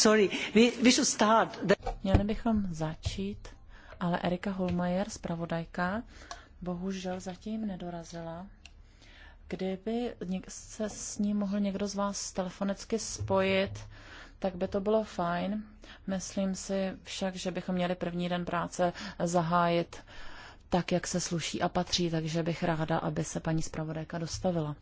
Sorry, we, we should start. The... Měli bychom začít, ale Erika Holmajer, zpravodajka, bohužel zatím nedorazila. Kdyby se s ní mohl někdo z vás telefonicky spojit, tak by to bylo fajn. Myslím si však, že bychom měli první den práce zahájit tak, jak se sluší a patří, takže bych ráda, aby se paní zpravodajka dostavila.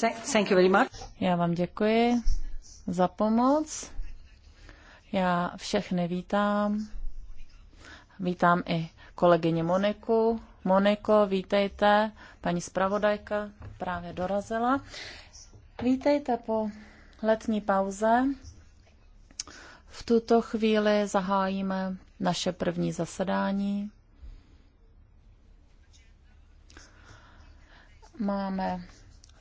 Thank you very much. Já vám děkuji za pomoc. Já všechny vítám. Vítám i kolegyni Moniku. Moniko, vítejte. Paní zpravodajka právě dorazila. Vítejte po letní pauze. V tuto chvíli zahájíme naše první zasedání. Máme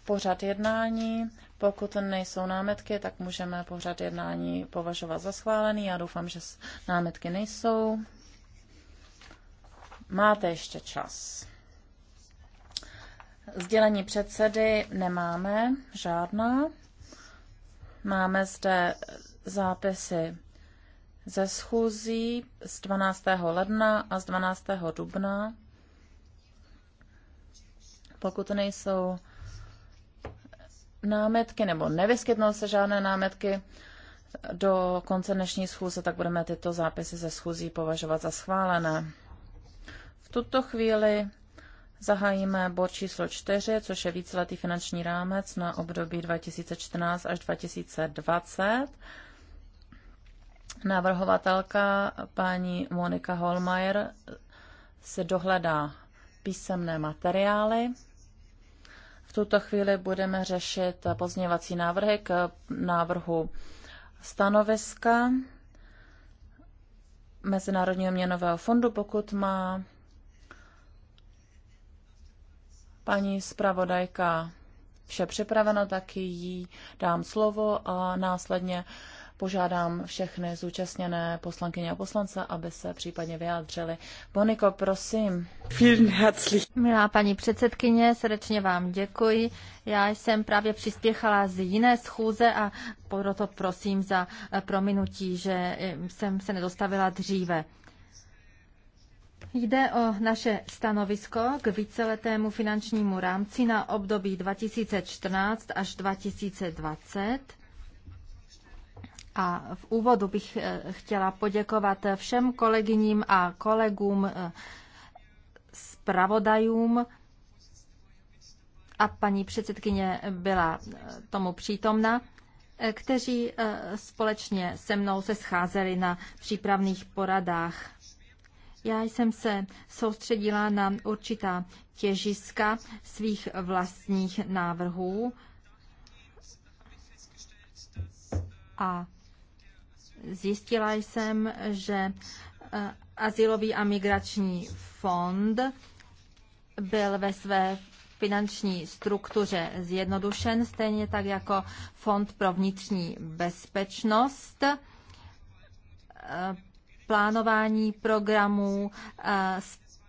pořad jednání. Pokud nejsou námetky, tak můžeme pořad jednání považovat za schválený. Já doufám, že námetky nejsou. Máte ještě čas. Sdělení předsedy nemáme žádná. Máme zde zápisy ze schůzí z 12. ledna a z 12. dubna. Pokud nejsou námetky nebo nevyskytnou se žádné námetky do konce dnešní schůze, tak budeme tyto zápisy ze schůzí považovat za schválené. V tuto chvíli zahájíme bod číslo 4, což je víceletý finanční rámec na období 2014 až 2020. Navrhovatelka paní Monika Holmajer se dohledá písemné materiály tuto chvíli budeme řešit pozměňovací návrhy k návrhu stanoviska Mezinárodního měnového fondu, pokud má paní zpravodajka vše připraveno, tak jí dám slovo a následně požádám všechny zúčastněné poslankyně a poslance, aby se případně vyjádřili. Moniko, prosím. Milá paní předsedkyně, srdečně vám děkuji. Já jsem právě přispěchala z jiné schůze a proto prosím za prominutí, že jsem se nedostavila dříve. Jde o naše stanovisko k víceletému finančnímu rámci na období 2014 až 2020 a v úvodu bych eh, chtěla poděkovat všem kolegyním a kolegům eh, zpravodajům a paní předsedkyně byla eh, tomu přítomna, kteří společně se mnou se scházeli na přípravných poradách. Já jsem se soustředila na určitá těžiska svých vlastních návrhů a Zjistila jsem, že eh, Asilový a migrační fond byl ve své finanční struktuře zjednodušen, stejně tak jako Fond pro vnitřní bezpečnost, eh, plánování programů, eh,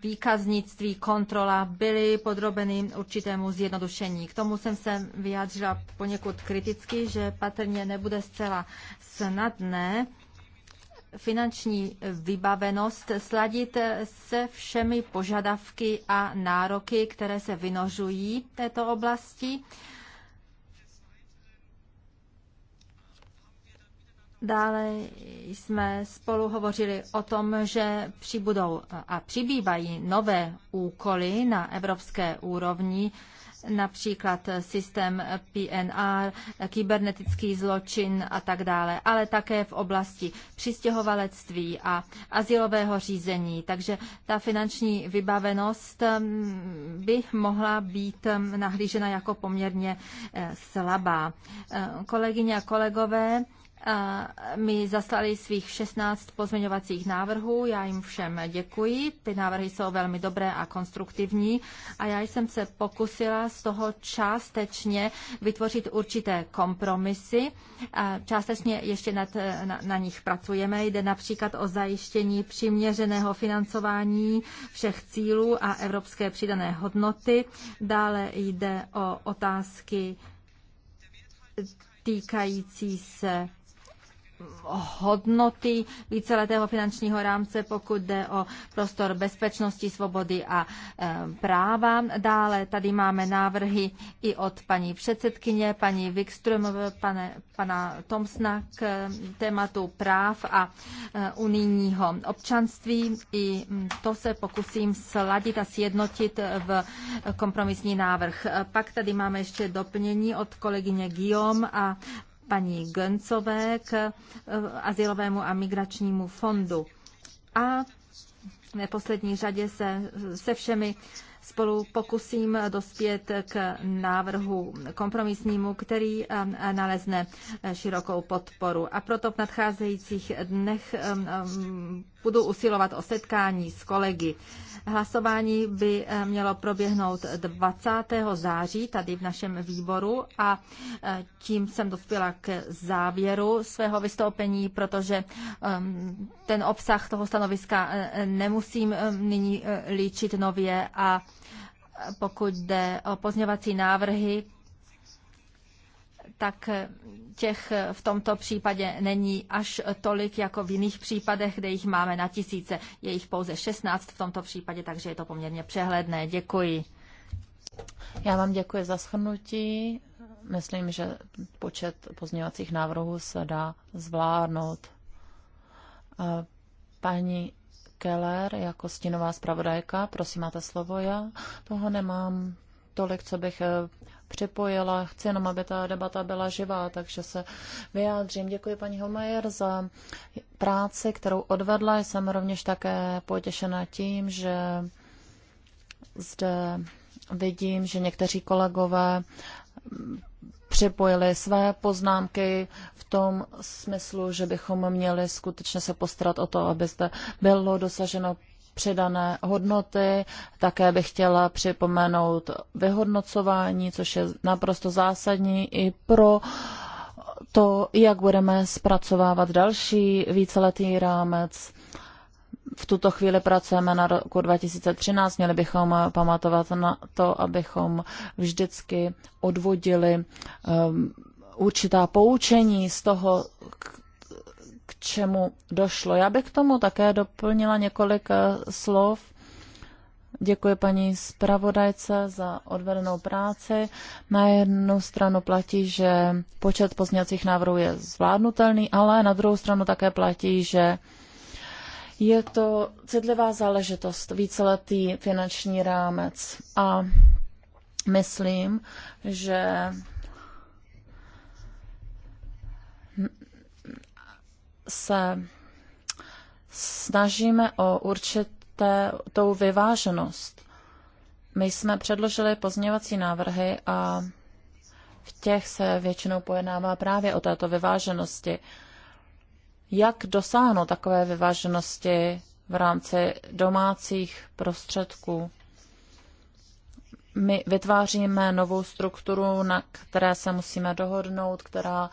výkaznictví, kontrola byly podrobeny určitému zjednodušení. K tomu jsem se vyjádřila poněkud kriticky, že patrně nebude zcela snadné finanční vybavenost sladit se všemi požadavky a nároky, které se vynožují v této oblasti Dále jsme spolu hovořili o tom, že přibudou a přibývají nové úkoly na evropské úrovni, například systém PNR, kybernetický zločin a tak dále, ale také v oblasti přistěhovalectví a asilového řízení. Takže ta finanční vybavenost mm, by mohla být mm, nahlížena jako poměrně eh, slabá. Eh, kolegyně a kolegové, mi zaslali svých 16 pozměňovacích návrhů. Já jim všem děkuji. Ty návrhy jsou velmi dobré a konstruktivní a já jsem se pokusila z toho částečně vytvořit určité kompromisy. Částečně ještě nad, na, na nich pracujeme. Jde například o zajištění přiměřeného financování všech cílů a evropské přidané hodnoty. Dále jde o otázky týkající se hodnoty víceletého finančního rámce, pokud jde o prostor bezpečnosti, svobody a e, práva. Dále tady máme návrhy i od paní předsedkyně, paní Wikström, pane, pana Tomsna k tématu práv a e, unijního občanství. I to se pokusím sladit a sjednotit v kompromisní návrh. E, pak tady máme ještě doplnění od kolegyně Guillaume a paní Göncové k eh, azylovému a migračnímu fondu. A v neposlední řadě se, se všemi spolu pokusím dospět k návrhu kompromisnímu, který eh, nalezne širokou podporu. A proto v nadcházejících dnech eh, budu usilovat o setkání s kolegy. Hlasování by eh, mělo proběhnout 20. září tady v našem výboru a eh, tím jsem dospěla k závěru svého vystoupení, protože ehm, ten obsah toho stanoviska eh, nemusím ehm, nyní líčit nově a pokud jde o pozměvací návrhy, tak eh, těch eh, v tomto případě není až tolik jako v jiných případech, kde jich máme na tisíce. Je jich pouze 16 v tomto případě, takže je to poměrně přehledné. Děkuji. Já vám děkuji za shrnutí. Myslím, že počet pozměňovacích návrhů se dá zvládnout. Eh, paní Keller jako stínová zpravodajka, prosím, máte slovo. Já toho nemám tolik, co bych připojila. Chci jenom, aby ta debata byla živá, takže se vyjádřím. Děkuji paní Holmajer za práci, kterou odvedla. Jsem rovněž také potěšena tím, že zde vidím, že někteří kolegové připojili své poznámky v tom smyslu, že bychom měli skutečně se postarat o to, aby zde bylo dosaženo přidané hodnoty. Také bych chtěla připomenout vyhodnocování, což je naprosto zásadní i pro to, jak budeme zpracovávat další víceletý rámec. V tuto chvíli pracujeme na roku 2013. Měli bychom pamatovat na to, abychom vždycky odvodili um, určitá poučení z toho, k čemu došlo. Já bych k tomu také doplnila několik eh, slov. Děkuji paní zpravodajce za odvedenou práci. Na jednu stranu platí, že počet pozměňovacích návrhů je zvládnutelný, ale na druhou stranu také platí, že je to citlivá záležitost, víceletý finanční rámec. A myslím, že se snažíme o určité tou vyváženost. My jsme předložili pozměňovací návrhy a v těch se většinou pojednává právě o této vyváženosti. Jak dosáhnout takové vyváženosti v rámci domácích prostředků? My vytváříme novou strukturu, na které se musíme dohodnout, která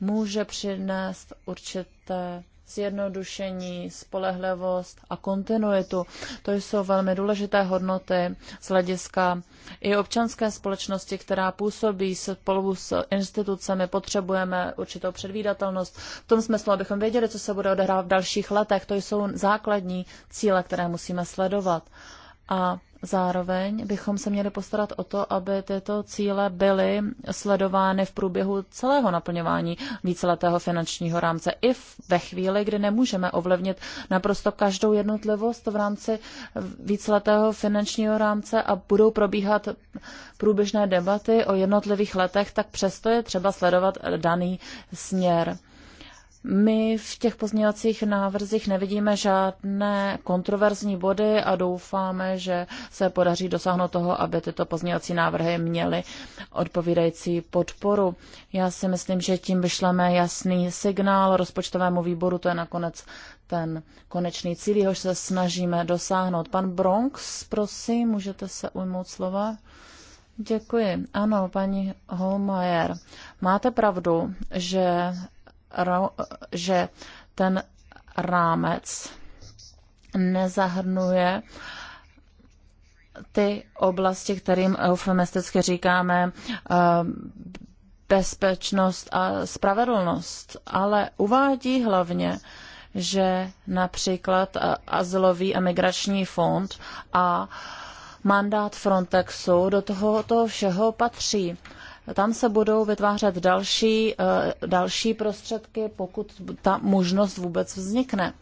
může přinést určit máte zjednodušení, spolehlivost a kontinuitu. To jsou velmi důležité hodnoty z hlediska i občanské společnosti, která působí spolu s institucemi. Potřebujeme určitou předvídatelnost v tom smyslu, abychom věděli, co se bude odehrávat v dalších letech. To jsou základní cíle, které musíme sledovat. A Zároveň bychom se měli postarat o to, aby tyto cíle byly sledovány v průběhu celého naplňování víceletého finančního rámce. I ve chvíli, kdy nemůžeme ovlivnit naprosto každou jednotlivost v rámci víceletého finančního rámce a budou probíhat průběžné debaty o jednotlivých letech, tak přesto je třeba sledovat daný směr. My v těch pozměňovacích návrzích nevidíme žádné kontroverzní body a doufáme, že se podaří dosáhnout toho, aby tyto pozměňovací návrhy měly odpovídající podporu. Já si myslím, že tím vyšleme jasný signál rozpočtovému výboru, to je nakonec ten konečný cíl, jehož se snažíme dosáhnout. Pan Bronx, prosím, můžete se ujmout slova? Děkuji. Ano, paní Holmajer, máte pravdu, že že ten rámec nezahrnuje ty oblasti, kterým eufemisticky říkáme eh, bezpečnost a spravedlnost, ale uvádí hlavně, že například eh, azylový a migrační fond a mandát Frontexu do tohoto všeho patří tam se budou vytvářet další, eh, další prostředky, pokud ta možnost vůbec vznikne.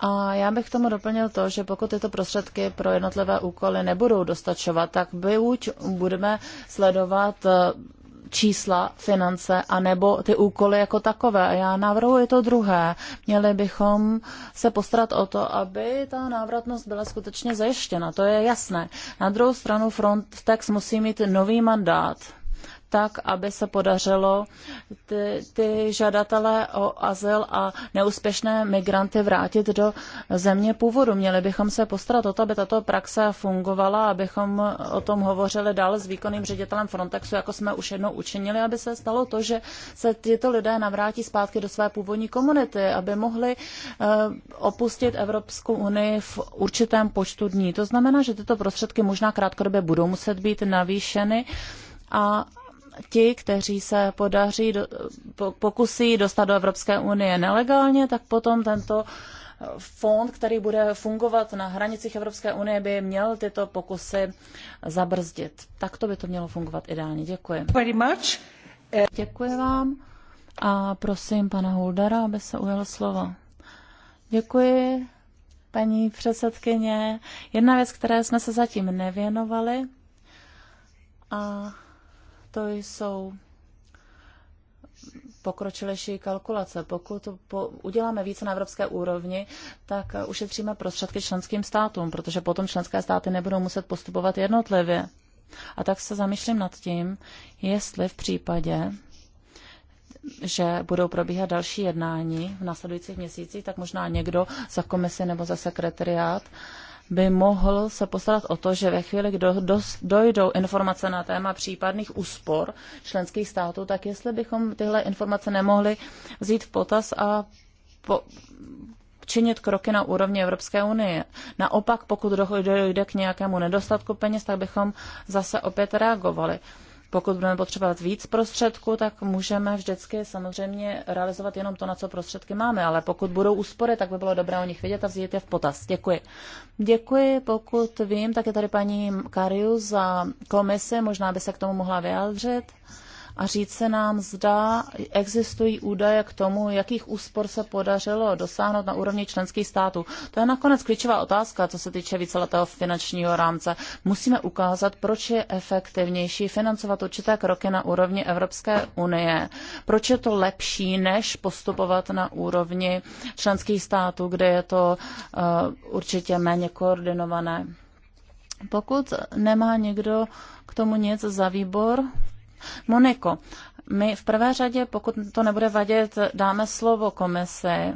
A já bych tomu doplnil to, že pokud tyto prostředky pro jednotlivé úkoly nebudou dostačovat, tak buď budeme sledovat eh, čísla, finance, anebo ty úkoly jako takové. A já navrhuji to druhé. Měli bychom se postarat o to, aby ta návratnost byla skutečně zajištěna. To je jasné. Na druhou stranu Frontex musí mít nový mandát tak, aby se podařilo ty, ty žadatele o azyl a neúspěšné migranty vrátit do země původu. Měli bychom se postarat o to, aby tato praxe fungovala, abychom o tom hovořili dál s výkonným ředitelem Frontexu, jako jsme už jednou učinili, aby se stalo to, že se tyto lidé navrátí zpátky do své původní komunity, aby mohli eh, opustit Evropskou unii v určitém počtu dní. To znamená, že tyto prostředky možná krátkodobě budou muset být navýšeny a ti, kteří se podaří, pokusí dostat do Evropské unie nelegálně, tak potom tento fond, který bude fungovat na hranicích Evropské unie, by měl tyto pokusy zabrzdit. Tak to by to mělo fungovat ideálně. Děkuji. Very much. Děkuji vám a prosím pana Huldara, aby se ujel slova. Děkuji, paní předsedkyně. Jedna věc, které jsme se zatím nevěnovali, a to jsou pokročilejší kalkulace. Pokud po, uděláme více na evropské úrovni, tak ušetříme prostředky členským státům, protože potom členské státy nebudou muset postupovat jednotlivě. A tak se zamýšlím nad tím, jestli v případě, že budou probíhat další jednání v následujících měsících, tak možná někdo za komisi nebo za sekretariát uh, by mohl se postarat o to, že ve chvíli, kdy dojdou informace na téma případných úspor členských států, tak jestli bychom tyhle informace nemohli vzít v potaz a po, činit kroky na úrovni Evropské unie. Naopak, pokud dojde k nějakému nedostatku peněz, tak bychom zase opět reagovali. Pokud budeme potřebovat víc prostředků, tak můžeme vždycky samozřejmě realizovat jenom to, na co prostředky máme, ale pokud budou úspory, tak by bylo dobré o nich vědět a vzít je v potaz. Děkuji. Děkuji, pokud vím, tak je tady paní Karius za komise, možná by se k tomu mohla vyjádřit a říct se nám, zda existují údaje k tomu, jakých úspor se podařilo dosáhnout na úrovni členských států. To je nakonec klíčová otázka, co se týče víceletého finančního rámce. Musíme ukázat, proč je efektivnější financovat určité kroky na úrovni Evropské unie, proč je to lepší, než postupovat na úrovni členských států, kde je to uh, určitě méně koordinované. Pokud nemá někdo k tomu nic za výbor, Moniko, my v prvé řadě, pokud to nebude vadit, dáme slovo komisi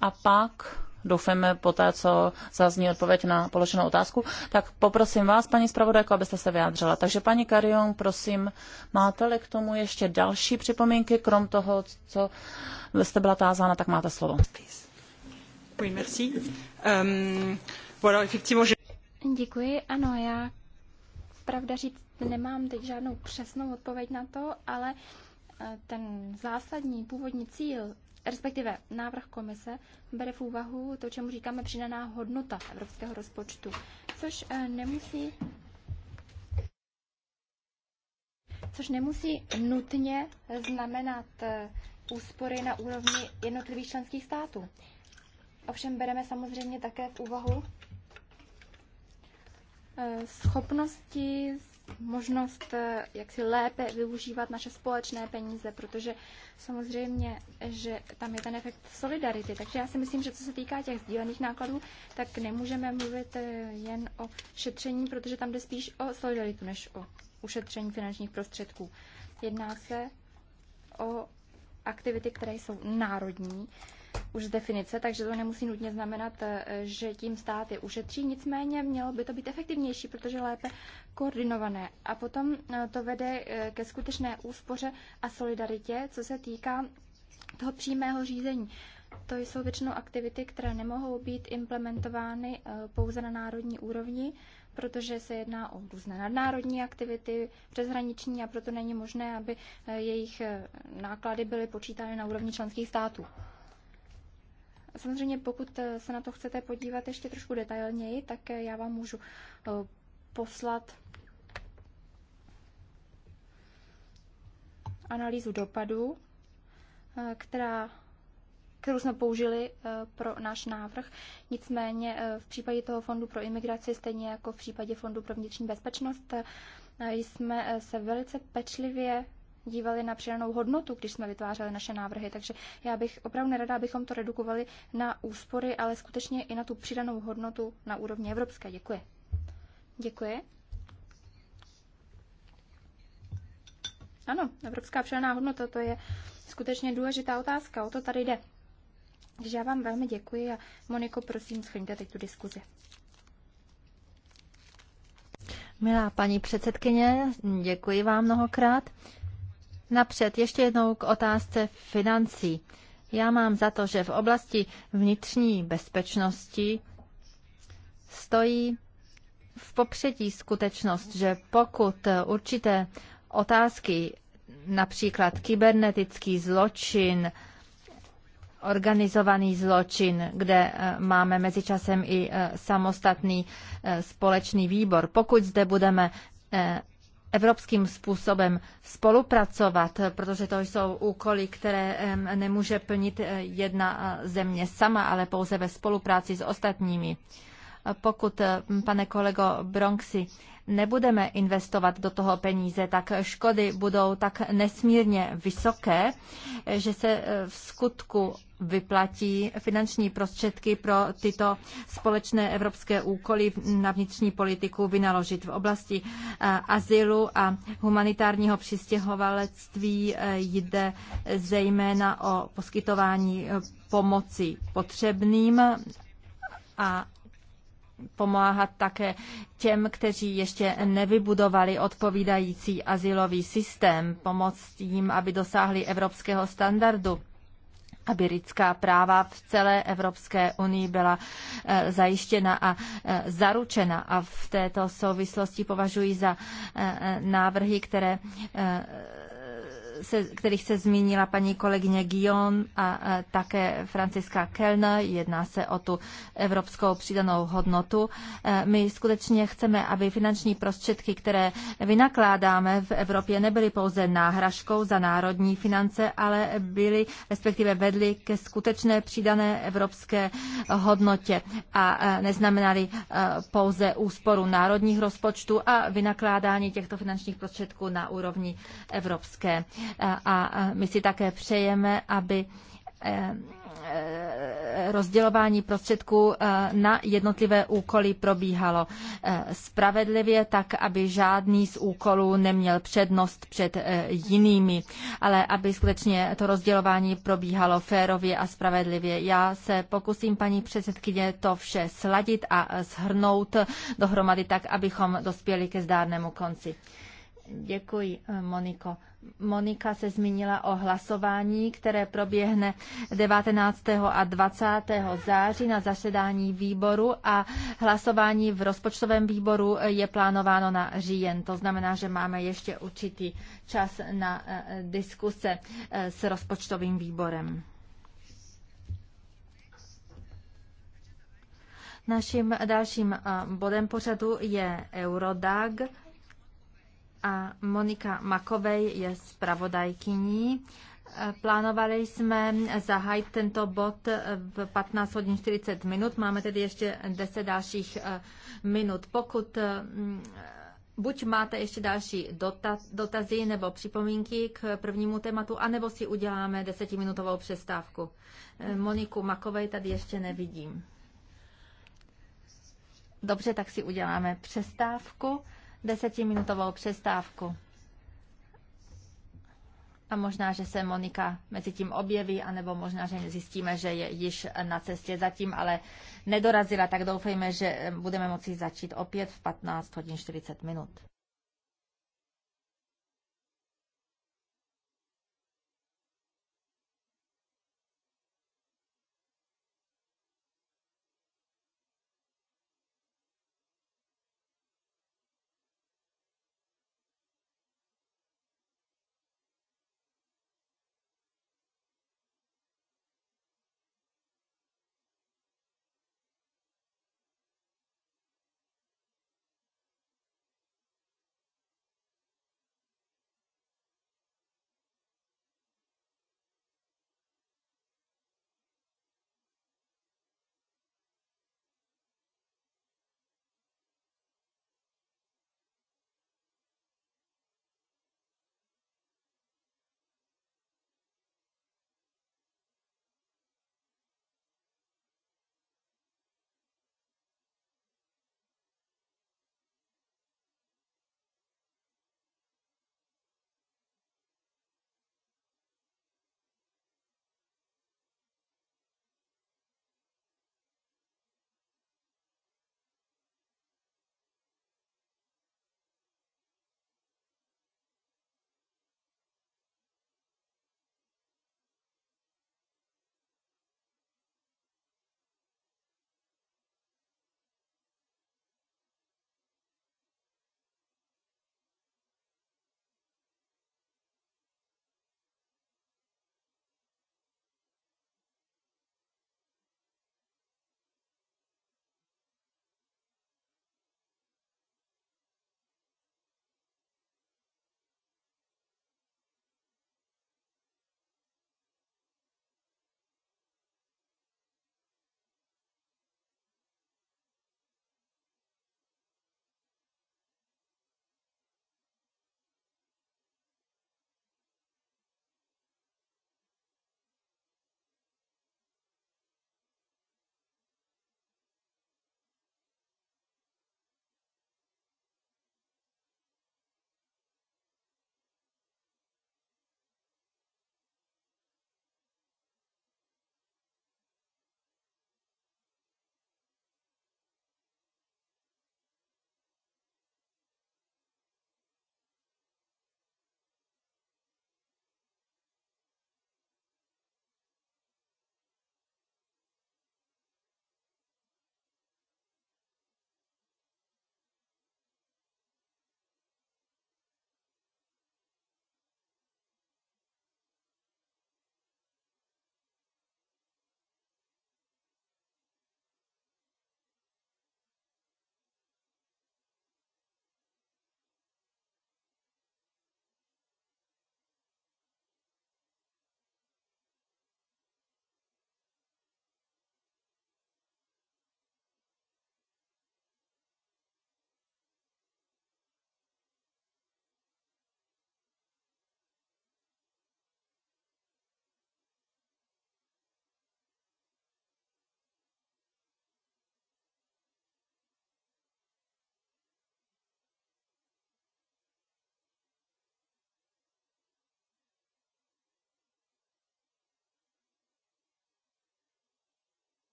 a pak doufáme po té, co zazní odpověď na položenou otázku, tak poprosím vás, paní zpravodajko, abyste se vyjádřila. Takže paní Karion, prosím, máte-li k tomu ještě další připomínky, krom toho, co jste byla tázána, tak máte slovo. Euh, Děkuji, ano, já pravda říct Nemám teď žádnou přesnou odpověď na to, ale eh, ten zásadní původní cíl, respektive návrh komise, bere v úvahu to, čemu říkáme přidaná hodnota evropského rozpočtu, což eh, nemusí což nemusí nutně znamenat eh, úspory na úrovni jednotlivých členských států. Ovšem bereme samozřejmě také v úvahu schopnosti možnost, eh, jak si lépe využívat naše společné peníze, protože samozřejmě, že tam je ten efekt solidarity. Takže já si myslím, že co se týká těch sdílených nákladů, tak nemůžeme mluvit eh, jen o šetření, protože tam jde spíš o solidaritu než o ušetření finančních prostředků. Jedná se o aktivity, které jsou národní už z definice, takže to nemusí nutně znamenat, eh, že tím je ušetří, nicméně mělo by to být efektivnější, protože lépe koordinované. A potom eh, to vede eh, ke skutečné úspoře a solidaritě, co se týká toho přímého řízení. To jsou většinou aktivity, které nemohou být implementovány pouze na národní úrovni, protože se jedná o různé nadnárodní aktivity, přeshraniční a proto není možné, aby jejich náklady byly počítány na úrovni členských států. Samozřejmě, pokud eh, se na to chcete podívat ještě trošku detailněji, tak eh, já vám můžu eh, poslat analýzu dopadů, která, kterou jsme použili pro náš návrh. Nicméně v případě toho fondu pro imigraci, stejně jako v případě fondu pro vnitřní bezpečnost, jsme se velice pečlivě dívali na přidanou hodnotu, když jsme vytvářeli naše návrhy. Takže já bych opravdu nerada, abychom to redukovali na úspory, ale skutečně i na tu přidanou hodnotu na úrovni evropské. Děkuji. Děkuji. Ano, evropská přidaná hodnota, to je skutečně důležitá otázka, o to tady jde. Takže já vám velmi děkuji a Moniko, prosím, schrňte teď tu diskuzi. Milá paní předsedkyně, děkuji vám mnohokrát. Napřed ještě jednou k otázce financí. Já mám za to, že v oblasti vnitřní bezpečnosti stojí v popředí skutečnost, že pokud určité otázky, například kybernetický zločin, organizovaný zločin, kde eh, máme mezičasem i eh, samostatný eh, společný výbor. Pokud zde budeme evropským způsobem spolupracovat, protože to jsou úkoly, které nemůže plnit eh, jedna eh, země sama, ale pouze ve spolupráci s ostatními. Pokud, eh, pane kolego Bronxy, nebudeme investovat do toho peníze, tak škody budou tak nesmírně vysoké, že se v skutku vyplatí finanční prostředky pro tyto společné evropské úkoly na vnitřní politiku vynaložit. V oblasti eh, azylu a humanitárního přistěhovalectví eh, jde zejména o poskytování eh, pomoci potřebným a pomáhat také těm, kteří ještě nevybudovali odpovídající asilový systém, pomoct jim, aby dosáhli evropského standardu aby lidská práva v celé Evropské unii byla eh, zajištěna a eh, zaručena. A v této souvislosti považuji za eh, návrhy, které se, kterých se zmínila paní kolegyně Guillaume a, a také Franciska Kellner. Jedná se o tu evropskou přidanou hodnotu. E, my skutečně chceme, aby finanční prostředky, které vynakládáme v Evropě, nebyly pouze náhražkou za národní finance, ale byly, respektive vedly ke skutečné přidané evropské hodnotě a neznamenaly e, pouze úsporu národních rozpočtů a vynakládání těchto finančních prostředků na úrovni evropské a my si také přejeme, aby eh, eh, rozdělování prostředků eh, na jednotlivé úkoly probíhalo spravedlivě, tak aby žádný z úkolů neměl přednost před jinými, ale aby skutečně to rozdělování probíhalo férově a spravedlivě. Já se pokusím, paní předsedkyně, to vše sladit a shrnout dohromady tak, abychom dospěli ke zdárnému konci. Děkuji, eh, Moniko. Monika se zmínila o hlasování, které proběhne 19. a 20. září na zasedání výboru a hlasování v rozpočtovém výboru eh, je plánováno na říjen. To znamená, že máme ještě určitý čas na eh, diskuse s rozpočtovým výborem. Naším dalším bodem pořadu je Eurodag a Monika Makovej je zpravodajkyní. E, plánovali jsme zahájit tento bod v 15 hodin 40 minut. Máme tedy ještě 10 dalších e, minut. Pokud e, buď máte ještě další dotaz, dotazy nebo připomínky k prvnímu tématu, anebo si uděláme desetiminutovou přestávku. Moniku Makovej tady ještě nevidím. Dobře, tak si uděláme přestávku desetiminutovou přestávku. A možná, že se Monika mezi tím objeví, anebo možná, že zjistíme, že je již na cestě zatím, ale nedorazila, tak doufejme, že budeme moci začít opět v 15 hodin 40 minut.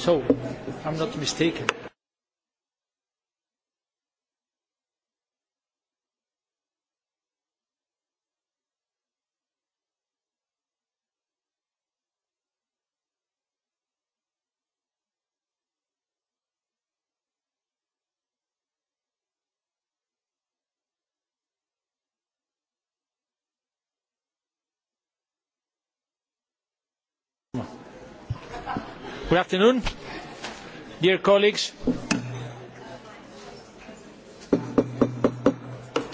So, I'm not mistaken. Good afternoon, dear colleagues.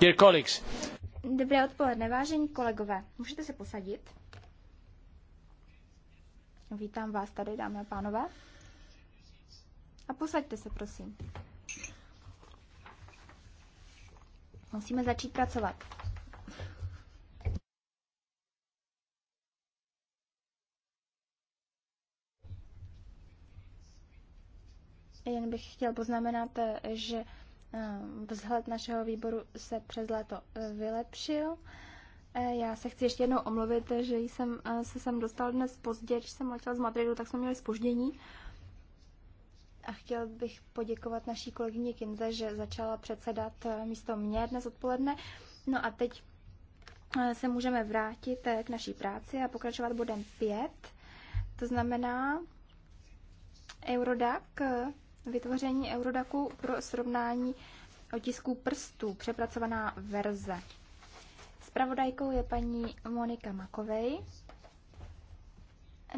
Dear colleagues. Dobré odpoledne, vážení kolegové. Můžete se posadit? Vítám vás tady, dámy a pánové. A posaďte se, prosím. Musíme začít pracovat. Jen bych chtěl poznamenat, eh, že eh, vzhled našeho výboru se přes léto eh, vylepšil. Já se chci ještě jednou omluvit, že jsem se sem dostal dnes pozdě, když jsem letěl z Madridu, tak jsme měli spoždění. A chtěl bych poděkovat naší kolegyni Kinze, že začala předsedat místo mě dnes odpoledne. No a teď se můžeme vrátit k naší práci a pokračovat bodem 5. To znamená Eurodac, vytvoření Eurodaku pro srovnání otisků prstů, přepracovaná verze. Spravodajkou je paní Monika Makovej.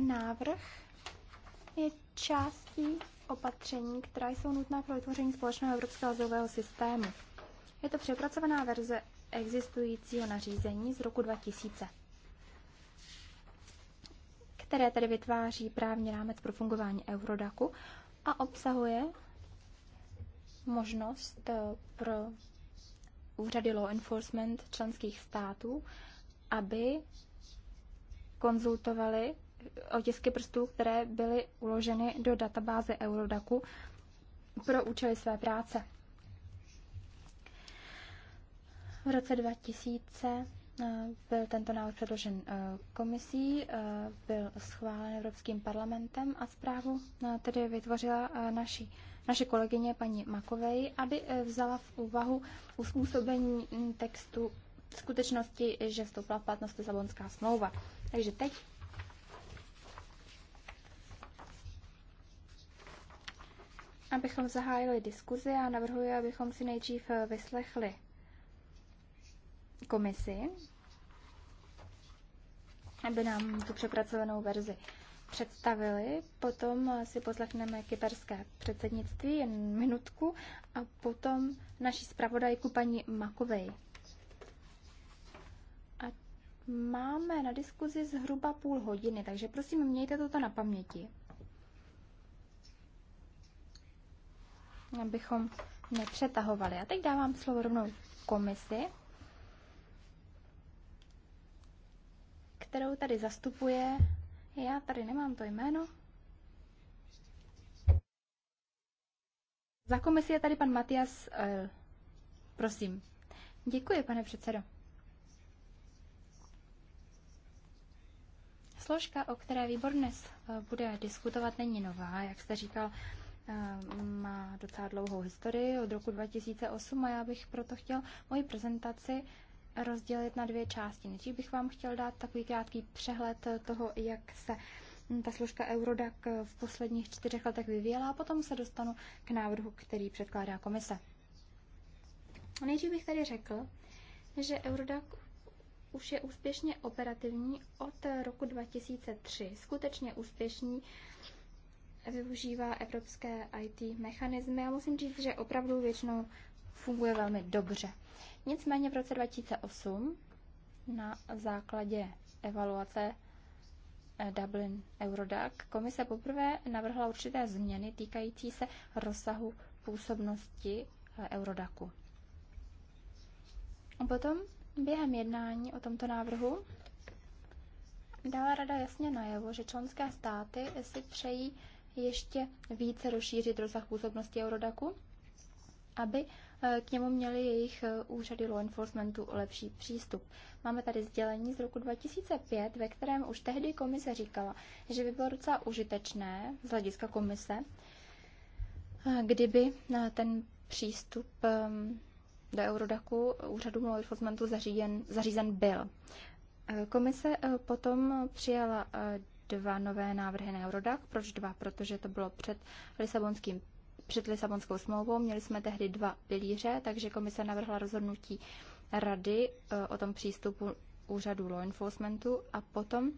Návrh je částí opatření, která jsou nutná pro vytvoření společného evropského azylového systému. Je to přepracovaná verze existujícího nařízení z roku 2000, které tedy vytváří právní rámec pro fungování Eurodaku a obsahuje možnost eh, pro úřady law enforcement členských států, aby konzultovali otisky prstů, které byly uloženy do databáze Eurodacu pro účely své práce. V roce 2000 byl tento návrh předložen e, komisí, e, byl schválen Evropským parlamentem a zprávu e, tedy vytvořila naši, naše kolegyně paní Makovej, aby vzala v úvahu uspůsobení textu skutečnosti, že vstoupila v platnost Lisabonská smlouva. Takže teď Abychom zahájili diskuzi a navrhuji, abychom si nejdřív vyslechli komisi, aby nám tu přepracovanou verzi představili. Potom si poslechneme kyperské předsednictví, jen minutku, a potom naší zpravodajku paní Makovej. A máme na diskuzi zhruba půl hodiny, takže prosím, mějte toto na paměti. Abychom nepřetahovali. A teď dávám slovo rovnou komisi. kterou tady zastupuje, já tady nemám to jméno, Za komisi je tady pan Matias Eh, Prosím. Děkuji, pane předsedo. Složka, o které výbor dnes eh, bude diskutovat, není nová. Jak jste říkal, eh, má docela dlouhou historii od roku 2008 a já bych proto chtěl moji prezentaci rozdělit na dvě části. Nejdřív bych vám chtěl dát takový krátký přehled toho, jak se ta složka Eurodac v posledních čtyřech letech vyvíjela a potom se dostanu k návrhu, který předkládá komise. Nejdřív bych tady řekl, že Eurodac už je úspěšně operativní od roku 2003. Skutečně úspěšný využívá evropské IT mechanismy a musím říct, že opravdu většinou funguje velmi dobře. Nicméně v roce 2008 na základě evaluace eh, Dublin Eurodac komise poprvé navrhla určité změny týkající se rozsahu působnosti eh, Eurodacu. A potom během jednání o tomto návrhu dala rada jasně najevo, že členské státy si přejí ještě více rozšířit rozsah působnosti Eurodacu, aby Eh, k němu měly jejich eh, úřady law enforcementu lepší přístup. Máme tady sdělení z roku 2005, ve kterém už tehdy komise říkala, že by bylo docela užitečné z hlediska komise, eh, kdyby ten přístup ehm, do Eurodaku úřadu law enforcementu zařízen, zařízen byl. Komise potom přijala dva nové návrhy na Eurodac. Proč dva? Protože to bylo před Lisabonským před Lisabonskou smlouvou. Měli jsme tehdy dva pilíře, takže komise navrhla rozhodnutí rady e, o tom přístupu úřadu law enforcementu a potom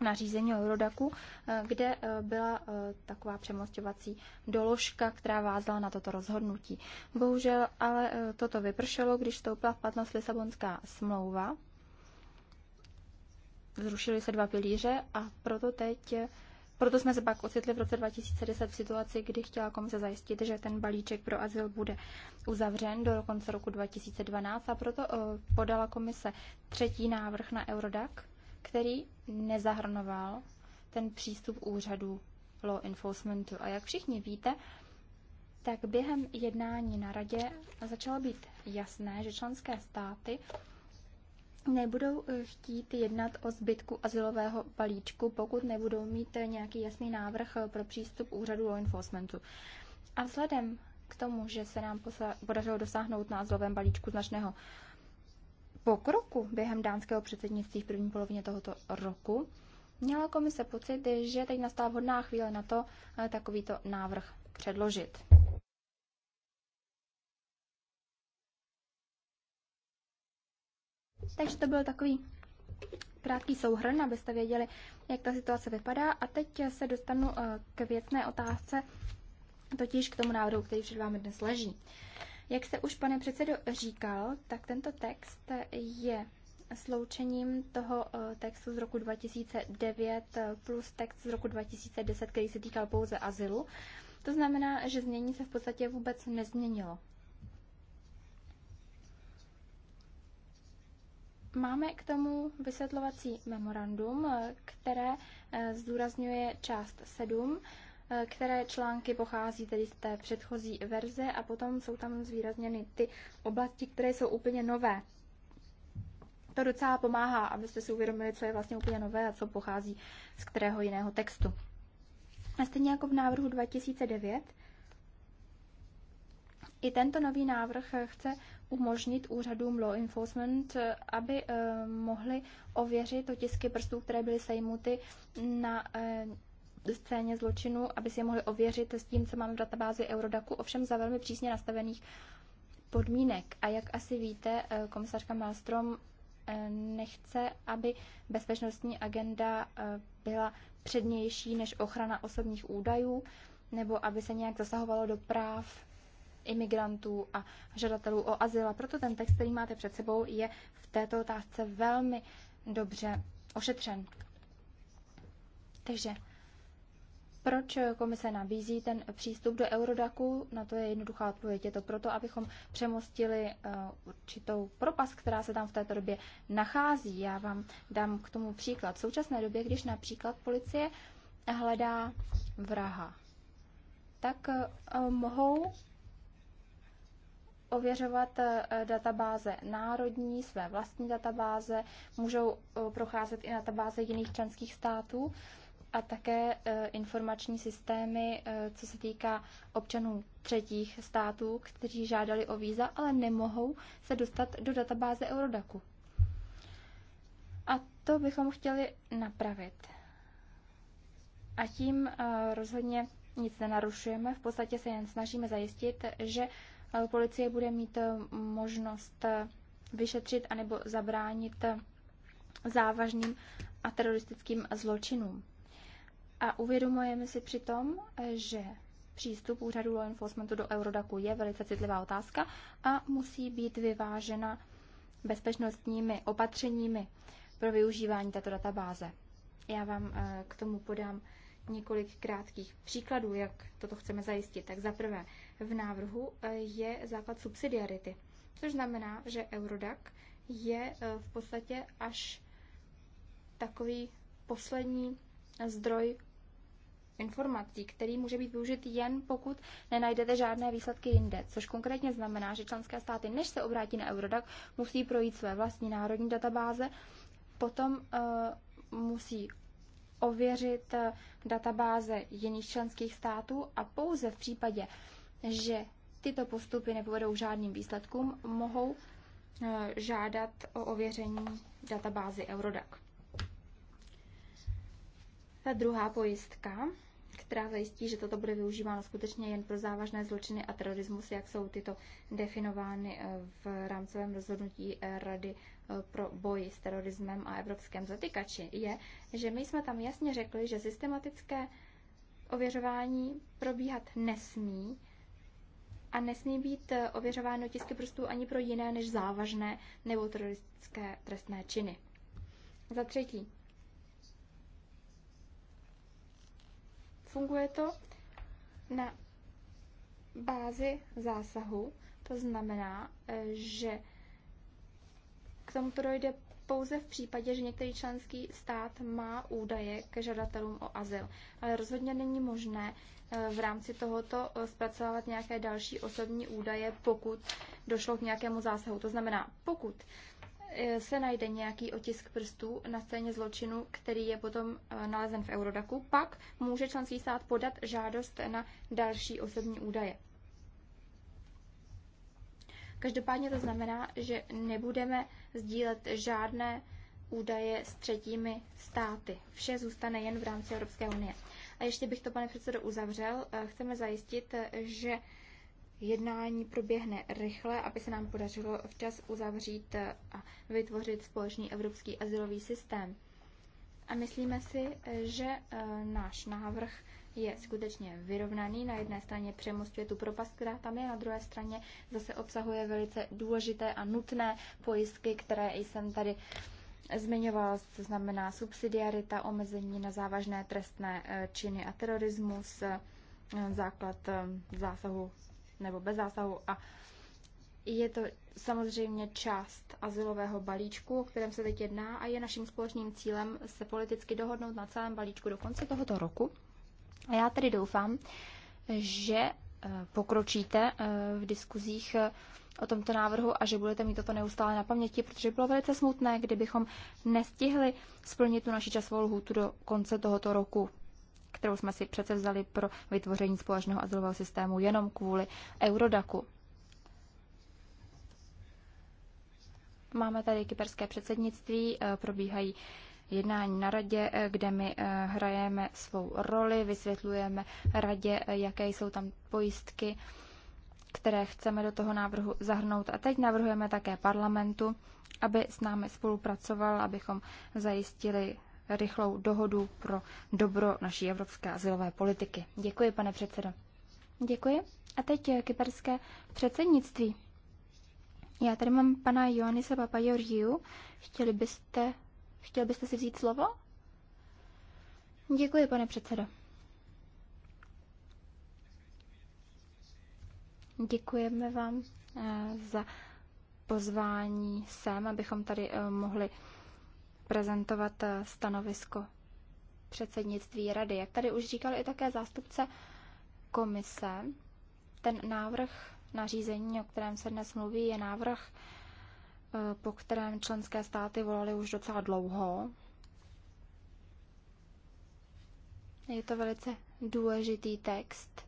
nařízení Eurodaku, e, kde e, byla taková přemostovací doložka, která vázala na toto rozhodnutí. Bohužel ale toto vypršelo, když vstoupila v platnost Lisabonská smlouva. Zrušily se dva pilíře a proto teď proto jsme se pak ocitli v roce 2010 v situaci, kdy chtěla komise zajistit, že ten balíček pro azyl bude uzavřen do konce roku 2012 a proto eh, podala komise třetí návrh na Eurodac, který nezahrnoval ten přístup úřadu law enforcementu. A jak všichni víte, tak během jednání na radě začalo být jasné, že členské státy nebudou eh, chtít jednat o zbytku asilového balíčku, pokud nebudou mít eh, nějaký jasný návrh eh, pro přístup úřadu law enforcementu. A vzhledem k tomu, že se nám podařilo dosáhnout na asilovém balíčku značného pokroku během dánského předsednictví v první polovině tohoto roku, měla komise pocit, že teď nastává vhodná chvíle na to takovýto návrh předložit. Takže to byl takový krátký souhrn, abyste věděli, jak ta situace vypadá. A teď se dostanu eh, k věcné otázce, totiž k tomu návrhu, který před vámi dnes leží. Jak se už, pane předsedo, říkal, tak tento text je sloučením toho eh, textu z roku 2009 eh, plus text z roku 2010, který se týkal pouze azylu. To znamená, že změní se v podstatě vůbec nezměnilo. Máme k tomu vysvětlovací memorandum, které eh, zdůrazňuje část 7, eh, které články pochází tedy z té předchozí verze a potom jsou tam zvýrazněny ty oblasti, které jsou úplně nové. To docela pomáhá, abyste si uvědomili, co je vlastně úplně nové a co pochází z kterého jiného textu. A stejně jako v návrhu 2009, i tento nový návrh chce umožnit úřadům law enforcement, eh, aby eh, mohli ověřit otisky prstů, které byly sejmuty na eh, scéně zločinu, aby si je mohli ověřit s tím, co máme v databázi Eurodaku, ovšem za velmi přísně nastavených podmínek. A jak asi víte, komisařka Malstrom nechce, aby bezpečnostní agenda byla přednější než ochrana osobních údajů, nebo aby se nějak zasahovalo do práv imigrantů a žadatelů o azyl. A proto ten text, který máte před sebou, je v této otázce velmi dobře ošetřen. Takže proč komise nabízí ten přístup do Eurodaku? Na to je jednoduchá odpověď. Je to proto, abychom přemostili eh, určitou propast, která se tam v této době nachází. Já vám dám k tomu příklad. V současné době, když například policie hledá vraha, tak eh, mohou ověřovat eh, databáze národní, své vlastní databáze, můžou eh, procházet i databáze jiných členských států a také eh, informační systémy, co se týká občanů třetích států, kteří žádali o víza, ale nemohou se dostat do databáze Eurodaku. A to bychom chtěli napravit. A tím rozhodně nic nenarušujeme, v podstatě se jen snažíme zajistit, že policie bude mít eh, možnost eh, vyšetřit anebo zabránit eh, závažným a teroristickým zločinům. A uvědomujeme si přitom, že přístup úřadu law enforcementu do Eurodaku je velice citlivá otázka a musí být vyvážena bezpečnostními opatřeními pro využívání této databáze. Já vám k tomu podám několik krátkých příkladů, jak toto chceme zajistit. Tak za prvé, v návrhu eh, je základ subsidiarity, což znamená, že Eurodac je eh, v podstatě až takový poslední zdroj informací, který může být využit jen pokud nenajdete žádné výsledky jinde, což konkrétně znamená, že členské státy, než se obrátí na Eurodac, musí projít své vlastní národní databáze, potom uh, musí ověřit databáze jiných členských států a pouze v případě že tyto postupy nepovedou žádným výsledkům, mohou eh, žádat o ověření databázy Eurodac. Ta druhá pojistka, která zajistí, že toto bude využíváno skutečně jen pro závažné zločiny a terorismus, jak jsou tyto definovány eh, v rámcovém rozhodnutí eh, Rady pro boj s terorismem a evropském zatykači, je, že my jsme tam jasně řekli, že systematické ověřování probíhat nesmí, a nesmí být eh, ověřováno tisky prstů ani pro jiné než závažné nebo teroristické trestné činy. Za třetí, funguje to na bázi zásahu, to znamená, eh, že k tomu to dojde pouze v případě, že některý členský stát má údaje ke žadatelům o azyl, ale rozhodně není možné, Eh, v rámci tohoto eh, zpracovávat nějaké další osobní údaje, pokud došlo k nějakému zásahu. To znamená, pokud eh, se najde nějaký otisk prstů na scéně zločinu, který je potom nalezen v Eurodaku, pak může členský stát podat žádost na další osobní údaje. Každopádně to znamená, že nebudeme sdílet žádné údaje s třetími státy. Vše zůstane jen v rámci Evropské unie. A ještě bych to, pane předsedo, uzavřel. Eh, chceme zajistit, eh, že jednání proběhne rychle, aby se nám podařilo včas uzavřít eh, a vytvořit společný evropský azylový systém. A myslíme si, že náš návrh je skutečně vyrovnaný. Na jedné straně přemostuje tu propast, která tam je, na druhé straně zase obsahuje velice důležité a nutné pojistky, které jsem tady zmiňoval, to znamená subsidiarita, omezení na závažné trestné eh, činy a terorismus, eh, základ eh, zásahu nebo bez zásahu a je to samozřejmě část asilového balíčku, o kterém se teď jedná a je naším společným cílem se politicky dohodnout na celém balíčku do konce tohoto roku. A já tedy doufám, že pokročíte v diskuzích o tomto návrhu a že budete mít toto neustále na paměti, protože bylo velice smutné, kdybychom nestihli splnit tu naši časovou lhůtu do konce tohoto roku kterou jsme si přece vzali pro vytvoření společného azylového systému jenom kvůli Eurodaku. Máme tady kyperské předsednictví, eh, probíhají jednání na radě, eh, kde my eh, hrajeme svou roli, vysvětlujeme radě, jaké jsou tam pojistky které chceme do toho návrhu zahrnout. A teď navrhujeme také parlamentu, aby s námi spolupracoval, abychom zajistili rychlou dohodu pro dobro naší evropské asilové politiky. Děkuji, pane předsedo. Děkuji. A teď eh, kyperské předsednictví. Já tady mám pana Joannise Papajorgiu. Chtěli byste, chtěli byste si vzít slovo? Děkuji, pane předsedo. Děkujeme vám eh, za pozvání sem, abychom tady eh, mohli prezentovat eh, stanovisko předsednictví rady. Jak tady už říkali i také zástupce komise, ten návrh nařízení, o kterém se dnes mluví, je návrh, po kterém členské státy volaly už docela dlouho. Je to velice důležitý text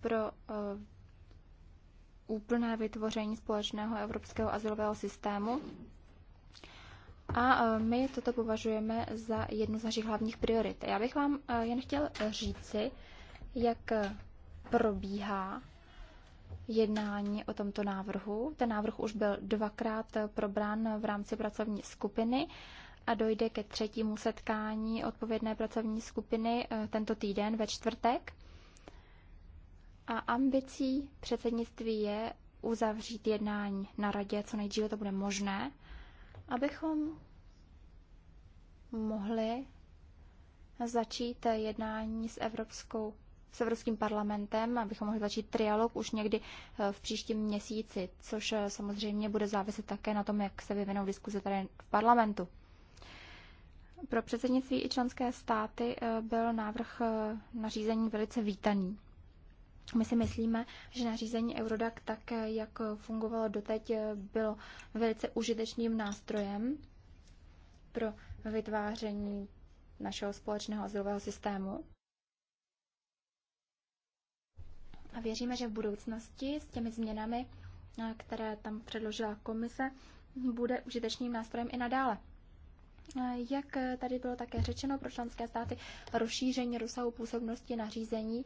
pro úplné vytvoření společného evropského azylového systému. A e, my toto považujeme za jednu z našich hlavních priorit. Já bych vám e, jen chtěl říci, jak probíhá jednání o tomto návrhu. Ten návrh už byl dvakrát probrán v rámci pracovní skupiny a dojde ke třetímu setkání odpovědné pracovní skupiny e, tento týden ve čtvrtek. A ambicí předsednictví je uzavřít jednání na radě, co nejdříve to bude možné, abychom mohli začít jednání s Evropskou s Evropským parlamentem, abychom mohli začít trialog už někdy eh, v příštím měsíci, což eh, samozřejmě bude záviset také na tom, jak se vyvinou diskuze tady v parlamentu. Pro předsednictví i členské státy eh, byl návrh nařízení velice vítaný. My si myslíme, že nařízení Eurodac, tak jak fungovalo doteď, bylo velice užitečným nástrojem pro vytváření našeho společného azylového systému. A věříme, že v budoucnosti s těmi změnami, které tam předložila komise, bude užitečným nástrojem i nadále. Jak tady bylo také řečeno pro členské státy, rozšíření rozsahu působnosti nařízení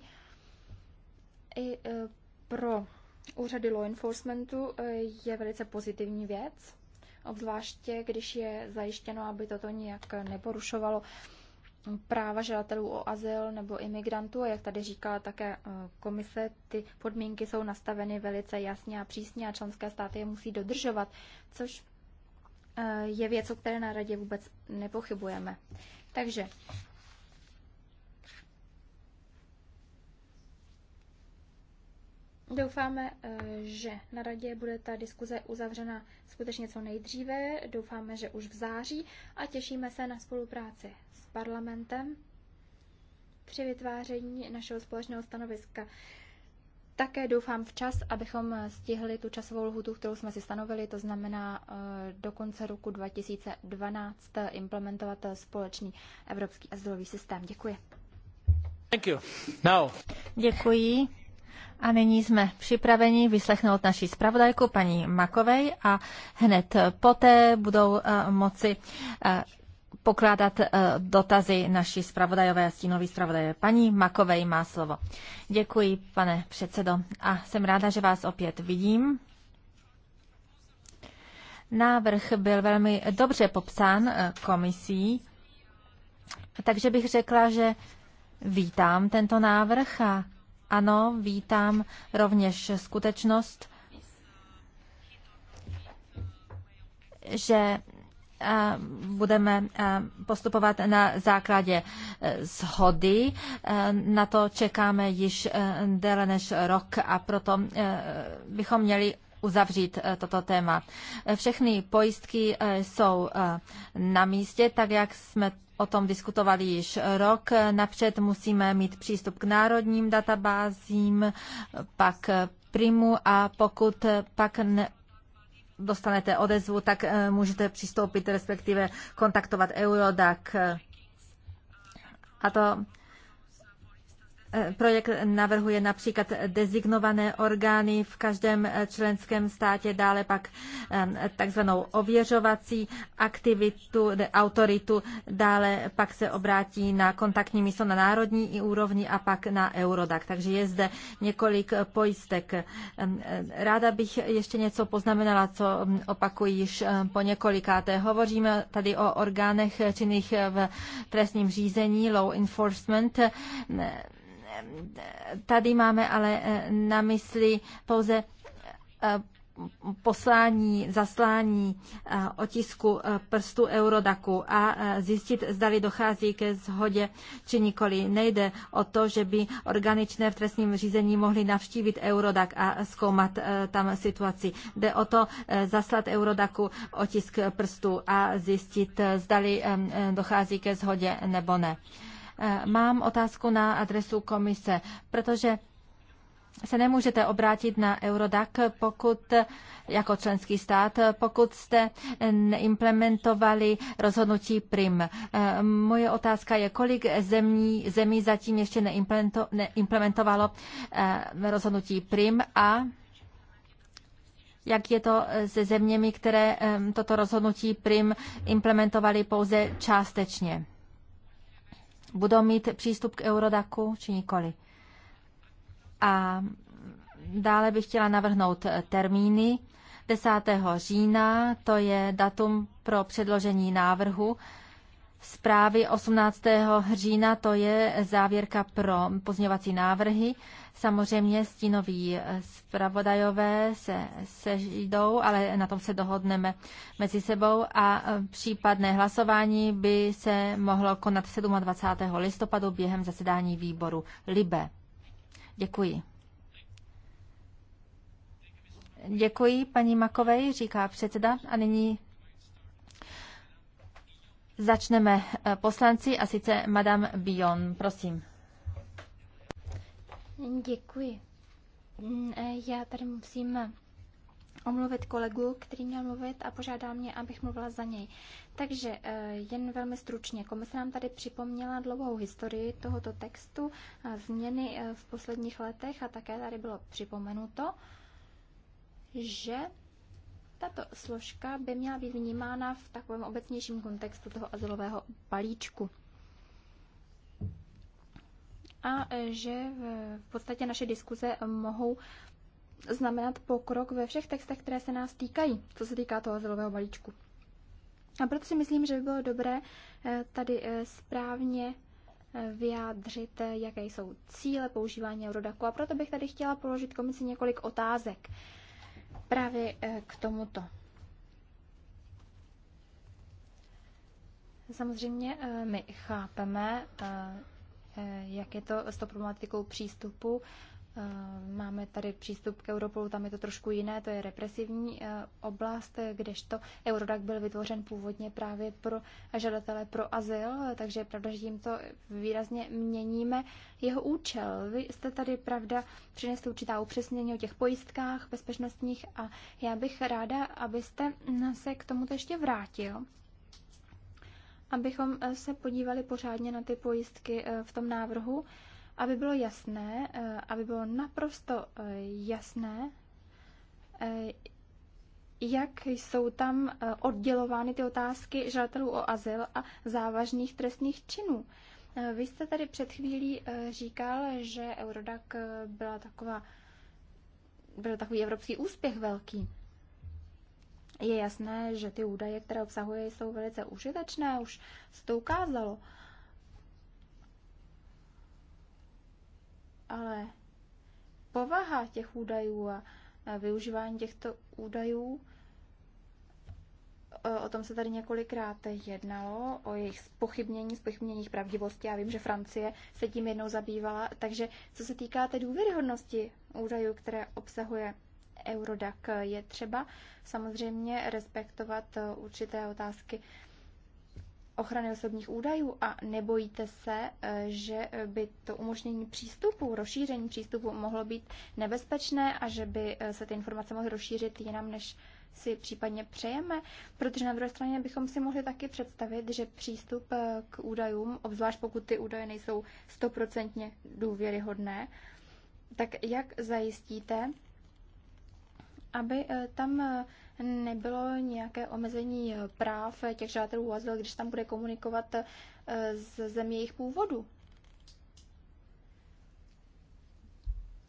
i e, pro úřady law enforcementu e, je velice pozitivní věc, obzvláště když je zajištěno, aby toto nějak neporušovalo práva žadatelů o azyl nebo imigrantů. A jak tady říkala také e, komise, ty podmínky jsou nastaveny velice jasně a přísně a členské státy je musí dodržovat, což je věc, o které na radě vůbec nepochybujeme. Takže Doufáme, eh, že na radě bude ta diskuze uzavřena skutečně co nejdříve. Doufáme, že už v září a těšíme se na spolupráci s parlamentem při vytváření našeho společného stanoviska. Také doufám včas, abychom stihli tu časovou lhutu, kterou jsme si stanovili, to znamená eh, do konce roku 2012 implementovat společný evropský azylový systém. Děkuji. Thank you. Now. Děkuji. A nyní jsme připraveni vyslechnout naší zpravodajku paní Makovej a hned poté budou eh, moci eh, pokládat eh, dotazy naší zpravodajové a stínový zpravodajové. Paní Makovej má slovo. Děkuji, pane předsedo, a jsem ráda, že vás opět vidím. Návrh byl velmi dobře popsán komisí, takže bych řekla, že vítám tento návrh a ano, vítám rovněž skutečnost, že eh, budeme eh, postupovat na základě eh, shody. Na to čekáme již déle než rok a proto bychom měli uzavřít toto téma. Všechny pojistky jsou na místě, tak jak jsme o tom diskutovali již rok. Napřed musíme mít přístup k národním databázím, pak primu a pokud pak ne, dostanete odezvu, tak eh, můžete přistoupit, respektive kontaktovat Eurodac. A to Eh, projekt navrhuje například dezignované orgány v každém eh, členském státě, dále pak eh, takzvanou ověřovací aktivitu, autoritu, dále pak se obrátí na kontaktní místo na národní i úrovni a pak na Eurodac. Takže je zde několik pojistek. Ráda bych ještě něco poznamenala, co hm, opakuji již po několikáté. Hovoříme tady o orgánech činných v trestním řízení, law enforcement tady máme ale eh, na mysli pouze eh, poslání, zaslání eh, otisku prstu Eurodaku a zjistit, zdali dochází ke zhodě či nikoli. Nejde o to, že by organičné v trestním řízení mohli navštívit Eurodak a zkoumat tam situaci. Jde o to zaslat Eurodaku otisk prstu a zjistit, zdali dochází ke zhodě nebo ne. Eh, mám otázku na adresu komise, protože se nemůžete obrátit na Eurodac, pokud jako členský stát, pokud jste neimplementovali rozhodnutí PRIM. Eh, moje otázka je, kolik zemí, zemí zatím ještě neimplementovalo eh, rozhodnutí PRIM a jak je to se zeměmi, které toto rozhodnutí PRIM implementovali pouze částečně budou mít přístup k Eurodaku či nikoli. A dále bych chtěla navrhnout termíny. 10. října, to je datum pro předložení návrhu. Zprávy 18. října, to je závěrka pro pozměňovací návrhy. Samozřejmě stínoví eh, zpravodajové se sejdou, ale na tom se dohodneme mezi sebou a eh, případné hlasování by se mohlo konat 27. listopadu během zasedání výboru LIBE. Děkuji. Děkuji paní Makovej, říká předseda. A nyní začneme eh, poslanci a sice Madame Bion. Prosím. Děkuji. Mm, eh, já tady musím eh, omluvit kolegu, který měl mluvit a požádá mě, abych mluvila za něj. Takže eh, jen velmi stručně. Komise nám tady připomněla dlouhou historii tohoto textu, změny v posledních letech a také tady bylo připomenuto, že tato složka by měla být vnímána v takovém obecnějším kontextu toho azylového balíčku a že v podstatě naše diskuze mohou znamenat pokrok ve všech textech, které se nás týkají, co se týká toho azylového balíčku. A proto si myslím, že by bylo dobré eh, tady eh, správně eh, vyjádřit, jaké jsou cíle používání Eurodaku. A proto bych tady chtěla položit komisi několik otázek právě k tomuto. Samozřejmě my chápeme Eh, jak je to s tou problematikou přístupu. Eh, máme tady přístup k Europolu, tam je to trošku jiné, to je represivní eh, oblast, kdežto Eurodac byl vytvořen původně právě pro žadatele pro azyl, takže je pravda, že jim to výrazně měníme. Jeho účel, vy jste tady, pravda, přinesli určitá upřesnění o těch pojistkách bezpečnostních a já bych ráda, abyste se k tomuto ještě vrátil abychom eh, se podívali pořádně na ty pojistky eh, v tom návrhu, aby bylo jasné, eh, aby bylo naprosto jasné, jak jsou tam oddělovány ty otázky žadatelů o azyl a závažných trestných činů. Vy jste tady před chvílí říkal, že Eurodac byla taková, byl takový evropský úspěch velký. Je jasné, že ty údaje, které obsahuje, jsou velice užitečné, už se to ukázalo. Ale povaha těch údajů a využívání těchto údajů, o tom se tady několikrát jednalo, o jejich spochybnění, spochybnění jejich pravdivosti. Já vím, že Francie se tím jednou zabývala. Takže co se týká té důvěryhodnosti údajů, které obsahuje Eurodac. Je třeba samozřejmě respektovat eh, určité otázky ochrany osobních údajů a nebojíte se, eh, že by to umožnění přístupu, rozšíření přístupu mohlo být nebezpečné a že by eh, se ty informace mohly rozšířit jinam, než si případně přejeme, protože na druhé straně bychom si mohli taky představit, že přístup k údajům, obzvlášť pokud ty údaje nejsou stoprocentně důvěryhodné, tak jak zajistíte, aby eh, tam eh, nebylo nějaké omezení eh, práv těch žádatelů o azyl, když tam bude komunikovat z země jejich původu.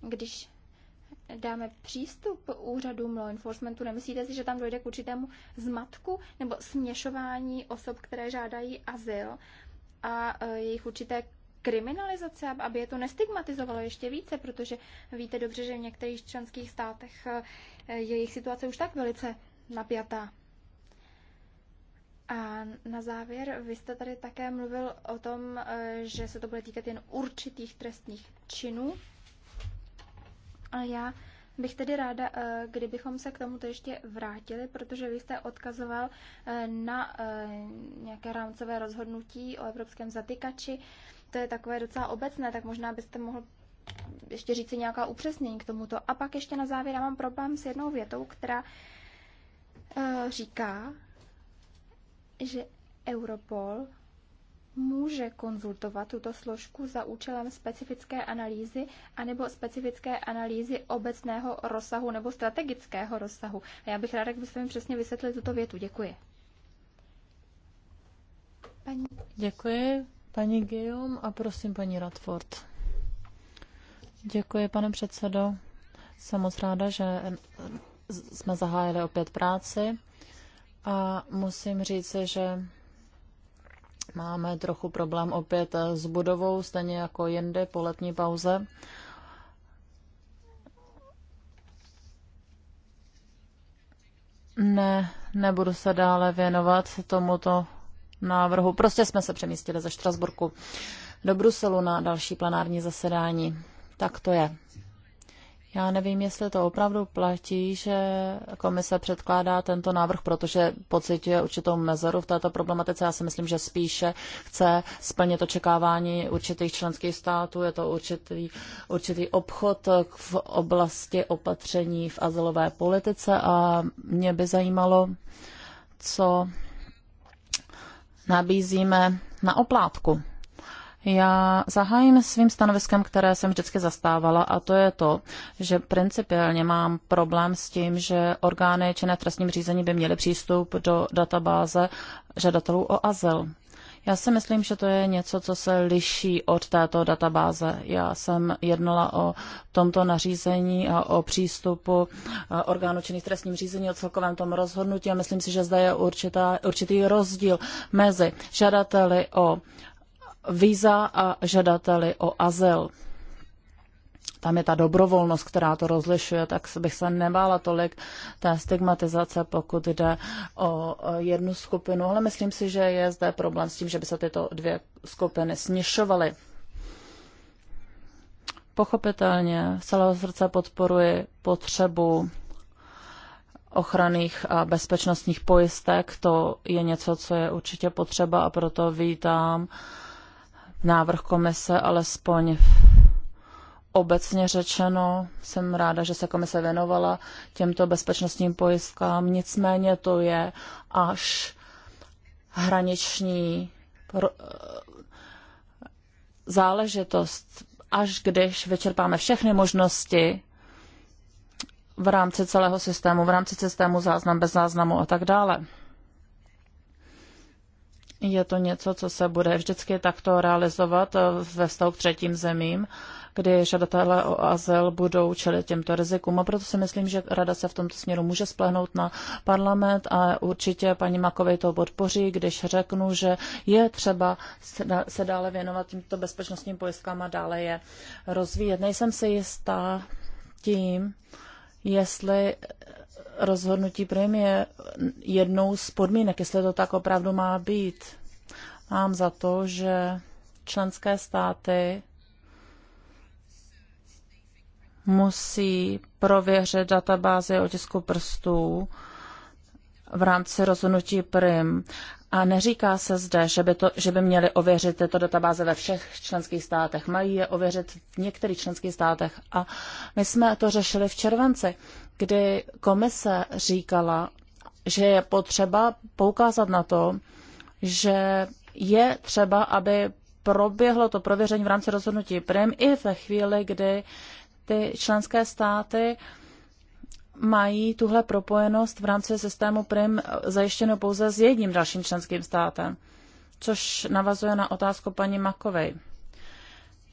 Když dáme přístup úřadům law enforcementu, nemyslíte si, že tam dojde k určitému zmatku nebo směšování osob, které žádají azyl a jejich určité kriminalizace, aby je to nestigmatizovalo ještě více, protože víte dobře, že v některých členských státech eh, je jejich situace už tak velice napjatá. A na závěr, vy jste tady také mluvil o tom, eh, že se to bude týkat jen určitých trestních činů. A já bych tedy ráda, eh, kdybychom se k tomuto ještě vrátili, protože vy jste odkazoval na nějaké rámcové rozhodnutí o evropském zatykači to je takové docela obecné, tak možná byste mohl ještě říci nějaká upřesnění k tomuto. A pak ještě na závěr já mám problém s jednou větou, která e, říká, že Europol může konzultovat tuto složku za účelem specifické analýzy anebo specifické analýzy obecného rozsahu nebo strategického rozsahu. A já bych ráda, kdybyste mi přesně vysvětlili tuto větu. Děkuji. Paní... Děkuji paní Guillaume a prosím paní Radford. Děkuji, pane předsedo. Jsem moc ráda, že jsme zahájili opět práci a musím říct, že máme trochu problém opět s budovou, stejně jako jindy po letní pauze. Ne, nebudu se dále věnovat tomuto návrhu. Prostě jsme se přemístili ze Štrasburku do Bruselu na další plenární zasedání. Tak to je. Já nevím, jestli to opravdu platí, že komise předkládá tento návrh, protože pocituje určitou mezeru v této problematice. Já si myslím, že spíše chce splnit očekávání určitých členských států. Je to určitý, určitý obchod v oblasti opatření v azylové politice a mě by zajímalo, co nabízíme na oplátku. Já zahájím svým stanoviskem, které jsem vždycky zastávala, a to je to, že principiálně mám problém s tím, že orgány činné v trestním řízení by měly přístup do databáze žadatelů o azyl. Já si myslím, že to je něco, co se liší od této databáze. Já jsem jednala o tomto nařízení a o přístupu eh, orgánu činných trestním řízení o celkovém tom rozhodnutí a myslím si, že zde je určitá, určitý rozdíl mezi žadateli o víza a žadateli o azyl tam je ta dobrovolnost, která to rozlišuje, tak bych se nebála tolik té stigmatizace, pokud jde o jednu skupinu, ale myslím si, že je zde problém s tím, že by se tyto dvě skupiny snišovaly. Pochopitelně celého srdce podporuji potřebu ochranných a bezpečnostních pojistek. To je něco, co je určitě potřeba a proto vítám návrh komise alespoň obecně řečeno jsem ráda, že se komise věnovala těmto bezpečnostním pojistkám, nicméně to je až hraniční záležitost, až když vyčerpáme všechny možnosti v rámci celého systému, v rámci systému záznam bez záznamu a tak dále. Je to něco, co se bude vždycky takto realizovat eh, ve vztahu k třetím zemím kdy žadatelé o azyl budou čelit těmto rizikům. A proto si myslím, že Rada se v tomto směru může splehnout na parlament a určitě paní Makovej to podpoří, když řeknu, že je třeba se dále věnovat tímto bezpečnostním pojistkám a dále je rozvíjet. Nejsem si jistá tím, jestli rozhodnutí prim je jednou z podmínek, jestli to tak opravdu má být. Mám za to, že členské státy musí prověřit databázy otisku prstů v rámci rozhodnutí PRIM. A neříká se zde, že by, to, že by měli ověřit tyto databáze ve všech členských státech. Mají je ověřit v některých členských státech. A my jsme to řešili v červenci, kdy komise říkala, že je potřeba poukázat na to, že je třeba, aby proběhlo to prověření v rámci rozhodnutí PRIM i ve chvíli, kdy ty členské státy mají tuhle propojenost v rámci systému PRIM zajištěno pouze s jedním dalším členským státem, což navazuje na otázku paní Makovej.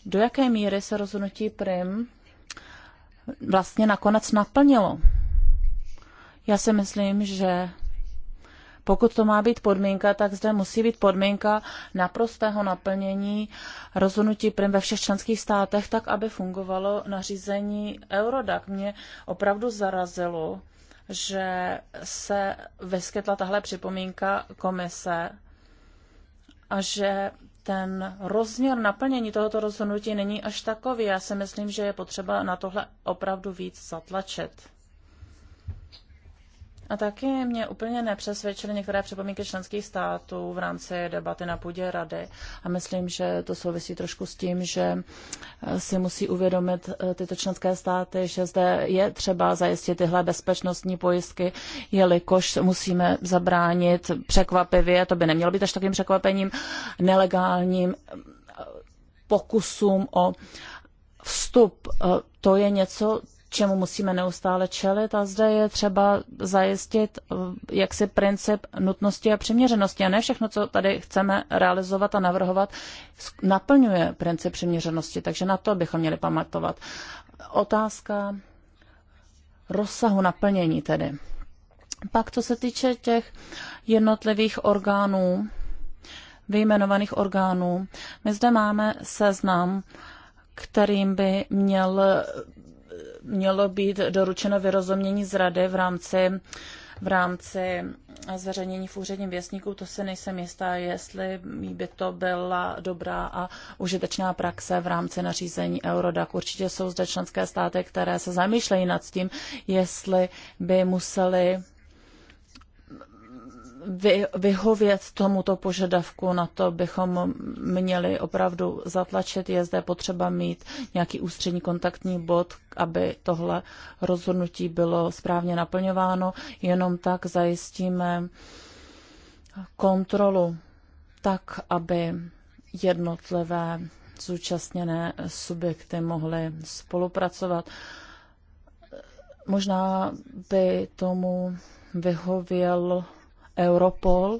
Do jaké míry se rozhodnutí PRIM vlastně nakonec naplnilo? Já si myslím, že pokud to má být podmínka, tak zde musí být podmínka naprostého naplnění rozhodnutí prim ve všech členských státech, tak aby fungovalo nařízení Eurodac. Mě opravdu zarazilo, že se vyskytla tahle připomínka komise a že ten rozměr naplnění tohoto rozhodnutí není až takový. Já si myslím, že je potřeba na tohle opravdu víc zatlačit. A taky mě úplně nepřesvědčily některé připomínky členských států v rámci debaty na půdě rady. A myslím, že to souvisí trošku s tím, že eh, si musí uvědomit eh, tyto členské státy, že zde je třeba zajistit tyhle bezpečnostní pojistky, jelikož musíme zabránit překvapivě, to by nemělo být až takovým překvapením, nelegálním eh, pokusům o vstup. To je něco, čemu musíme neustále čelit a zde je třeba zajistit eh, jaksi princip nutnosti a přiměřenosti. A ne všechno, co tady chceme realizovat a navrhovat, naplňuje princip přiměřenosti, takže na to bychom měli pamatovat. Otázka rozsahu naplnění tedy. Pak, co se týče těch jednotlivých orgánů, vyjmenovaných orgánů, my zde máme seznam, kterým by měl mělo být doručeno vyrozumění z rady v rámci v rámci zveřejnění v úředním věstníku, to se nejsem jistá, jestli by to byla dobrá a užitečná praxe v rámci nařízení Eurodac. Určitě jsou zde členské státy, které se zamýšlejí nad tím, jestli by museli vy, vyhovět tomuto požadavku, na to bychom měli opravdu zatlačit. Je zde potřeba mít nějaký ústřední kontaktní bod, aby tohle rozhodnutí bylo správně naplňováno. Jenom tak zajistíme kontrolu tak, aby jednotlivé zúčastněné subjekty mohly spolupracovat. Možná by tomu vyhověl Europol.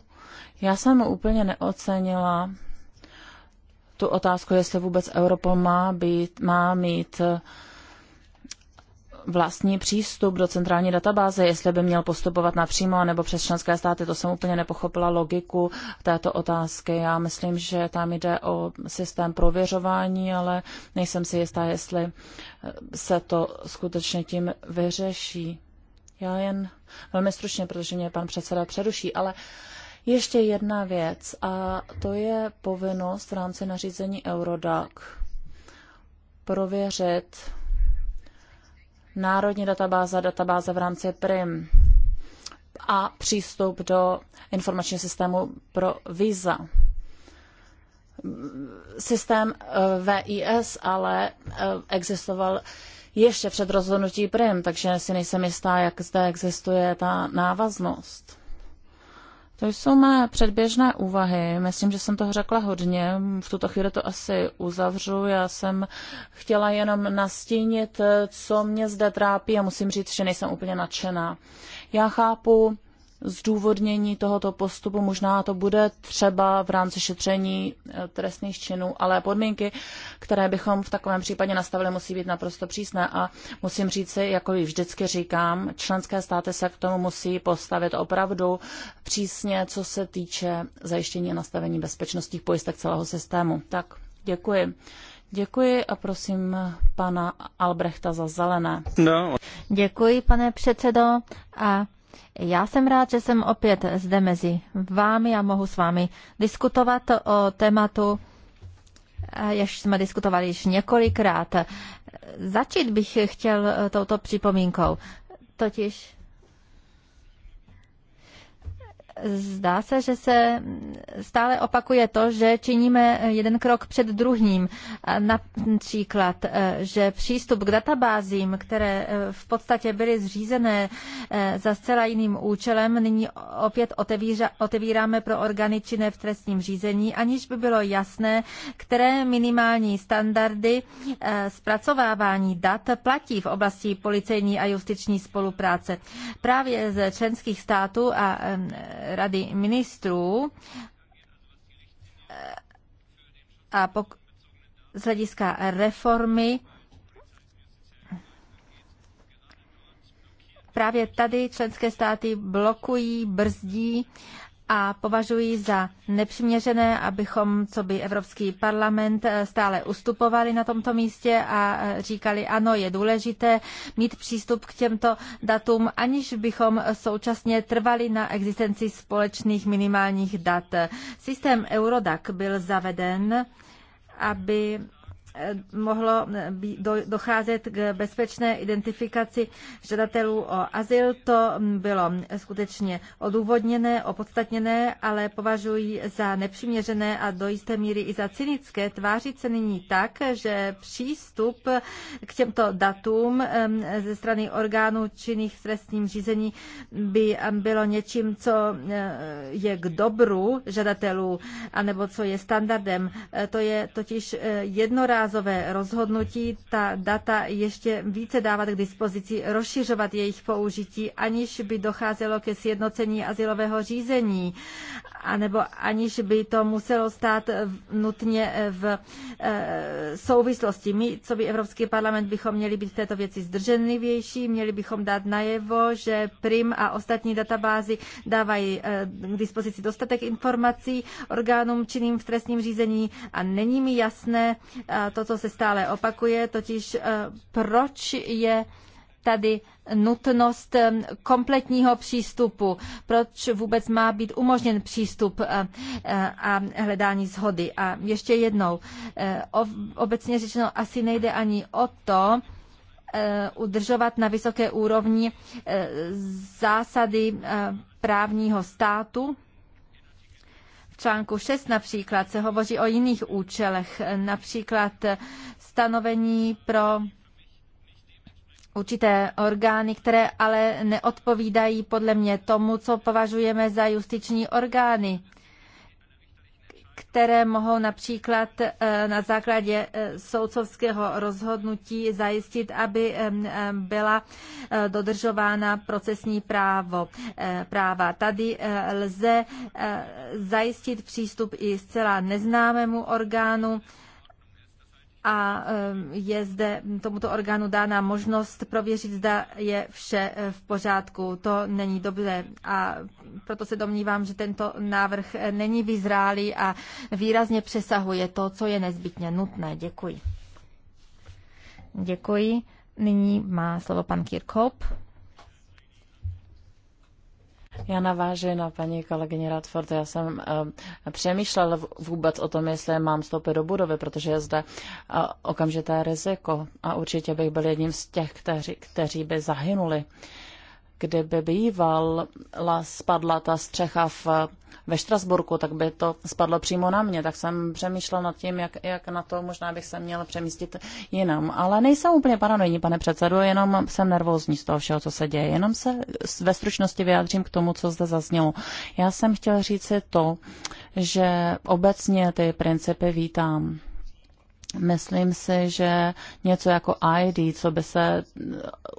Já jsem úplně neocenila tu otázku, jestli vůbec Europol má, být, má mít eh, vlastní přístup do centrální databáze, jestli by měl postupovat napřímo nebo přes členské státy. To jsem úplně nepochopila logiku této otázky. Já myslím, že tam jde o systém prověřování, ale nejsem si jistá, jestli eh, se to skutečně tím vyřeší. Já jen velmi stručně, protože mě pan předseda přeruší, ale ještě jedna věc a to je povinnost v rámci nařízení Eurodac prověřit národní databáze, databáze v rámci PRIM a přístup do informačního systému pro víza. Systém eh, VIS ale eh, existoval ještě před rozhodnutí Prim, takže si nejsem jistá, jak zde existuje ta návaznost. To jsou mé předběžné úvahy. Myslím, že jsem toho řekla hodně. V tuto chvíli to asi uzavřu. Já jsem chtěla jenom nastínit, co mě zde trápí a musím říct, že nejsem úplně nadšená. Já chápu zdůvodnění tohoto postupu. Možná to bude třeba v rámci šetření eh, trestných činů, ale podmínky, které bychom v takovém případě nastavili, musí být naprosto přísné. A musím říci, jako ji vždycky říkám, členské státy se k tomu musí postavit opravdu přísně, co se týče zajištění a nastavení bezpečnostních pojistek celého systému. Tak, děkuji. Děkuji a prosím pana Albrechta za zelené. No. Děkuji, pane předsedo, a já jsem rád, že jsem opět zde mezi vámi a mohu s vámi diskutovat o tématu, eh, jež jsme diskutovali již několikrát. Začít bych chtěl eh, touto připomínkou, totiž zdá se, že se stále opakuje to, že činíme jeden krok před druhým. Například, eh, že přístup k databázím, které eh, v podstatě byly zřízené eh, za zcela jiným účelem, nyní opět otevíráme pro orgány činné v trestním řízení, aniž by bylo jasné, které minimální standardy zpracovávání dat platí v oblasti policejní a justiční spolupráce. Právě z členských států a Rady ministrů a pok- z hlediska reformy právě tady členské státy blokují, brzdí a považuji za nepřiměřené, abychom, co by Evropský parlament, eh, stále ustupovali na tomto místě a eh, říkali, ano, je důležité mít přístup k těmto datům, aniž bychom současně trvali na existenci společných minimálních dat. Systém Eurodac byl zaveden aby mohlo docházet k bezpečné identifikaci žadatelů o azyl. To bylo skutečně odůvodněné, opodstatněné, ale považuji za nepřiměřené a do jisté míry i za cynické tvářit se nyní tak, že přístup k těmto datům ze strany orgánů činných v trestním řízení by bylo něčím, co eh, je k dobru žadatelů, anebo co je standardem. Eh, to je totiž eh, jednorázové jednorázové rozhodnutí ta data ještě více dávat k dispozici, rozšiřovat jejich použití, aniž by docházelo ke sjednocení asilového řízení, anebo aniž by to muselo stát nutně v eh, souvislosti. My, co by Evropský parlament, bychom měli být v této věci zdrženlivější, měli bychom dát najevo, že PRIM a ostatní databázy dávají eh, k dispozici dostatek informací orgánům činným v trestním řízení a není mi jasné, to, co se stále opakuje, totiž eh, proč je tady nutnost eh, kompletního přístupu, proč vůbec má být umožněn přístup eh, a hledání zhody? A ještě jednou, obecně řečeno, asi nejde ani o to, udržovat na vysoké úrovni zásady právního státu, v článku 6 například se hovoří o jiných účelech, například stanovení pro určité orgány, které ale neodpovídají podle mě tomu, co považujeme za justiční orgány které mohou například eh, na základě eh, soudcovského rozhodnutí zajistit, aby byla eh, dodržována procesní právo, práva. Tady lze zajistit přístup i zcela neznámému orgánu, a je zde tomuto orgánu dána možnost prověřit, zda je vše eh, v pořádku. To není dobře a proto se domnívám, že tento návrh eh, není vyzrálý a výrazně přesahuje to, co je nezbytně nutné. Děkuji. Děkuji. Nyní má slovo pan Kirkhope. Já navážu na paní kolegyně Radford. Já jsem uh, eh, přemýšlela vůbec o tom, jestli mám vstoupit do budovy, protože je zde uh, okamžité riziko a určitě bych byl jedním z těch, kteří, kteří by zahynuli. Uh, kdyby býval spadla ta střecha v, ve Štrasburku, tak by to spadlo přímo na mě. Tak jsem přemýšlel nad tím, jak, jak na to možná bych se měl přemístit jinam. Ale nejsem úplně paranoidní, pane předsedo, jenom jsem nervózní z toho všeho, co se děje. Jenom se ve stručnosti vyjádřím k tomu, co zde zaznělo. Já jsem chtěl říct si to, že obecně ty principy vítám. Myslím si, že něco jako ID, co by se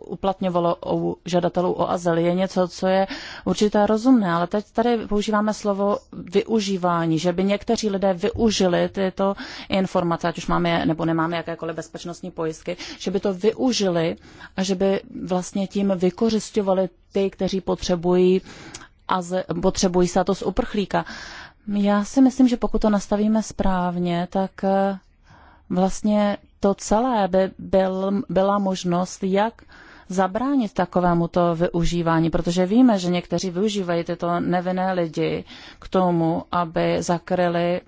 uplatňovalo u žadatelů o azyl, je něco, co je určitě rozumné, ale teď tady používáme slovo využívání, že by někteří lidé využili tyto informace, ať už máme nebo nemáme jakékoliv bezpečnostní pojistky, že by to využili a že by vlastně tím vykořišťovali ty, kteří potřebují, azyl, potřebují status uprchlíka. Já si myslím, že pokud to nastavíme správně, tak eh, vlastně to celé by byl, byla možnost, jak zabránit takovému to využívání, protože víme, že někteří využívají tyto nevinné lidi k tomu, aby zakryli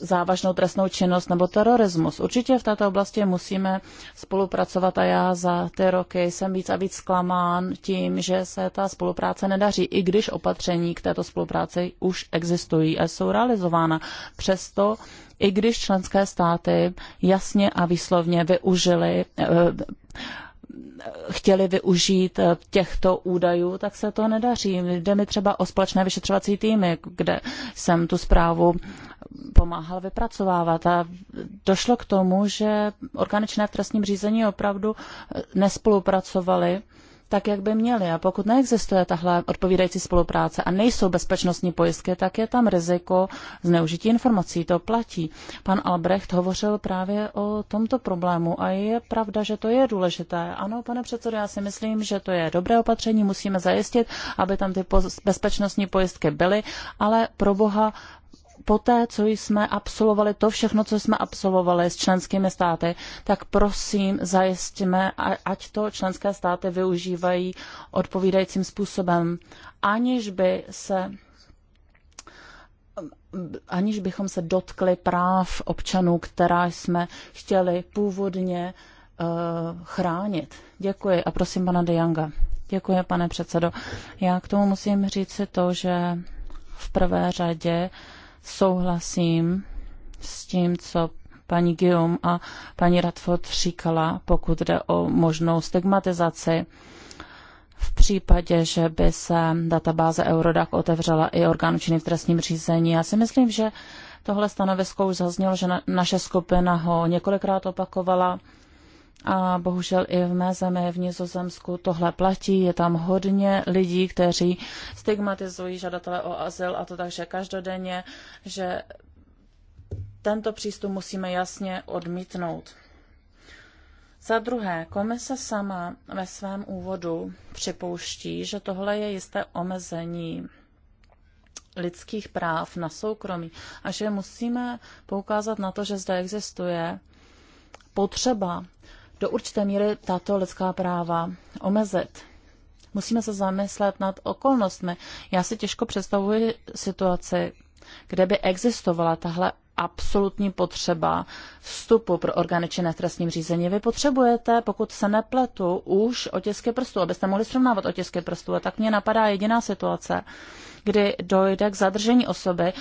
závažnou trestnou činnost nebo terorismus. Určitě v této oblasti musíme spolupracovat a já za ty roky jsem víc a víc zklamán tím, že se ta spolupráce nedaří, i když opatření k této spolupráci už existují a jsou realizována. Přesto i když členské státy jasně a výslovně využili eh, chtěli využít eh, těchto údajů, tak se to nedaří. Jde mi třeba o společné vyšetřovací týmy, kde jsem tu zprávu pomáhal vypracovávat a došlo k tomu, že orgány v trestním řízení opravdu eh, nespolupracovaly tak, jak by měly. A pokud neexistuje tahle odpovídající spolupráce a nejsou bezpečnostní pojistky, tak je tam riziko zneužití informací. To platí. Pan Albrecht hovořil právě o tomto problému a je pravda, že to je důležité. Ano, pane předsedo, já si myslím, že to je dobré opatření, musíme zajistit, aby tam ty bezpečnostní pojistky byly, ale pro boha poté, co jsme absolvovali to všechno, co jsme absolvovali s členskými státy, tak prosím zajistíme, ať to členské státy využívají odpovídajícím způsobem, aniž by se aniž bychom se dotkli práv občanů, která jsme chtěli původně uh, chránit. Děkuji a prosím pana Dejanga. Děkuji, pane předsedo. Já k tomu musím říct si to, že v prvé řadě uh, souhlasím s tím, co paní Gium a paní Radford říkala, pokud jde o možnou stigmatizaci. V případě, že by se databáze Eurodac otevřela i orgánu činy v trestním řízení, já si myslím, že tohle stanovisko už zaznělo, že na, naše skupina ho několikrát opakovala a bohužel i v mé zemi v Nizozemsku tohle platí. Je tam hodně lidí, kteří stigmatizují žadatele o azyl a to takže každodenně, že tento přístup musíme jasně odmítnout. Za druhé, komise sama ve svém úvodu připouští, že tohle je jisté omezení lidských práv na soukromí a že musíme poukázat na to, že zde existuje potřeba do určité míry tato lidská práva omezit. Musíme se zamyslet nad okolnostmi. Já si těžko představuji situaci, kde by existovala tahle absolutní potřeba vstupu pro orgány činné v trestním řízení. Vy potřebujete, pokud se nepletu, už otisky prstů, abyste mohli srovnávat otisky prstů. A tak mě napadá jediná situace, kdy dojde k zadržení osoby, eh,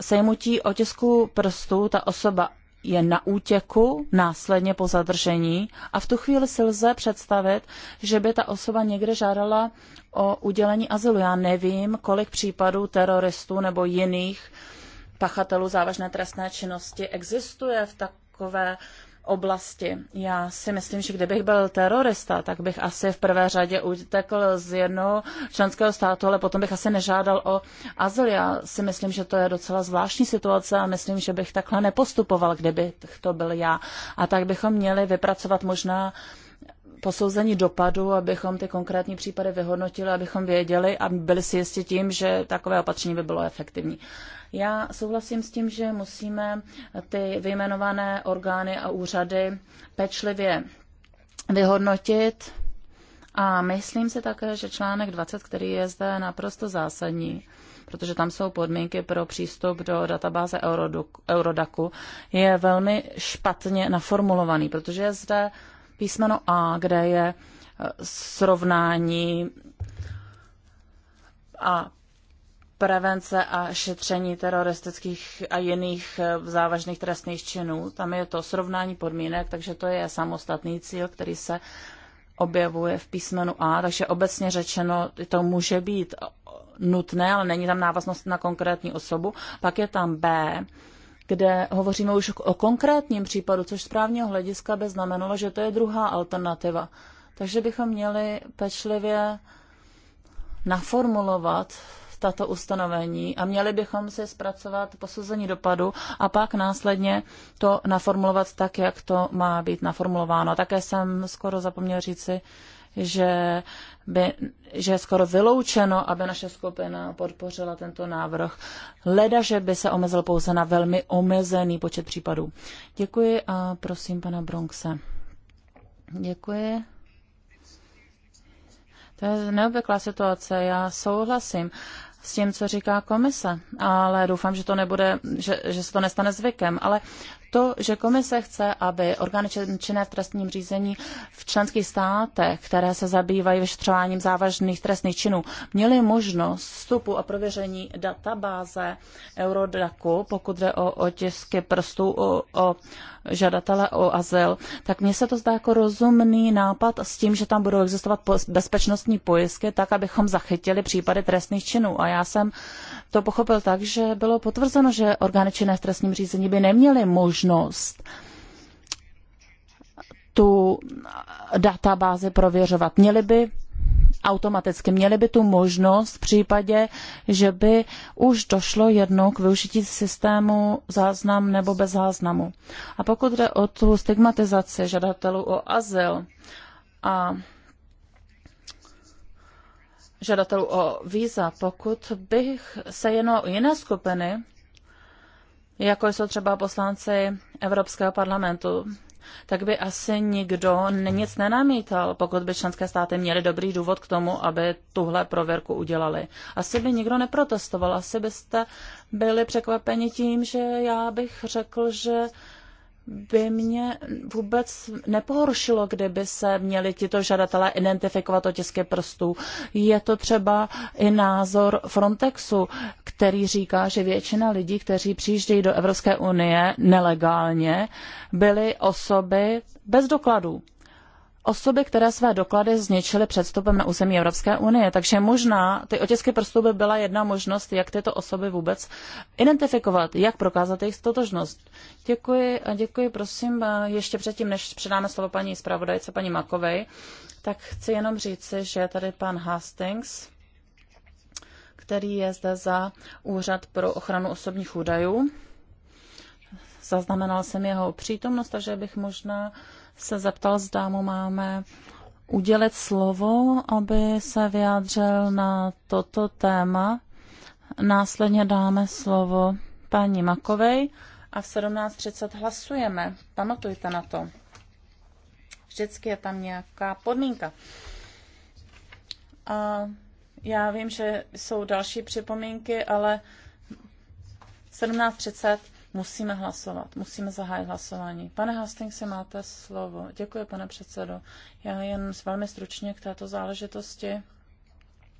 sejmutí otisku prstů, ta osoba je na útěku následně po zadržení a v tu chvíli si lze představit, že by ta osoba někde žádala o udělení azylu. Já nevím, kolik případů teroristů nebo jiných pachatelů závažné trestné činnosti existuje v takové oblasti. Já si myslím, že kdybych byl terorista, tak bych asi v prvé řadě utekl z jednoho členského státu, ale potom bych asi nežádal o azyl. Já si myslím, že to je docela zvláštní situace a myslím, že bych takhle nepostupoval, kdybych to byl já. A tak bychom měli vypracovat možná posouzení dopadu, abychom ty konkrétní případy vyhodnotili, abychom věděli a byli si jistí tím, že takové opatření by bylo efektivní. Já souhlasím s tím, že musíme ty vyjmenované orgány a úřady pečlivě vyhodnotit. A myslím si také, že článek 20, který je zde naprosto zásadní, protože tam jsou podmínky pro přístup do databáze Eurodaku, je velmi špatně naformulovaný, protože je zde písmeno A, kde je eh, srovnání a prevence a šetření teroristických a jiných eh, závažných trestných činů. Tam je to srovnání podmínek, takže to je samostatný cíl, který se objevuje v písmenu A, takže obecně řečeno to může být nutné, ale není tam návaznost na konkrétní osobu. Pak je tam B, kde hovoříme už o konkrétním případu, což z právního hlediska by znamenalo, že to je druhá alternativa. Takže bychom měli pečlivě naformulovat tato ustanovení a měli bychom si zpracovat posouzení dopadu a pak následně to naformulovat tak, jak to má být naformulováno. Také jsem skoro zapomněl říci, že, by, že je skoro vyloučeno, aby naše skupina podpořila tento návrh. Leda, že by se omezil pouze na velmi omezený počet případů. Děkuji a prosím pana Bronxe. Děkuji. To je neobvyklá situace, já souhlasím s tím, co říká komise, ale doufám, že to nebude, že, že se to nestane zvykem. Ale to, že komise chce, aby orgány činné v trestním řízení v členských státech, které se zabývají vyšetřováním závažných trestných činů, měly možnost vstupu a prověření databáze Eurodacu, pokud jde o otisky prstů o, o žadatele o azyl, tak mně se to zdá jako rozumný nápad s tím, že tam budou existovat bezpečnostní pojistky, tak abychom zachytili případy trestných činů. A já jsem uh, to pochopil tak, že bylo potvrzeno, že orgány činné v trestním řízení by neměly možnost tu databázi prověřovat. Měli by automaticky, měli by tu možnost v případě, že by už došlo jednou k využití systému záznam nebo bez záznamu. A pokud jde o tu stigmatizaci žadatelů o azyl a žadatelů o víza, pokud bych se jenom o jiné skupiny, jako jsou třeba poslanci Evropského parlamentu, tak by asi nikdo nic nenamítal, pokud by členské státy měly dobrý důvod k tomu, aby tuhle prověrku udělali. Asi by nikdo neprotestoval, asi byste byli překvapeni tím, že já bych řekl, že by mě vůbec nepohoršilo, kdyby se měli tito žadatelé identifikovat otisky prstů. Je to třeba i názor Frontexu, který říká, že většina lidí, kteří přijíždějí do Evropské unie nelegálně, byly osoby bez dokladů osoby, které své doklady zničily před vstupem na území Evropské unie. Takže možná ty otisky prstů by byla jedna možnost, jak tyto osoby vůbec identifikovat, jak prokázat jejich totožnost. Děkuji, děkuji, prosím, ještě předtím, než předáme slovo paní zpravodajce, paní Makovej, tak chci jenom říci, že tady pan Hastings, který je zde za Úřad pro ochranu osobních údajů, zaznamenal jsem jeho přítomnost, takže bych možná uh, se zeptal, zda mu máme udělit slovo, aby se vyjádřil na toto téma. Následně dáme slovo paní Makovej a v 17.30 hlasujeme. Pamatujte na to. Vždycky je tam nějaká podmínka. A já vím, že jsou další připomínky, ale 17.30 Musíme hlasovat, musíme zahájit hlasování. Pane Hastings, se máte slovo. Děkuji, pane předsedo. Já jen velmi stručně k této záležitosti.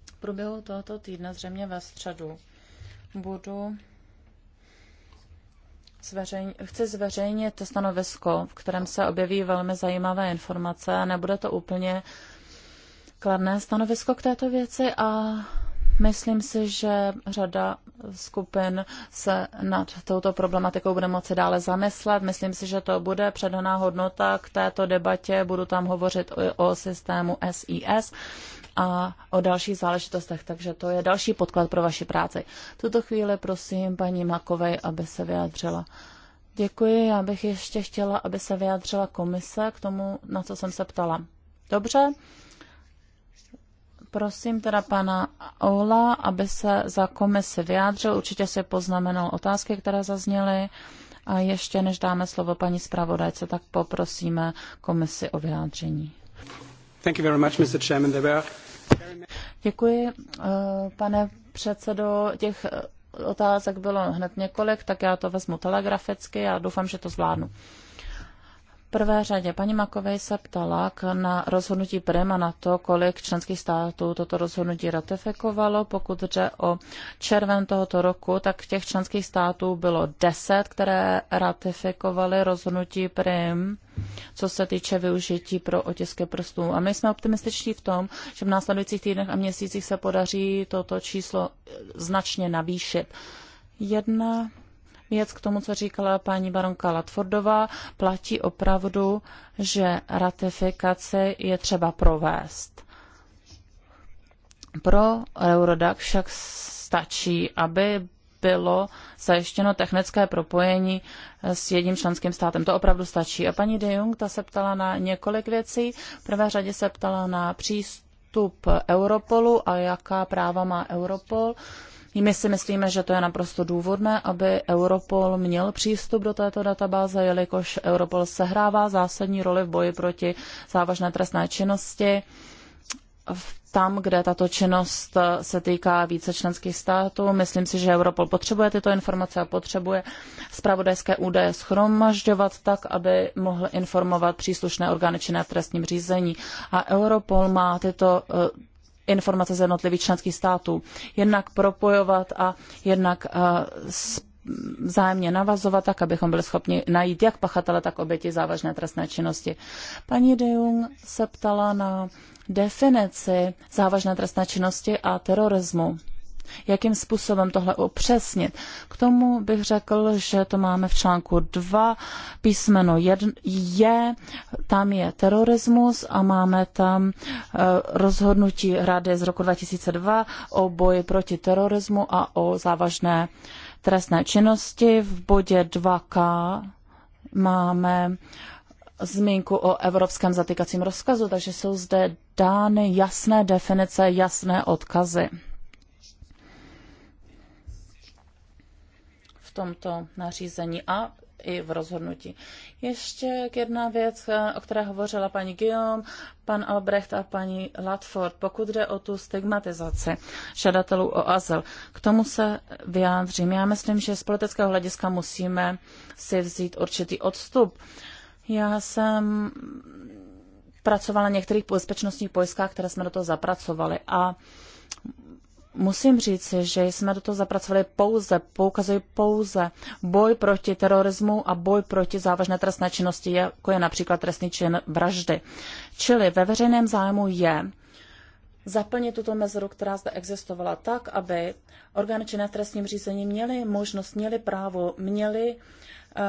V průběhu tohoto týdne, zřejmě ve středu, budu Zveřejň, chci zveřejnit stanovisko, v kterém se objeví velmi zajímavé informace. Nebude to úplně kladné stanovisko k této věci a Myslím si, že řada skupin se nad touto problematikou bude moci dále zamyslet. Myslím si, že to bude předaná hodnota k této debatě. Budu tam hovořit o, o systému SIS a o dalších záležitostech, takže to je další podklad pro vaši práci. Tuto chvíli prosím paní Makovej, aby se vyjádřila. Děkuji, já bych ještě chtěla, aby se vyjádřila komise k tomu, na co jsem se ptala. Dobře, Prosím teda pana Ola, aby se za komisi vyjádřil. Určitě se poznamenal otázky, které zazněly. A ještě než dáme slovo paní zpravodajce, tak poprosíme komisi o vyjádření. Thank you very much, Mr. Chairman. There were... Děkuji, eh, pane předsedo. Těch eh, otázek bylo hned několik, tak já to vezmu telegraficky a doufám, že to zvládnu prvé řadě paní Makovej se ptala na rozhodnutí Prema na to, kolik členských států toto rozhodnutí ratifikovalo. Pokud jde o červen tohoto roku, tak těch členských států bylo deset, které ratifikovaly rozhodnutí Prem co se týče využití pro otisky prstů. A my jsme optimističtí v tom, že v následujících týdnech a měsících se podaří toto číslo značně navýšit. Jedna věc k tomu, co říkala paní baronka Latfordová. Platí opravdu, že ratifikace je třeba provést. Pro Eurodac však stačí, aby bylo zajištěno technické propojení s jedním členským státem. To opravdu stačí. A paní de Jong ta se ptala na několik věcí. V prvé řadě se ptala na přístup Europolu a jaká práva má Europol. My si myslíme, že to je naprosto důvodné, aby Europol měl přístup do této databáze, jelikož Europol sehrává zásadní roli v boji proti závažné trestné činnosti tam, kde tato činnost eh, se týká více členských států. Myslím si, že Europol potřebuje tyto informace a potřebuje zpravodajské údaje schromažďovat tak, aby mohl informovat příslušné orgány činné v trestním řízení. A Europol má tyto eh, informace z jednotlivých členských států. Jednak propojovat a jednak eh, vzájemně navazovat, tak abychom byli schopni najít jak pachatele, tak oběti závažné trestné činnosti. Paní De Jung se ptala na definici závažné trestné činnosti a terorismu jakým způsobem tohle upřesnit. K tomu bych řekl, že to máme v článku 2, písmeno je, tam je terorismus a máme tam eh, rozhodnutí Rady z roku 2002 o boji proti terorismu a o závažné trestné činnosti. V bodě 2K máme zmínku o evropském zatýkacím rozkazu, takže jsou zde dány jasné definice, jasné odkazy. v tomto nařízení a i v rozhodnutí. Ještě k jedna věc, o které hovořila paní Guillaume, pan Albrecht a paní Latford, pokud jde o tu stigmatizaci žadatelů o azyl. K tomu se vyjádřím. Já myslím, že z politického hlediska musíme si vzít určitý odstup. Já jsem pracovala na některých bezpečnostních pojistkách, které jsme do toho zapracovali a musím říct, že jsme do toho zapracovali pouze, poukazují pouze boj proti terorismu a boj proti závažné trestné činnosti, jako je například trestný čin vraždy. Čili ve veřejném zájmu je zaplnit tuto mezeru, která zde existovala tak, aby orgány činné v trestním řízení měly možnost, měly právo, měly uh,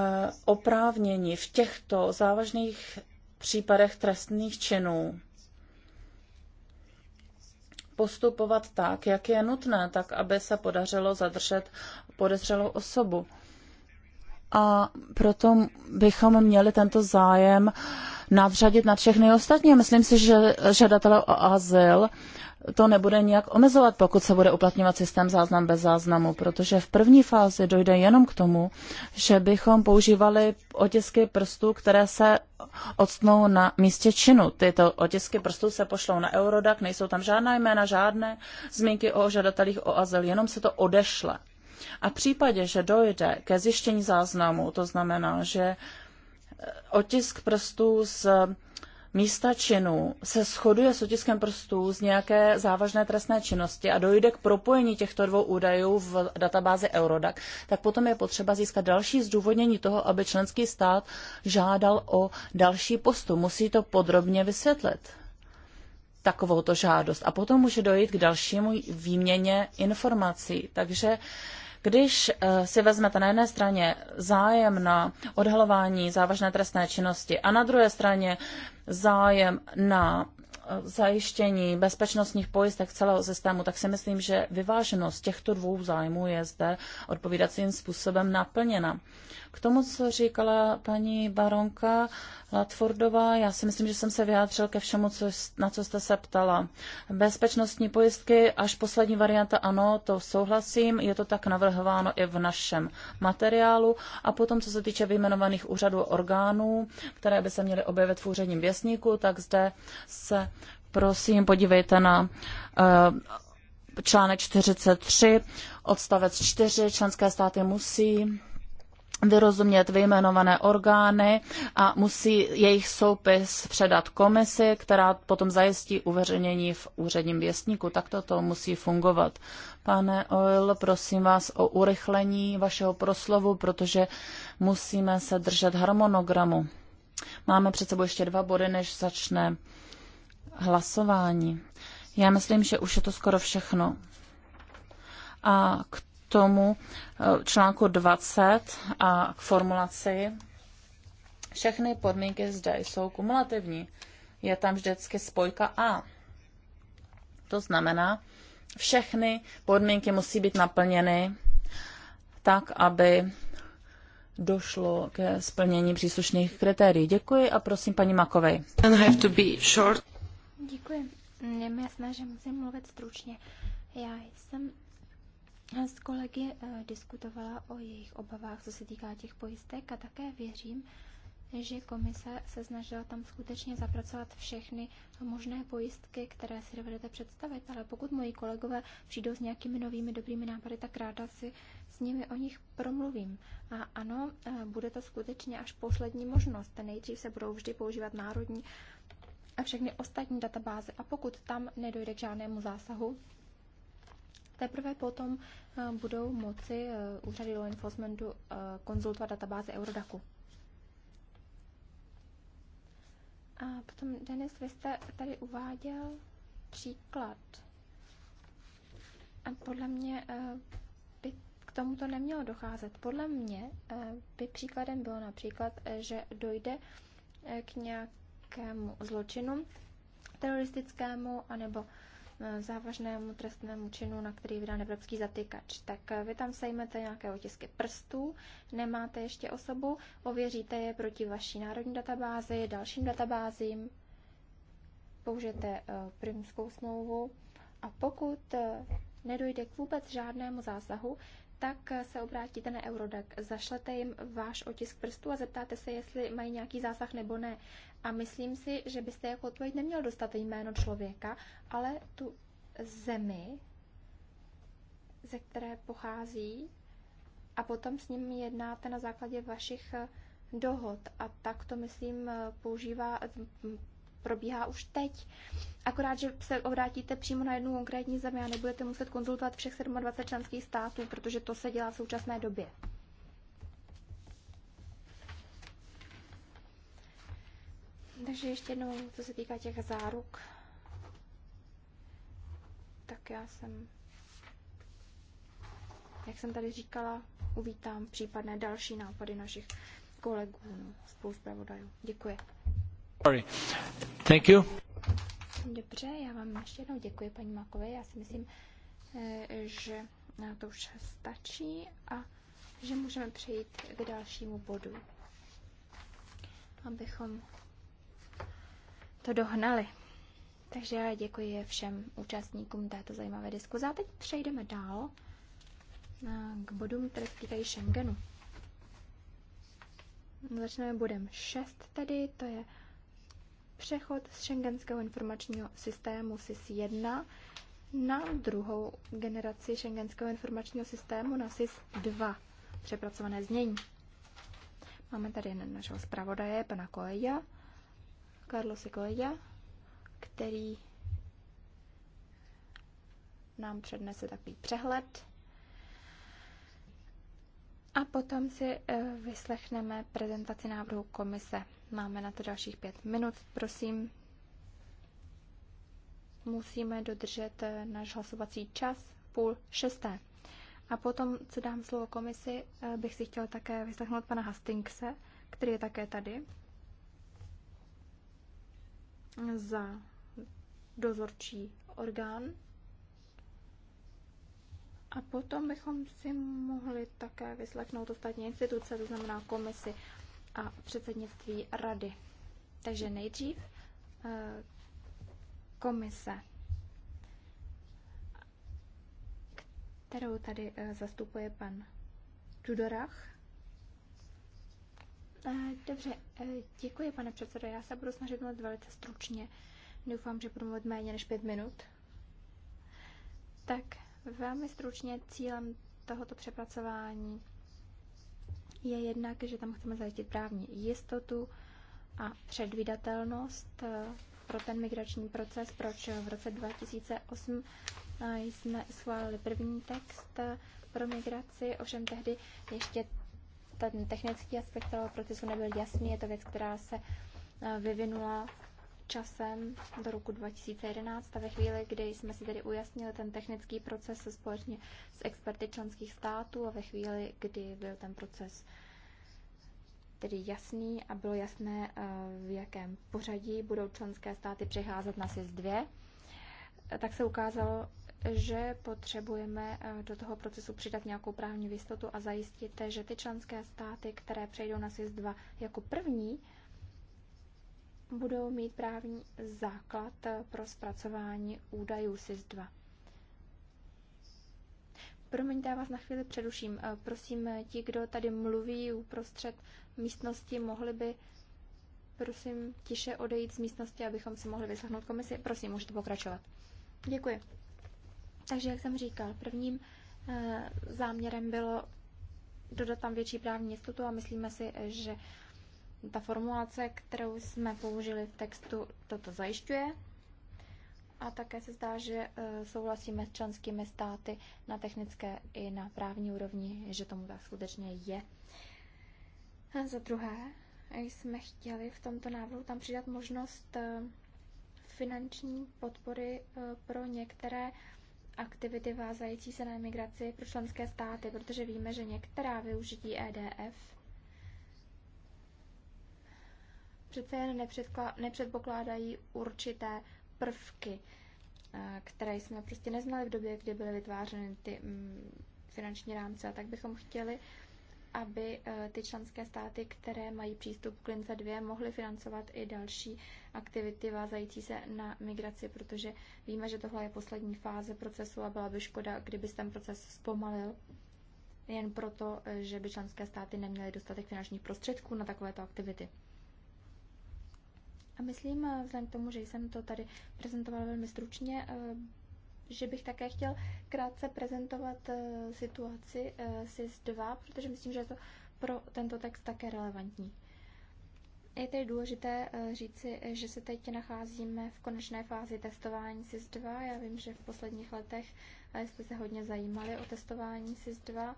oprávnění v těchto závažných případech trestných činů postupovat tak, jak je nutné, tak aby se podařilo zadržet podezřelou osobu. A proto bychom měli tento zájem uh, nadřadit nad všechny ostatní. Myslím si, že žadatele o azyl to nebude nijak omezovat, pokud se bude uplatňovat systém záznam bez záznamu, protože v první fázi dojde jenom k tomu, že bychom používali otisky prstů, které se odstnou na místě činu. Tyto otisky prstů se pošlou na Eurodac, nejsou tam žádná jména, žádné zmínky o žadatelích o azyl, jenom se to odešle. A v případě, že dojde ke zjištění záznamu, to znamená, že otisk prstů z místa činu se shoduje s otiskem prstů z nějaké závažné trestné činnosti a dojde k propojení těchto dvou údajů v databázi Eurodac, tak potom je potřeba získat další zdůvodnění toho, aby členský stát žádal o další postup. Musí to podrobně vysvětlit takovouto žádost. A potom může dojít k dalšímu výměně informací. Takže když eh, si vezmete na jedné straně zájem na odhalování závažné trestné činnosti a na druhé straně zájem na eh, zajištění bezpečnostních pojistek celého systému, tak si myslím, že vyváženost těchto dvou zájmů je zde odpovídajícím způsobem naplněna. K tomu, co říkala paní baronka Latfordová, já si myslím, že jsem se vyjádřil ke všemu, co, na co jste se ptala. Bezpečnostní pojistky, až poslední varianta, ano, to souhlasím, je to tak navrhováno i v našem materiálu. A potom, co se týče vyjmenovaných úřadů orgánů, které by se měly objevit v úředním věstníku, tak zde se prosím podívejte na uh, článek 43, odstavec 4, členské státy musí vyrozumět vyjmenované orgány a musí jejich soupis předat komisi, která potom zajistí uveřejnění v úředním věstníku. Tak to musí fungovat. Pane Oil, prosím vás o urychlení vašeho proslovu, protože musíme se držet harmonogramu. Máme před sebou ještě dva body, než začne hlasování. Já myslím, že už je to skoro všechno. A k tomu eh, článku 20 a k formulaci. Všechny podmínky zde jsou kumulativní. Je tam vždycky spojka A. To znamená, všechny podmínky musí být naplněny tak, aby došlo ke splnění příslušných kritérií. Děkuji a prosím paní Makovej. Děkuji. Já se musím mluvit stručně. Já jsem s kolegy eh, diskutovala o jejich obavách, co se týká těch pojistek a také věřím, že komise se snažila tam skutečně zapracovat všechny možné pojistky, které si dovedete představit, ale pokud moji kolegové přijdou s nějakými novými dobrými nápady, tak ráda si s nimi o nich promluvím. A ano, eh, bude to skutečně až poslední možnost. Nejdřív se budou vždy používat národní a všechny ostatní databáze. A pokud tam nedojde k žádnému zásahu, Teprve potom eh, budou moci eh, úřady law enforcementu eh, konzultovat databáze Eurodacu. A potom, Denis, vy jste tady uváděl příklad. A podle mě by k tomu to nemělo docházet. Podle mě by příkladem bylo například, že dojde k nějakému zločinu teroristickému anebo závažnému trestnému činu, na který vydán evropský zatykač. Tak vy tam sejmete nějaké otisky prstů, nemáte ještě osobu, ověříte je proti vaší národní databázi, dalším databázím, použijete eh, primskou smlouvu a pokud eh, nedojde k vůbec žádnému zásahu, tak se obrátíte na Eurodac, zašlete jim váš otisk prstu a zeptáte se, jestli mají nějaký zásah nebo ne. A myslím si, že byste jako odpověď neměl dostat jméno člověka, ale tu zemi, ze které pochází, a potom s ním jednáte na základě vašich dohod. A tak to, myslím, používá, probíhá už teď. Akorát, že se obrátíte přímo na jednu konkrétní zemi a nebudete muset konzultovat všech 27 členských států, protože to se dělá v současné době. Takže ještě jednou, co se týká těch záruk, tak já jsem, jak jsem tady říkala, uvítám případné další nápady našich kolegů, no, spoluzpravodajů. Děkuji. Sorry. Thank you. Dobře, já vám ještě jednou děkuji, paní Makové. Já si myslím, eh, že to už stačí a že můžeme přejít k dalšímu bodu, abychom to dohnali. Takže já děkuji všem účastníkům této zajímavé diskuze. A teď přejdeme dál eh, k bodům, které se týkají Schengenu. Začneme bodem 6 tedy, to je přechod z šengenského informačního systému SIS-1 na druhou generaci šengenského informačního systému na SIS-2, přepracované znění. Máme tady našeho zpravodaje, pana Koeja, Carlose Koeja, který nám přednese takový přehled. A potom si eh, vyslechneme prezentaci návrhu komise. Máme na to dalších pět minut, prosím. Musíme dodržet eh, náš hlasovací čas půl šesté. A potom, co dám slovo komisi, eh, bych si chtěl také vyslechnout pana Hastingse, který je také tady za dozorčí orgán. A potom bychom si mohli také vyslechnout ostatní instituce, to znamená komisi a předsednictví rady. Takže nejdřív eh, komise, kterou tady eh, zastupuje pan Tudorach. Eh, dobře, děkuji, pane předsedo. Já se budu snažit mluvit velice stručně. Doufám, že budu mluvit méně než pět minut. Tak, velmi stručně cílem tohoto přepracování je jednak, že tam chceme zajistit právní jistotu a předvídatelnost eh, pro ten migrační proces, proč v roce 2008 eh, jsme schválili první text eh, pro migraci, ovšem tehdy ještě ten technický aspekt toho procesu nebyl jasný, je to věc, která se vyvinula časem do roku 2011 a ve chvíli, kdy jsme si tedy ujasnili ten technický proces společně s experty členských států a ve chvíli, kdy byl ten proces tedy jasný a bylo jasné, eh, v jakém pořadí budou členské státy přecházet na SIS 2, tak se ukázalo, že potřebujeme eh, do toho procesu přidat nějakou právní jistotu a zajistit, že ty členské státy, které přejdou na SIS 2 jako první, budou mít právní základ pro zpracování údajů SIS-2. Promiňte, já vás na chvíli přeruším. Eh, prosím, eh, ti, kdo tady mluví uprostřed místnosti, mohli by prosím tiše odejít z místnosti, abychom si mohli vyslechnout komisi. Prosím, můžete pokračovat. Děkuji. Takže, jak jsem říkal, prvním eh, záměrem bylo dodat tam větší právní jistotu a myslíme si, že ta formulace, kterou jsme použili v textu, toto zajišťuje. A také se zdá, že e, souhlasíme s členskými státy na technické i na právní úrovni, že tomu tak skutečně je. A za druhé, jsme chtěli v tomto návrhu tam přidat možnost e, finanční podpory e, pro některé aktivity vázající se na emigraci pro členské státy, protože víme, že některá využití EDF přece jen nepředpokládají určité prvky, eh, které jsme prostě neznali v době, kdy byly vytvářeny ty mm, finanční rámce. A tak bychom chtěli, aby eh, ty členské státy, které mají přístup k lince 2, mohly financovat i další aktivity vázající se na migraci, protože víme, že tohle je poslední fáze procesu a byla by škoda, kdyby se ten proces zpomalil jen proto, eh, že by členské státy neměly dostatek finančních prostředků na takovéto aktivity. A myslím, eh, vzhledem k tomu, že jsem to tady prezentovala velmi stručně, eh, že bych také chtěl krátce prezentovat eh, situaci SIS-2, protože myslím, že je to pro tento text také relevantní. Je tedy důležité říci, že se teď nacházíme v konečné fázi testování SIS-2. Já vím, že v posledních letech jste se hodně zajímali o testování SIS-2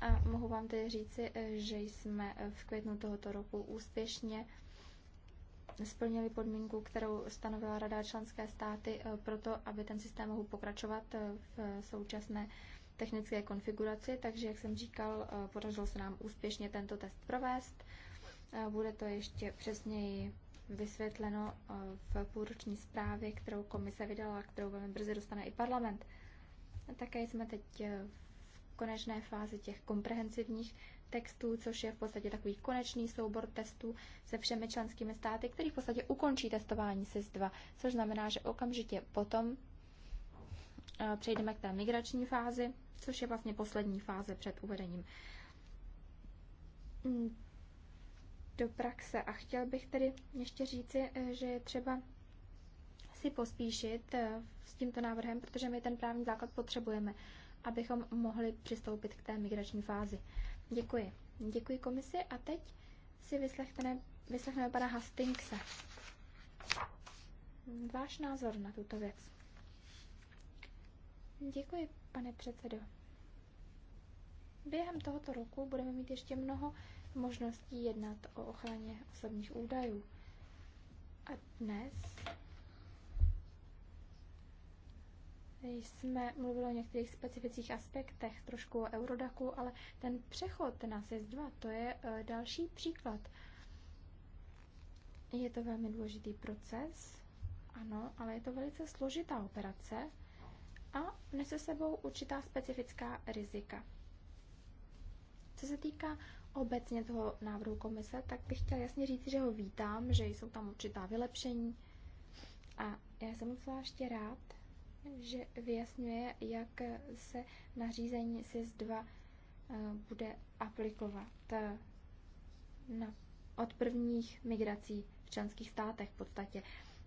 a mohu vám tedy říci, že jsme v květnu tohoto roku úspěšně splnili podmínku, kterou stanovila Rada členské státy e, pro to, aby ten systém mohl pokračovat e, v e, současné technické konfiguraci. Takže, jak jsem říkal, podařilo se nám úspěšně tento test provést. Bude to ještě přesněji vysvětleno v půroční zprávě, kterou komise vydala, kterou velmi brzy dostane i parlament. Také jsme teď v konečné fázi těch komprehensivních textů, což je v podstatě takový konečný soubor testů se všemi členskými státy, který v podstatě ukončí testování SIS-2, což znamená, že okamžitě potom eh, přejdeme k té migrační fázi, což je vlastně poslední fáze před uvedením mm, do praxe. A chtěl bych tedy ještě říci, eh, že je třeba si pospíšit eh, s tímto návrhem, protože my ten právní základ potřebujeme, abychom mohli přistoupit k té migrační fázi. Děkuji. Děkuji komisi a teď si vyslechneme, vyslechneme pana Hastingse. Váš názor na tuto věc. Děkuji, pane předsedo. Během tohoto roku budeme mít ještě mnoho možností jednat o ochraně osobních údajů. A dnes jsme mluvili o některých specifických aspektech, trošku o Eurodaku, ale ten přechod na SIS-2, to je e, další příklad. Je to velmi důležitý proces, ano, ale je to velice složitá operace a nese sebou určitá specifická rizika. Co se týká obecně toho návrhu komise, tak bych chtěla jasně říct, že ho vítám, že jsou tam určitá vylepšení a já jsem zvláště rád, že vyjasňuje, jak se nařízení SIS 2 eh, bude aplikovat eh, na, od prvních migrací v členských státech v podstatě.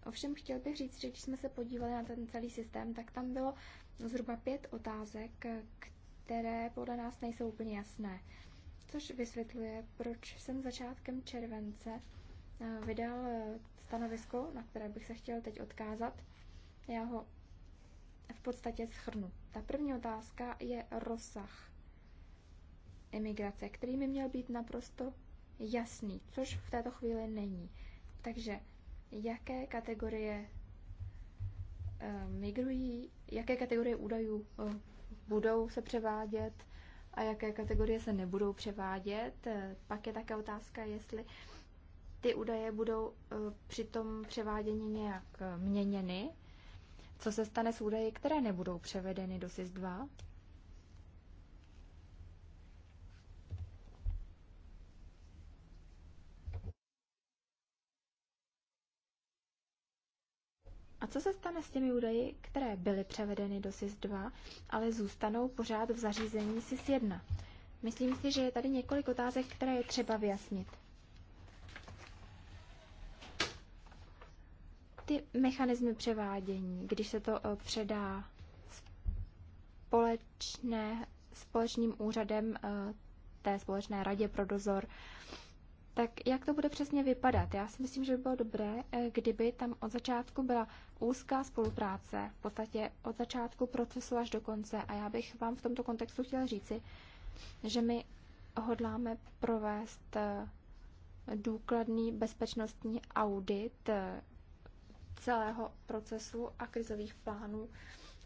Ovšem chtěl bych říct, že když jsme se podívali na ten celý systém, tak tam bylo zhruba pět otázek, eh, které podle nás nejsou úplně jasné. Což vysvětluje, proč jsem začátkem července vydal stanovisko, na které bych se chtěl teď odkázat. Já ho v podstatě schrnu. Ta první otázka je rozsah emigrace, který by měl být naprosto jasný, což v této chvíli není. Takže jaké kategorie eh, migrují, jaké kategorie údajů eh, budou se převádět a jaké kategorie se nebudou převádět. Eh, pak je také otázka, jestli ty údaje budou při tom převádění nějak měněny, co se stane s údaji, které nebudou převedeny do SIS-2? A co se stane s těmi údaji, které byly převedeny do SIS-2, ale zůstanou pořád v zařízení SIS-1? Myslím si, že je tady několik otázek, které je třeba vyjasnit. ty mechanismy převádění, když se to eh, předá společné, společným úřadem eh, té společné radě pro dozor, tak jak to bude přesně vypadat? Já si myslím, že by bylo dobré, eh, kdyby tam od začátku byla úzká spolupráce, v podstatě od začátku procesu až do konce. A já bych vám v tomto kontextu chtěla říci, že my hodláme provést důkladný bezpečnostní audit celého procesu a krizových plánů,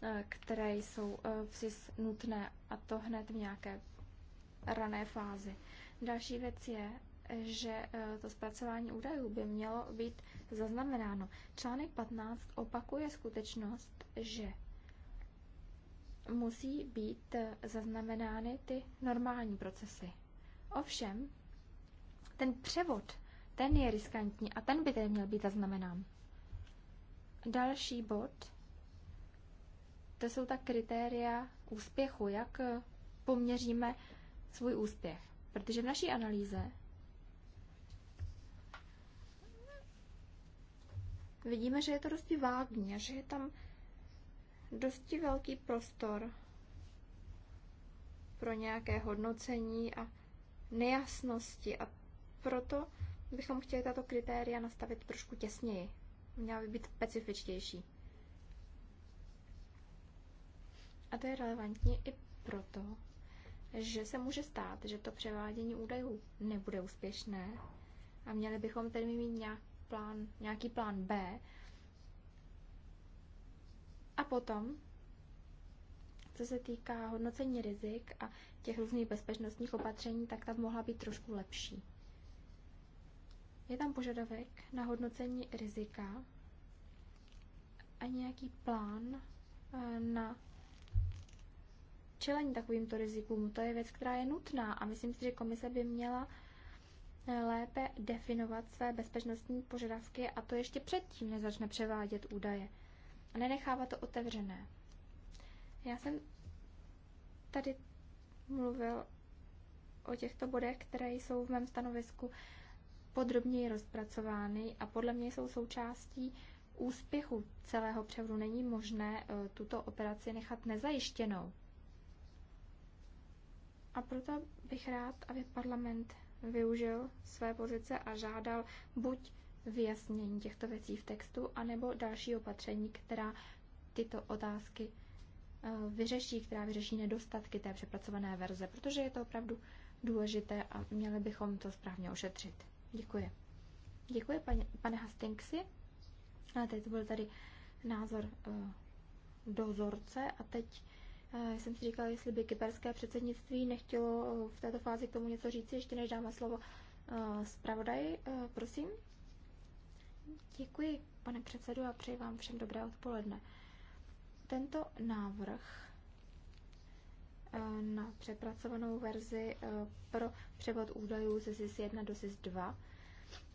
eh, které jsou eh, v SIS nutné a to hned v nějaké rané fázi. Další věc je, že eh, to zpracování údajů by mělo být zaznamenáno. Článek 15 opakuje skutečnost, že musí být zaznamenány ty normální procesy. Ovšem, ten převod, ten je riskantní a ten by tedy měl být zaznamenán. Další bod, to jsou ta kritéria úspěchu, jak poměříme svůj úspěch. Protože v naší analýze vidíme, že je to dosti vágní a že je tam dosti velký prostor pro nějaké hodnocení a nejasnosti a proto bychom chtěli tato kritéria nastavit trošku těsněji měla by být specifičtější. A to je relevantní i proto, že se může stát, že to převádění údajů nebude úspěšné a měli bychom tedy mít nějak plán, nějaký plán B. A potom, co se týká hodnocení rizik a těch různých bezpečnostních opatření, tak ta mohla být trošku lepší. Je tam požadavek na hodnocení rizika a nějaký plán eh, na čelení takovýmto rizikům. To je věc, která je nutná a myslím si, že komise by měla eh, lépe definovat své bezpečnostní požadavky a to ještě předtím, než začne převádět údaje. A nenechává to otevřené. Já jsem tady mluvil o těchto bodech, které jsou v mém stanovisku podrobněji rozpracovány a podle mě jsou součástí úspěchu celého převodu. Není možné eh, tuto operaci nechat nezajištěnou. A proto bych rád, aby parlament využil své pozice a žádal buď vyjasnění těchto věcí v textu, anebo další opatření, která tyto otázky eh, vyřeší, která vyřeší nedostatky té přepracované verze, protože je to opravdu důležité a měli bychom to správně ošetřit. Děkuji. Děkuji, paní, pane Hastingsi. A teď to byl tady názor uh, dozorce a teď uh, jsem si říkala, jestli by kyperské předsednictví nechtělo eh, v této fázi k tomu něco říct, ještě než dáme slovo uh, zpravodaji, uh, prosím. Děkuji, pane předsedu, a přeji vám všem dobré odpoledne. Tento návrh Eh, na přepracovanou verzi eh, pro převod údajů ze SIS 1 do SIS 2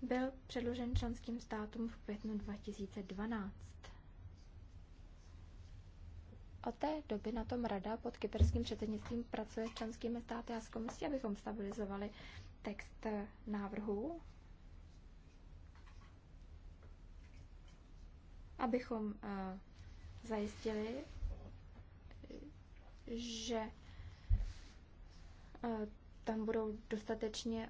byl předložen členským státům v květnu 2012. Od té doby na tom Rada pod kyperským předsednictvím pracuje s členskými státy a s komisí, abychom stabilizovali text eh, návrhu, abychom zajistili, že tam budou dostatečně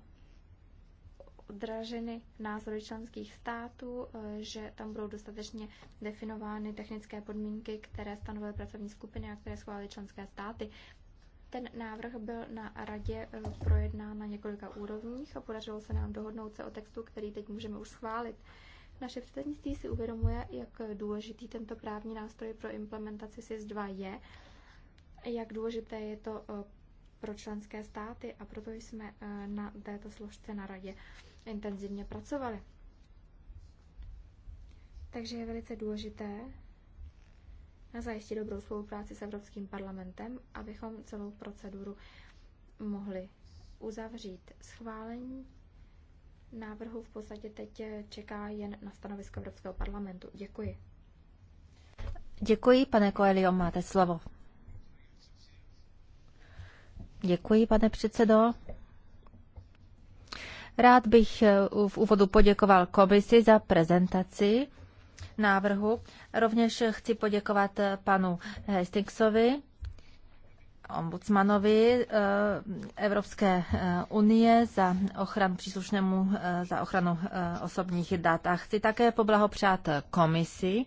odraženy názory členských států, e, že tam budou dostatečně definovány technické podmínky, které stanovily pracovní skupiny a které schválily členské státy. Ten návrh byl na radě e, projednán na několika úrovních a podařilo se nám dohodnout se o textu, který teď můžeme už schválit. Naše předsednictví si uvědomuje, jak důležitý tento právní nástroj pro implementaci SIS-2 je, jak důležité je to e, pro členské státy a proto jsme eh, na této složce na radě intenzivně pracovali. Takže je velice důležité zajistit dobrou spolupráci s Evropským parlamentem, abychom celou proceduru mohli uzavřít. Schválení návrhu v podstatě teď eh, čeká jen na stanovisko Evropského parlamentu. Děkuji. Děkuji, pane Koelio, máte slovo. Děkuji, pane předsedo. Rád bych eh, v úvodu poděkoval komisi za prezentaci návrhu. Rovněž chci poděkovat eh, panu Hastingsovi, ombudsmanovi eh, Evropské unie za ochranu příslušnému za ochranu osobních dat. A chci také poblahopřát komisi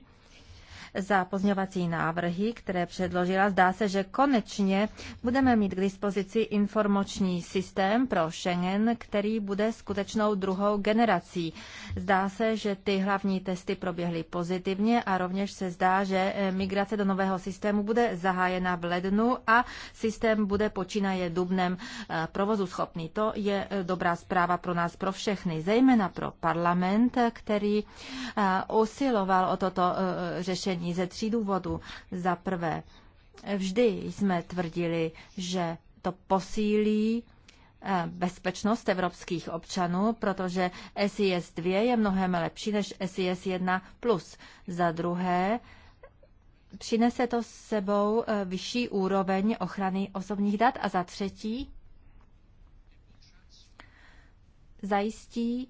za pozňovací návrhy, které předložila. Zdá se, že konečně budeme mít k dispozici informační systém pro Schengen, který bude skutečnou druhou generací. Zdá se, že ty hlavní testy proběhly pozitivně a rovněž se zdá, že eh, migrace do nového systému bude zahájena v lednu a systém bude počínaje dubnem eh, provozu schopný. To je eh, dobrá zpráva pro nás, pro všechny, zejména pro parlament, který usiloval o toto řešení jednání ze tří důvodů. Za prvé, vždy jsme tvrdili, že to posílí eh, bezpečnost evropských občanů, protože SIS 2 je mnohem lepší než SIS 1. Za druhé, přinese to s sebou eh, vyšší úroveň ochrany osobních dat a za třetí, zajistí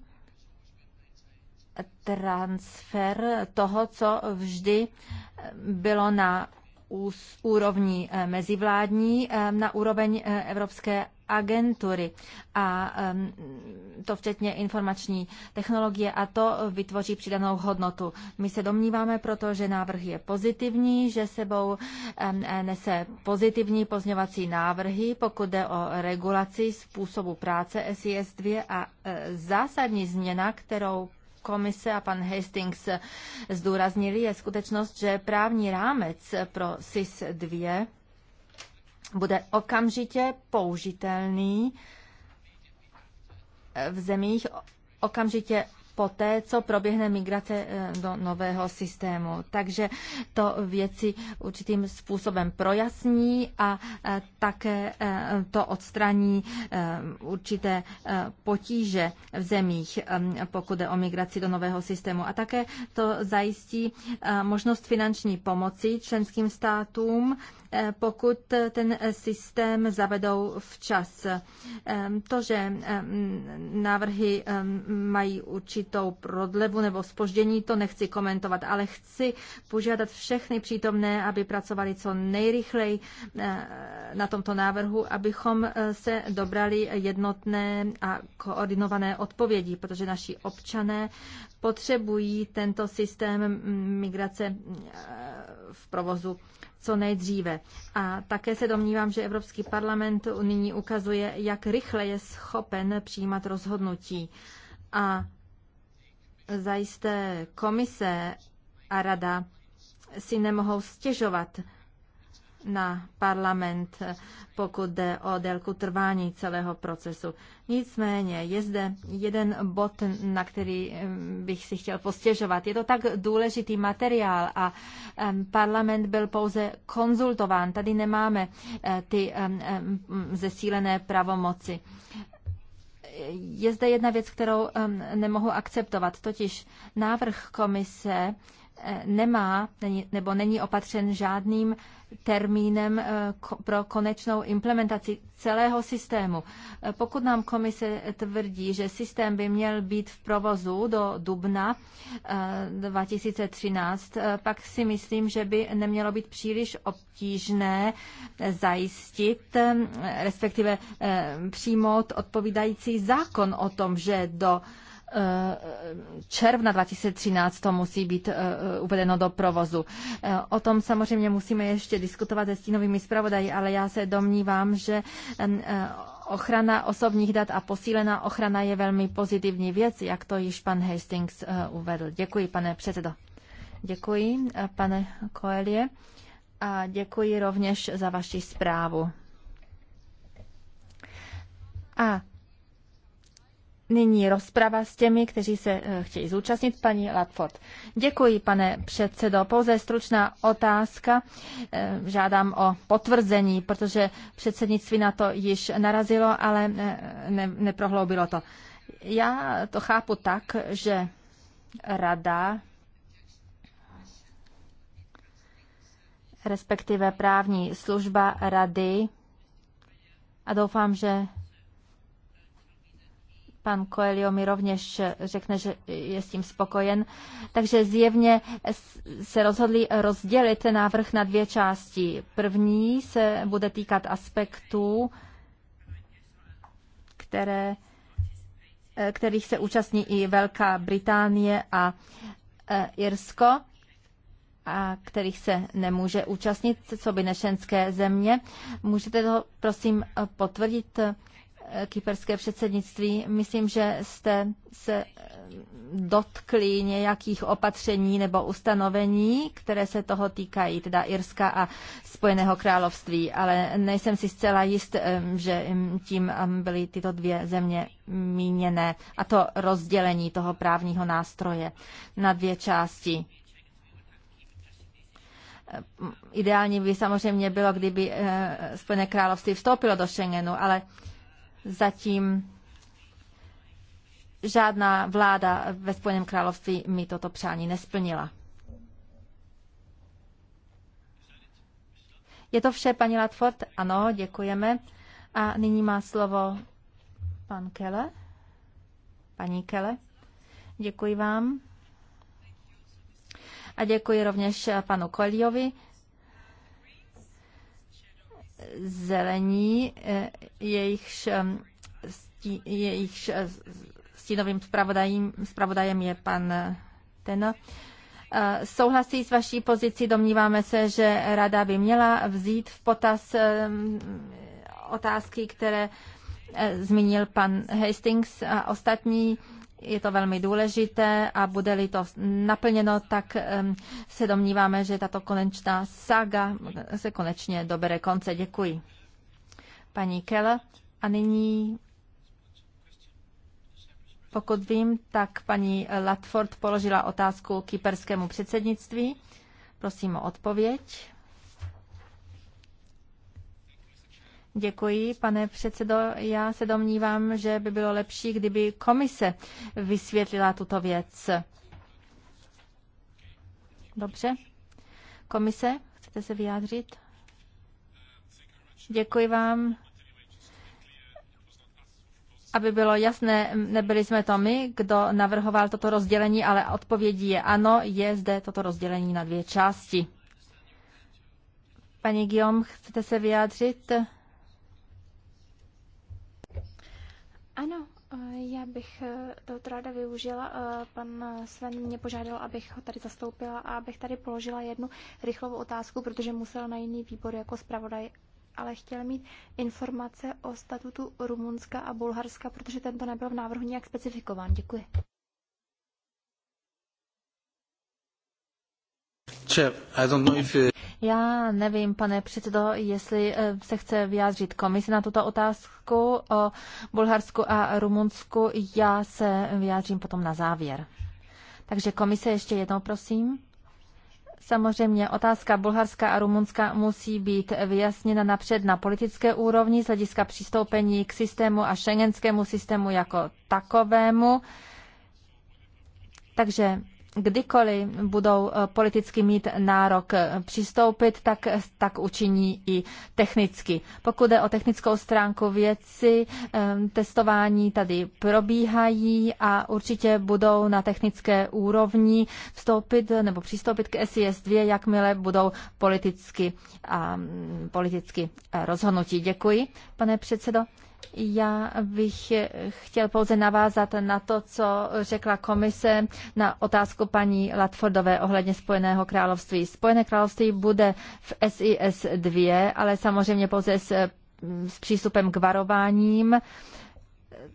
transfer toho, co vždy bylo na úrovni eh, mezivládní eh, na úroveň eh, Evropské agentury a ehm, to včetně informační technologie a to vytvoří přidanou hodnotu. My se domníváme proto, že návrh je pozitivní, že sebou ehm, nese pozitivní pozňovací návrhy, pokud jde o regulaci způsobu práce SIS-2 a e, zásadní změna, kterou komise a pan Hastings zdůraznili, je skutečnost, že právní rámec pro SIS-2 bude okamžitě použitelný v zemích okamžitě poté, co proběhne migrace eh, do nového systému. Takže to věci určitým způsobem projasní a eh, také eh, to odstraní určité potíže v zemích, pokud jde o migraci do nového systému. A také to zajistí možnost finanční pomoci členským státům, pokud ten systém zavedou včas. To, že návrhy mají určitou prodlevu nebo spoždění, to nechci komentovat, ale chci požádat všechny přítomné, aby pracovali co nejrychleji eh, na tomto návrhu, abychom eh, se dobrali jednotné a koordinované odpovědi, protože naši občané potřebují tento systém mm, migrace eh, v provozu co nejdříve. A také se domnívám, že Evropský parlament nyní ukazuje, jak rychle je schopen přijímat rozhodnutí. A zajisté komise a rada si nemohou stěžovat na parlament, pokud jde o délku trvání celého procesu. Nicméně je zde jeden bod, na který bych si chtěl postěžovat. Je to tak důležitý materiál a parlament byl pouze konzultován. Tady nemáme eh, ty zesílené pravomoci je zde jedna věc, kterou nemohu akceptovat, totiž návrh komise Eh, nemá nebo není opatřen žádným termínem eh, pro konečnou implementaci celého systému. Eh, pokud nám komise tvrdí, že systém by měl být v provozu do dubna 2013, pak si myslím, že by nemělo být příliš obtížné zajistit, respektive přijmout odpovídající zákon o tom, že do června 2013 to musí být eh, eh, uvedeno do provozu. Eh, o tom samozřejmě musíme ještě diskutovat se stínovými zpravodaji, ale já se domnívám, že ochrana osobních dat a posílená ochrana je velmi pozitivní věc, jak to již pan Hastings uvedl. Děkuji, pane předsedo. Děkuji, pane Koelie, a děkuji rovněž za vaši zprávu. A Nyní rozprava s těmi, kteří se eh, chtějí zúčastnit. Paní Latford. Děkuji, pane předsedo. Pouze stručná otázka. Eh, žádám o potvrzení, protože předsednictví na to již narazilo, ale eh, ne, neprohloubilo to. Já to chápu tak, že rada respektive právní služba rady a doufám, že Pan Coelho mi rovněž řekne, že je s tím spokojen. Takže zjevně se rozhodli rozdělit návrh na dvě části. První se bude týkat aspektů, které, eh, kterých se účastní i Velká Británie a eh, Irsko a kterých se nemůže účastnit, co by nešenské země. Můžete to prosím potvrdit? kyperské předsednictví. Myslím, že jste se dotkli nějakých opatření nebo ustanovení, které se toho týkají, teda Irska a Spojeného království, ale nejsem si zcela jist, že tím byly tyto dvě země míněné a to rozdělení toho právního nástroje na dvě části. Ideální by samozřejmě bylo, kdyby eh, Spojené království vstoupilo do Schengenu, ale Zatím žádná vláda ve Spojeném království mi toto přání nesplnila. Je to vše, paní Latford? Ano, děkujeme. A nyní má slovo pan Kele. Paní Kele, děkuji vám. A děkuji rovněž panu Koliovi zelení, eh, jejichž, eh, jejichž eh, stínovým spravodajem, je pan Teno. Souhlasí s vaší pozicí, domníváme se, že rada by měla vzít v potaz otázky, které zmínil pan Hastings a ostatní je to velmi důležité a bude-li to naplněno, tak se domníváme, že tato konečná saga se konečně dobere konce. Děkuji. Paní Kell, a nyní pokud vím, tak paní Latford položila otázku kyperskému předsednictví. Prosím o odpověď. Děkuji, pane předsedo. Já se domnívám, že by bylo lepší, kdyby komise vysvětlila tuto věc. Dobře. Komise, chcete se vyjádřit? Děkuji vám. Aby bylo jasné, nebyli jsme to my, kdo navrhoval toto rozdělení, ale odpovědí je ano, je zde toto rozdělení na dvě části. Paní Guillaume, chcete se vyjádřit? Ano, eh, já bych eh, to ráda využila. Eh, pan Sven mě požádal, abych ho tady zastoupila a abych tady položila jednu rychlou otázku, protože musel na jiný výbor jako zpravodaj ale chtěl mít informace o statutu Rumunska a Bulharska, protože tento nebyl v návrhu nějak specifikován. Děkuji. Uh, Já nevím, pane předsedo, jestli eh, se chce vyjádřit komise na tuto otázku o Bulharsku a Rumunsku. Já se vyjádřím potom na závěr. Takže komise ještě jednou, prosím. Samozřejmě otázka Bulharska a Rumunska musí být vyjasněna napřed na politické úrovni z hlediska přistoupení k systému a šengenskému systému jako takovému. Takže kdykoliv budou eh, politicky mít nárok eh, přistoupit, tak, tak učiní i technicky. Pokud je o technickou stránku věci, eh, testování tady probíhají a určitě budou na technické úrovni vstoupit nebo přistoupit k SIS 2, jakmile budou politicky, a, mm, politicky rozhodnutí. Děkuji, pane předsedo. Já bych chtěl pouze navázat na to, co řekla komise na otázku paní Latfordové ohledně Spojeného království. Spojené království bude v SIS 2, ale samozřejmě pouze s, s přístupem k varováním,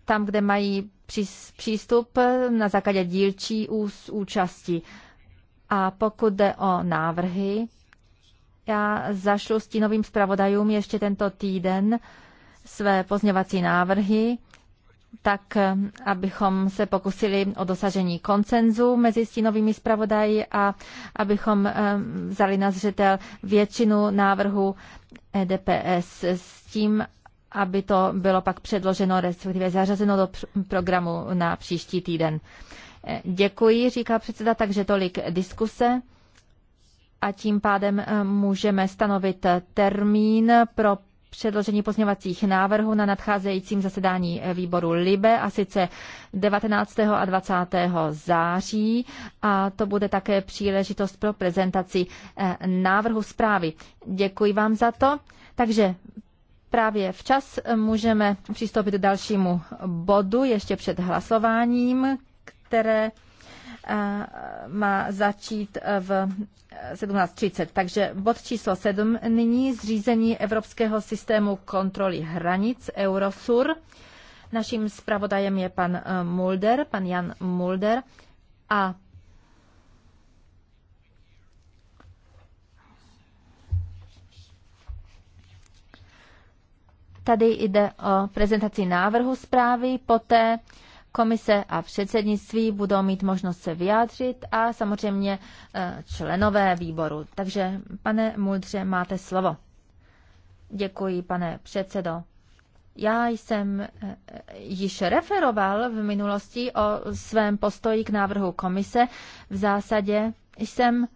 tam, kde mají přístup na základě dílčí účasti. A pokud jde o návrhy, já zašlu novým zpravodajům ještě tento týden své pozněvací návrhy, tak abychom se pokusili o dosažení koncenzu mezi stínovými zpravodaji a abychom eh, vzali na zřetel většinu návrhu EDPS s tím, aby to bylo pak předloženo, respektive zařazeno do programu na příští týden. Eh, děkuji, říká předseda, takže tolik diskuse a tím pádem eh, můžeme stanovit termín pro předložení pozměňovacích návrhů na nadcházejícím zasedání eh, výboru LIBE a sice 19. a 20. září a to bude také příležitost pro prezentaci eh, návrhu zprávy. Děkuji vám za to. Takže právě včas eh, můžeme přistoupit k dalšímu bodu ještě před hlasováním, které má začít v 17.30. Takže bod číslo 7 nyní zřízení Evropského systému kontroly hranic Eurosur. Naším zpravodajem je pan eh, Mulder, pan Jan Mulder a Tady jde o prezentaci návrhu zprávy, poté Komise a předsednictví budou mít možnost se vyjádřit a samozřejmě eh, členové výboru. Takže, pane Muldře, máte slovo. Děkuji, pane předsedo. Já jsem eh, již referoval v minulosti o svém postoji k návrhu komise. V zásadě jsem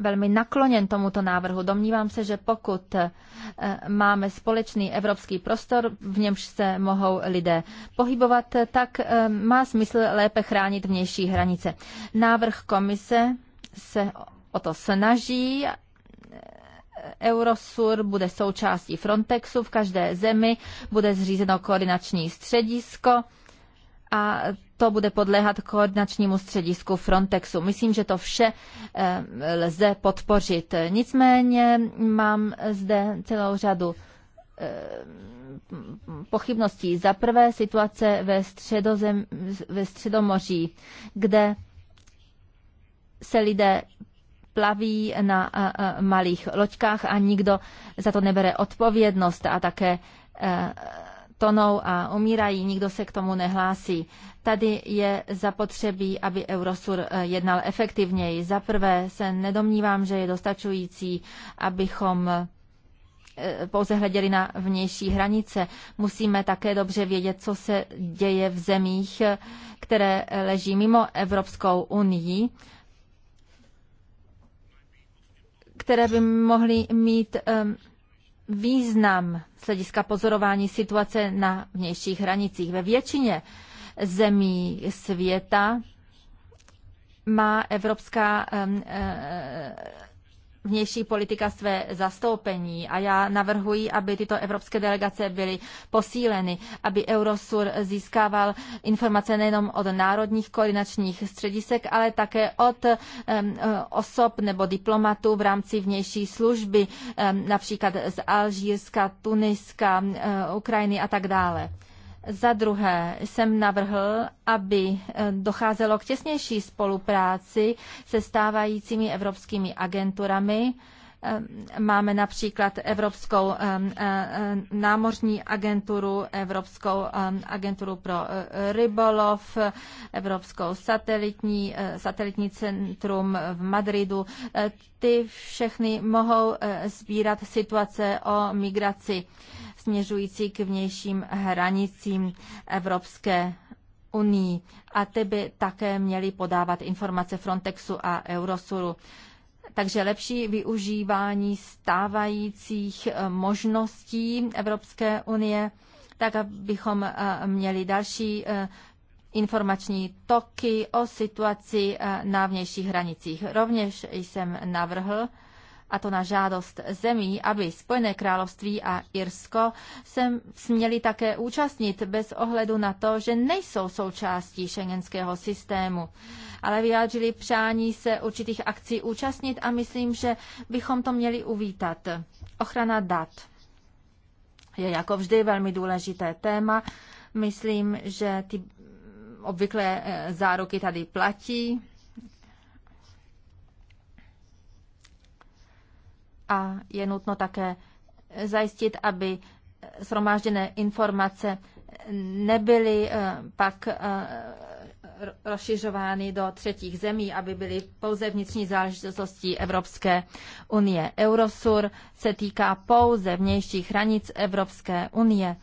velmi nakloněn tomuto návrhu. Domnívám se, že pokud eh, máme společný evropský prostor, v němž se mohou lidé pohybovat, eh, tak eh, má smysl lépe chránit vnější hranice. Návrh komise se o to snaží. Eurosur bude součástí Frontexu v každé zemi, bude zřízeno koordinační středisko a to bude podléhat koordinačnímu středisku Frontexu. Myslím, že to vše eh, lze podpořit. Nicméně mám zde celou řadu eh, pochybností. Za prvé situace ve, středozem, ve Středomoří, kde se lidé plaví na eh, malých loďkách a nikdo za to nebere odpovědnost a také tonou a umírají, nikdo se k tomu nehlásí. Tady je zapotřebí, aby Eurosur eh, jednal efektivněji. Za prvé se nedomnívám, že je dostačující, abychom eh, pouze hleděli na vnější hranice. Musíme také dobře vědět, co se děje v zemích, které leží mimo Evropskou unii, které by mohly mít um, význam z hlediska pozorování situace na vnějších hranicích. Ve většině zemí světa má Evropská eh, vnější politika své zastoupení a já navrhuji, aby tyto evropské delegace byly posíleny, aby Eurosur získával informace nejenom od národních koordinačních středisek, ale také od um, osob nebo diplomatů v rámci vnější služby, um, například z Alžírska, Tuniska, Ukrajiny a tak dále. Za druhé jsem navrhl, aby eh, docházelo k těsnější spolupráci se stávajícími evropskými agenturami, Ehm, máme například Evropskou ehm, eh, námořní agenturu, Evropskou ehm, agenturu pro eh, rybolov, Evropskou satelitní, eh, satelitní centrum v Madridu. Ty všechny mohou sbírat situace o migraci směřující k vnějším hranicím Evropské unii a ty by také měly podávat informace Frontexu a Eurosuru. Takže lepší využívání stávajících eh, možností Evropské unie, tak abychom eh, měli další eh, informační toky o situaci na vnějších hranicích. Rovněž jsem navrhl, a to na žádost zemí, aby Spojené království a Irsko se směli také účastnit bez ohledu na to, že nejsou součástí šengenského systému. Ale vyjádřili přání se určitých akcí účastnit a myslím, že bychom to měli uvítat. Ochrana dat je jako vždy velmi důležité téma. Myslím, že ty obvyklé eh, záruky tady platí. a je nutno také zajistit, aby shromážděné informace nebyly eh, pak eh, rozšiřovány do třetích zemí, aby byly pouze vnitřní záležitostí Evropské unie. Eurosur se týká pouze vnějších hranic Evropské unie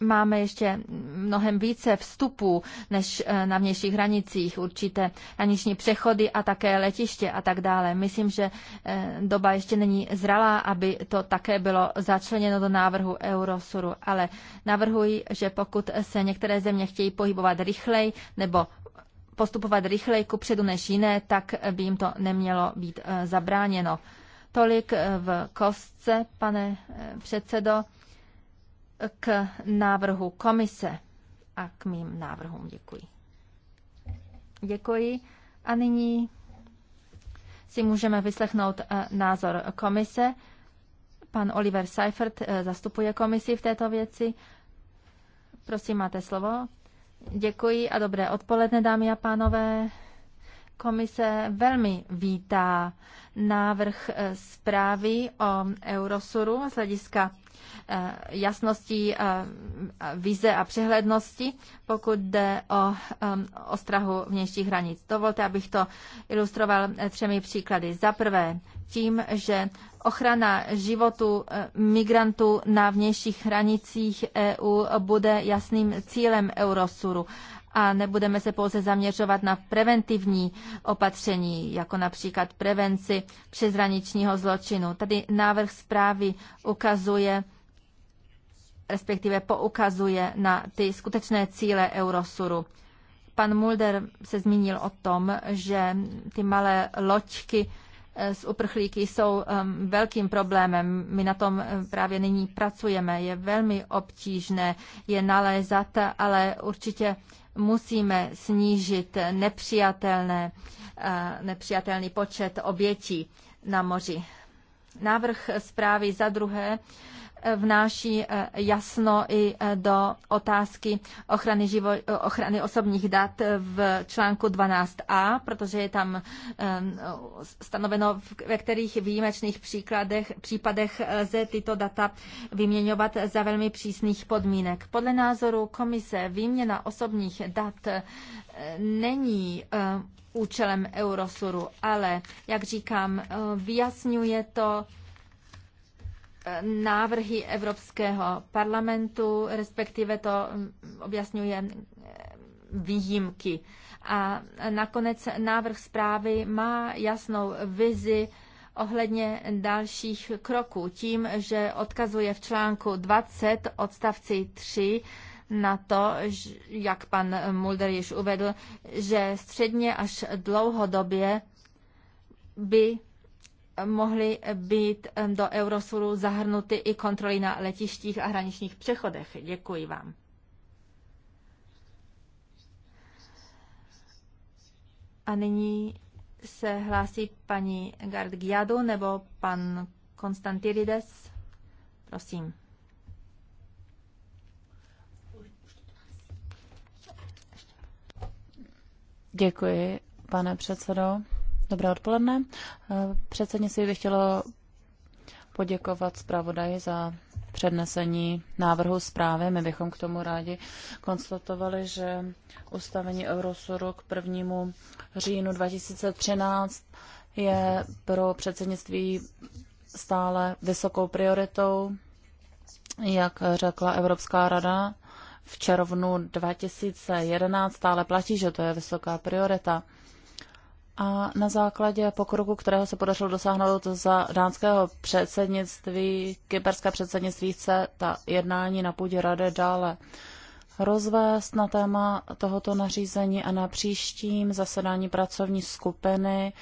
máme ještě mnohem více vstupů než eh, na vnějších hranicích, určité hraniční přechody a také letiště a tak dále. Myslím, že eh, doba ještě není zralá, aby to také bylo začleněno do návrhu Eurosuru, ale navrhuji, že pokud se některé země chtějí pohybovat rychleji nebo postupovat rychleji kupředu než jiné, tak by jim to nemělo být eh, zabráněno. Tolik v kostce, pane předsedo k návrhu komise a k mým návrhům. Děkuji. Děkuji. A nyní si můžeme vyslechnout eh, názor komise. Pan Oliver Seifert eh, zastupuje komisi v této věci. Prosím, máte slovo. Děkuji a dobré odpoledne, dámy a pánové. Komise velmi vítá návrh eh, zprávy o Eurosuru z hlediska eh, jasnosti eh, vize a přehlednosti, pokud jde o ostrahu vnějších hranic. Dovolte, abych to ilustroval třemi příklady. Za prvé tím, že ochrana životu migrantů na vnějších hranicích EU bude jasným cílem Eurosuru a nebudeme se pouze zaměřovat na preventivní opatření, jako například prevenci přezraničního zločinu. Tady návrh zprávy ukazuje, respektive poukazuje na ty skutečné cíle Eurosuru. Pan Mulder se zmínil o tom, že ty malé loďky eh, z uprchlíky jsou ehm, velkým problémem. My na tom eh, právě nyní pracujeme. Je velmi obtížné je nalézat, ale určitě musíme snížit nepřijatelné, eh, nepřijatelný počet obětí na moři. Návrh zprávy za druhé vnáší eh, jasno i eh, do otázky ochrany, živo, eh, ochrany osobních dat v článku 12a, protože je tam ehm, stanoveno, ve kterých výjimečných příkladech, případech lze tyto data vyměňovat za velmi přísných podmínek. Podle názoru komise výměna osobních dat není účelem Eurosuru, ale, jak říkám, vyjasňuje to návrhy Evropského parlamentu, respektive to mm, objasňuje mm, výjimky. A nakonec návrh zprávy má jasnou vizi ohledně dalších kroků tím, že odkazuje v článku 20 odstavci 3 na to, jak pan Mulder již uvedl, že středně až dlouhodobě by mohly být do Eurosuru zahrnuty i kontroly na letištích a hraničních přechodech. Děkuji vám. A nyní se hlásí paní Giadu nebo pan Konstantirides. Prosím. Děkuji, pane předsedo. Dobré odpoledne. Eh, předsednictví bych chtělo poděkovat zpravodaji za přednesení návrhu zprávy. My bychom k tomu rádi konstatovali, že ustavení Eurosuru k 1. říjnu 2013 je pro předsednictví stále vysokou prioritou, jak řekla Evropská rada v červnu 2011 stále platí, že to je vysoká priorita. A na základě pokroku, kterého se podařilo dosáhnout za dánského předsednictví, kyberské předsednictví chce ta jednání na půdě rady dále rozvést na téma tohoto nařízení a na příštím zasedání pracovní skupiny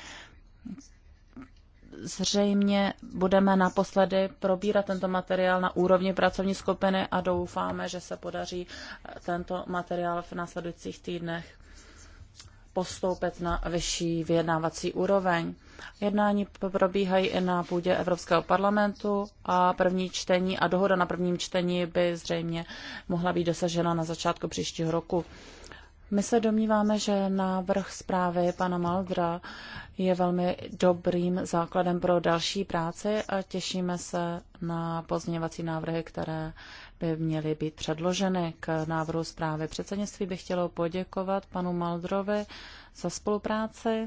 zřejmě budeme naposledy probírat tento materiál na úrovni pracovní skupiny a doufáme, že se podaří tento materiál v následujících týdnech postoupit na vyšší vyjednávací úroveň. Jednání probíhají i na půdě Evropského parlamentu a první čtení a dohoda na prvním čtení by zřejmě mohla být dosažena na začátku příštího roku. My se domníváme, že návrh zprávy pana Maldra je velmi dobrým základem pro další práci a těšíme se na pozměňovací návrhy, které by měly být předloženy k návrhu zprávy. Předsednictví bych chtělo poděkovat panu Maldrovi za spolupráci.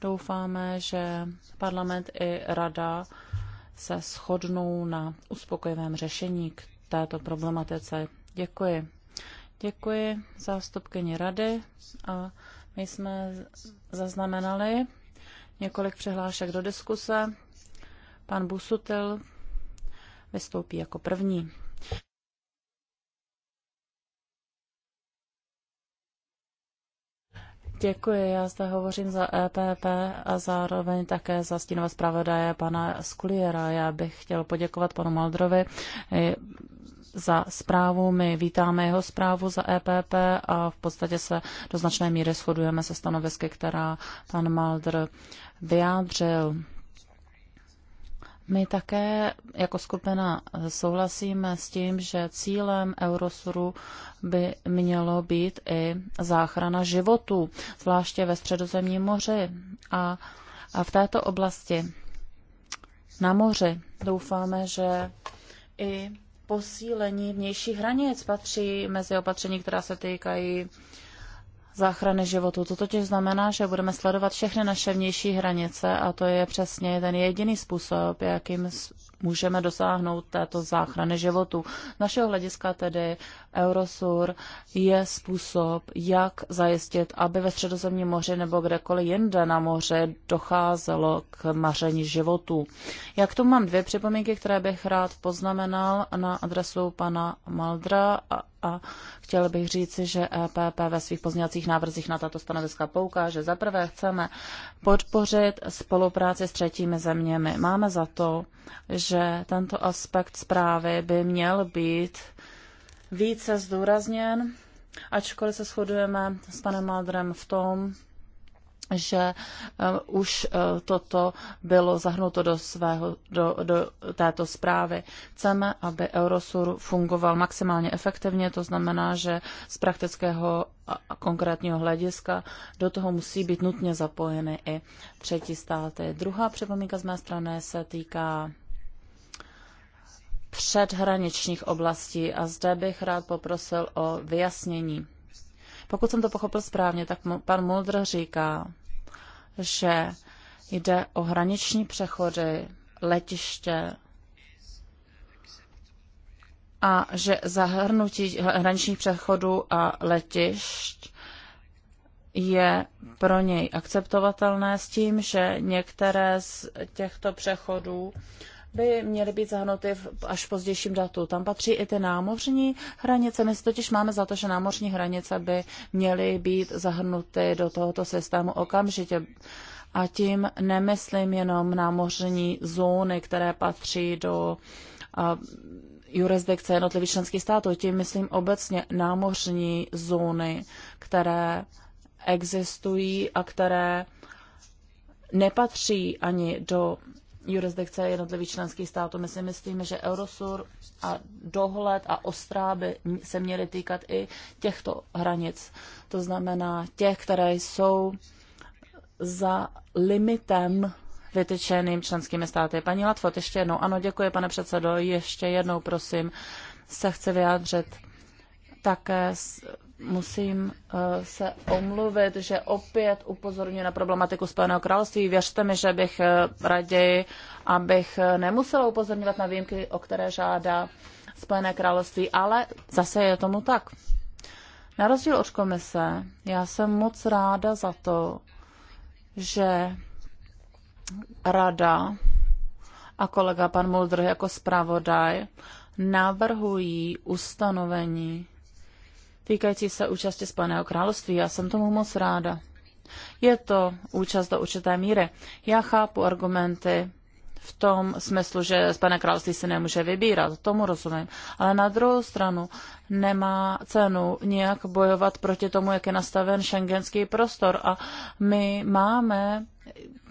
Doufáme, že parlament i rada se shodnou na uspokojivém řešení k této problematice. Děkuji. Děkuji zástupkyni rady a my jsme zaznamenali několik přihlášek do diskuse. Pan Busutil vystoupí jako první. Děkuji, já zde hovořím za EPP a zároveň také za stínové zpravodaje pana Skuliera. Já bych chtěl poděkovat panu Maldrovi za zprávu. My vítáme jeho zprávu za EPP a v podstatě se do značné míry shodujeme se stanovisky, která pan Maldr vyjádřil. My také jako skupina souhlasíme s tím, že cílem Eurosuru by mělo být i záchrana životů, zvláště ve středozemním moři a, a v této oblasti na moři. Doufáme, že i posílení vnějších hranic patří mezi opatření, která se týkají záchrany životu. To totiž znamená, že budeme sledovat všechny naše vnější hranice a to je přesně ten jediný způsob, jakým můžeme dosáhnout této záchrany životu. Z našeho hlediska tedy Eurosur je způsob, jak zajistit, aby ve středozemním moři nebo kdekoliv jinde na moře docházelo k maření životu. Já k tomu mám dvě připomínky, které bych rád poznamenal na adresu pana Maldra a chtěl bych říci, že EPP ve svých pozměňovacích návrzích na tato stanoviska poukáže. Za prvé chceme podpořit spolupráci s třetími zeměmi. Máme za to, že tento aspekt zprávy by měl být více zdůrazněn, ačkoliv se shodujeme s panem Maldrem v tom, že eh, už eh, toto bylo zahrnuto do, svého, do, do této zprávy. Chceme, aby Eurosur fungoval maximálně efektivně, to znamená, že z praktického a konkrétního hlediska do toho musí být nutně zapojeny i třetí státy. Druhá připomínka z mé strany se týká předhraničních oblastí a zde bych rád poprosil o vyjasnění. Pokud jsem to pochopil správně, tak pan Muldr říká, že jde o hraniční přechody, letiště a že zahrnutí hraničních přechodů a letišť je pro něj akceptovatelné s tím, že některé z těchto přechodů by měly být zahrnuty v až pozdějším datu. Tam patří i ty námořní hranice. My si totiž máme za to, že námořní hranice by měly být zahrnuty do tohoto systému okamžitě. A tím nemyslím jenom námořní zóny, které patří do a, jurisdikce jednotlivých členských států. Tím myslím obecně námořní zóny, které existují a které nepatří ani do jurisdikce jednotlivých členských států. My si myslíme, že Eurosur a dohled a ostrá by se měly týkat i těchto hranic. To znamená těch, které jsou za limitem vytyčeným členskými státy. Paní Latvot, ještě jednou. Ano, děkuji, pane předsedo. Ještě jednou, prosím, se chci vyjádřit také musím eh, se omluvit, že opět upozorňuji na problematiku Spojeného království. Věřte mi, že bych eh, raději, abych eh, nemusela upozorňovat na výjimky, o které žádá Spojené království, ale zase je tomu tak. Na rozdíl od komise, já jsem moc ráda za to, že rada a kolega pan Muldr jako zpravodaj navrhují ustanovení týkající se účasti Spojeného království. Já jsem tomu moc ráda. Je to účast do určité míry. Já chápu argumenty v tom smyslu, že Spojené království se nemůže vybírat, tomu rozumím. Ale na druhou stranu nemá cenu nějak bojovat proti tomu, jak je nastaven šengenský prostor. A my máme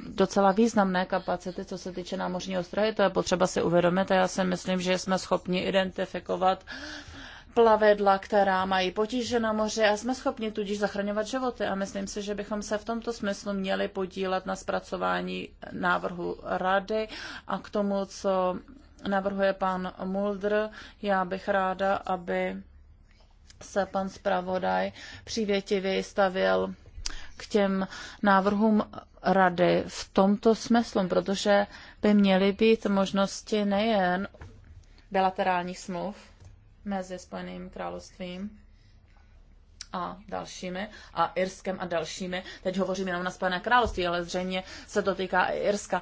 docela významné kapacity, co se týče námořní ostrahy, to je potřeba si uvědomit a já si myslím, že jsme schopni identifikovat uh, plavidla, která mají potíže na moři a jsme schopni tudíž zachraňovat životy. A myslím si, že bychom se v tomto smyslu měli podílet na zpracování návrhu rady a k tomu, co navrhuje pan Muldr, já bych ráda, aby se pan zpravodaj přívětivě stavil k těm návrhům rady v tomto smyslu, protože by měly být možnosti nejen bilaterálních smluv, mezi Spojeným královstvím a dalšími, a Irskem a dalšími. Teď hovořím jenom na Spojené království, ale zřejmě se to týká i Irska.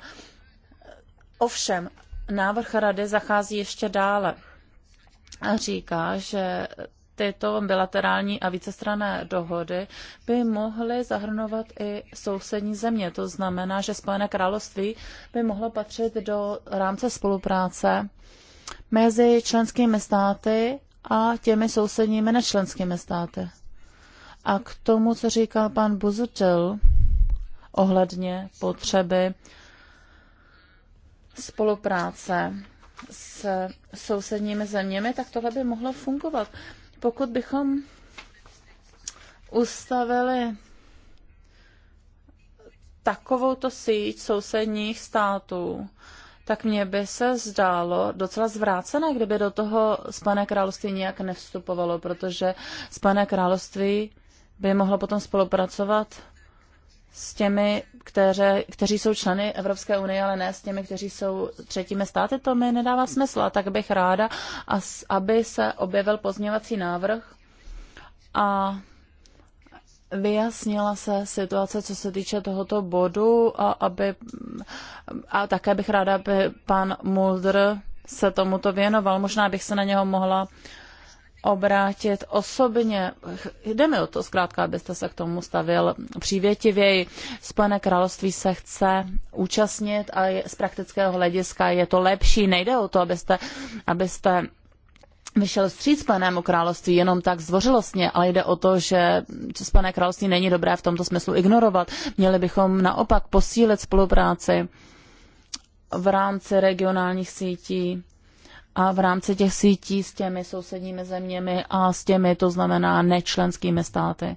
Ovšem, návrh rady zachází ještě dále a říká, že tyto bilaterální a vícestranné dohody by mohly zahrnovat i sousední země. To znamená, že Spojené království by mohlo patřit do rámce spolupráce mezi členskými státy a těmi sousedními nečlenskými státy. A k tomu, co říkal pan Buzutil ohledně potřeby spolupráce s sousedními zeměmi, tak tohle by mohlo fungovat. Pokud bychom ustavili takovouto síť sousedních států, tak mně by se zdálo docela zvrácené, kdyby do toho Spané království nějak nevstupovalo, protože Spané království by mohlo potom spolupracovat s těmi, kteře, kteří jsou členy Evropské unie, ale ne s těmi, kteří jsou třetími státy, to mi nedává smysl. A tak bych ráda, aby se objevil pozměvací návrh a vyjasnila se situace, co se týče tohoto bodu a, aby, a také bych ráda, aby pan Mulder se tomuto věnoval. Možná bych se na něho mohla obrátit osobně. Jde mi o to zkrátka, abyste se k tomu stavil přívětivěji. Spojené království se chce účastnit a z praktického hlediska je to lepší. Nejde o to, abyste, abyste vyšel vstříc panému království jenom tak zdvořilostně, ale jde o to, že Spojené království není dobré v tomto smyslu ignorovat. Měli bychom naopak posílit spolupráci v rámci regionálních sítí a v rámci těch sítí s těmi sousedními zeměmi a s těmi, to znamená nečlenskými státy.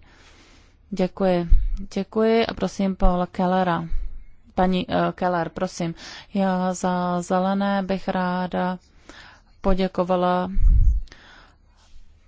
Děkuji. Děkuji a prosím Paula Kellera. Paní uh, Keller, prosím. Já za zelené bych ráda poděkovala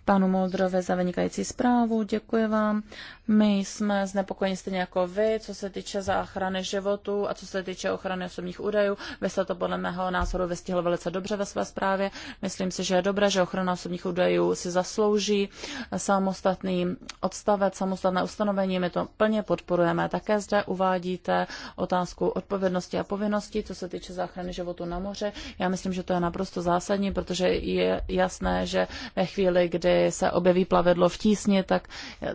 panu Moldrove za vynikající zprávu. Děkuji vám my jsme znepokojeni stejně jako vy, co se týče záchrany životu a co se týče ochrany osobních údajů. Vy jste to podle mého názoru vystihl velice dobře ve své zprávě. Myslím si, že je dobré, že ochrana osobních údajů si zaslouží samostatný odstavec, samostatné ustanovení. My to plně podporujeme. Také zde uvádíte otázku odpovědnosti a povinnosti, co se týče záchrany životu na moře. Já myslím, že to je naprosto zásadní, protože je jasné, že ve chvíli, kdy se objeví plavidlo v tísni, tak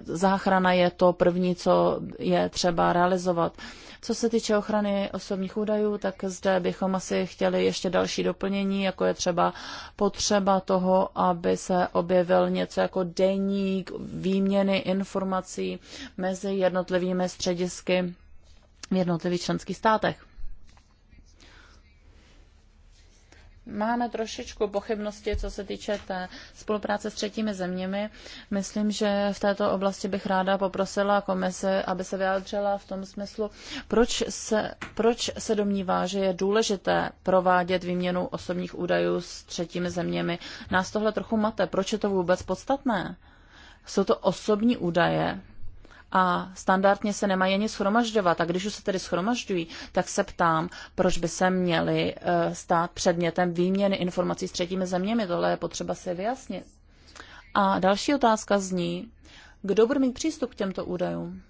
záchrana je to první, co je třeba realizovat. Co se týče ochrany osobních údajů, tak zde bychom asi chtěli ještě další doplnění, jako je třeba potřeba toho, aby se objevil něco jako deník výměny informací mezi jednotlivými středisky v jednotlivých členských státech. máme trošičku pochybnosti, co se týče té spolupráce s třetími zeměmi. Myslím, že v této oblasti bych ráda poprosila komise, aby se vyjádřila v tom smyslu, proč se, proč se domnívá, že je důležité provádět výměnu osobních údajů s třetími zeměmi. Nás tohle trochu mate. Proč je to vůbec podstatné? Jsou to osobní údaje, a standardně se nemají ani schromažďovat. A když už se tedy schromažďují, tak se ptám, proč by se měly eh, stát předmětem výměny informací s třetími zeměmi. Tohle je potřeba si vyjasnit. A další otázka zní, kdo bude mít přístup k těmto údajům?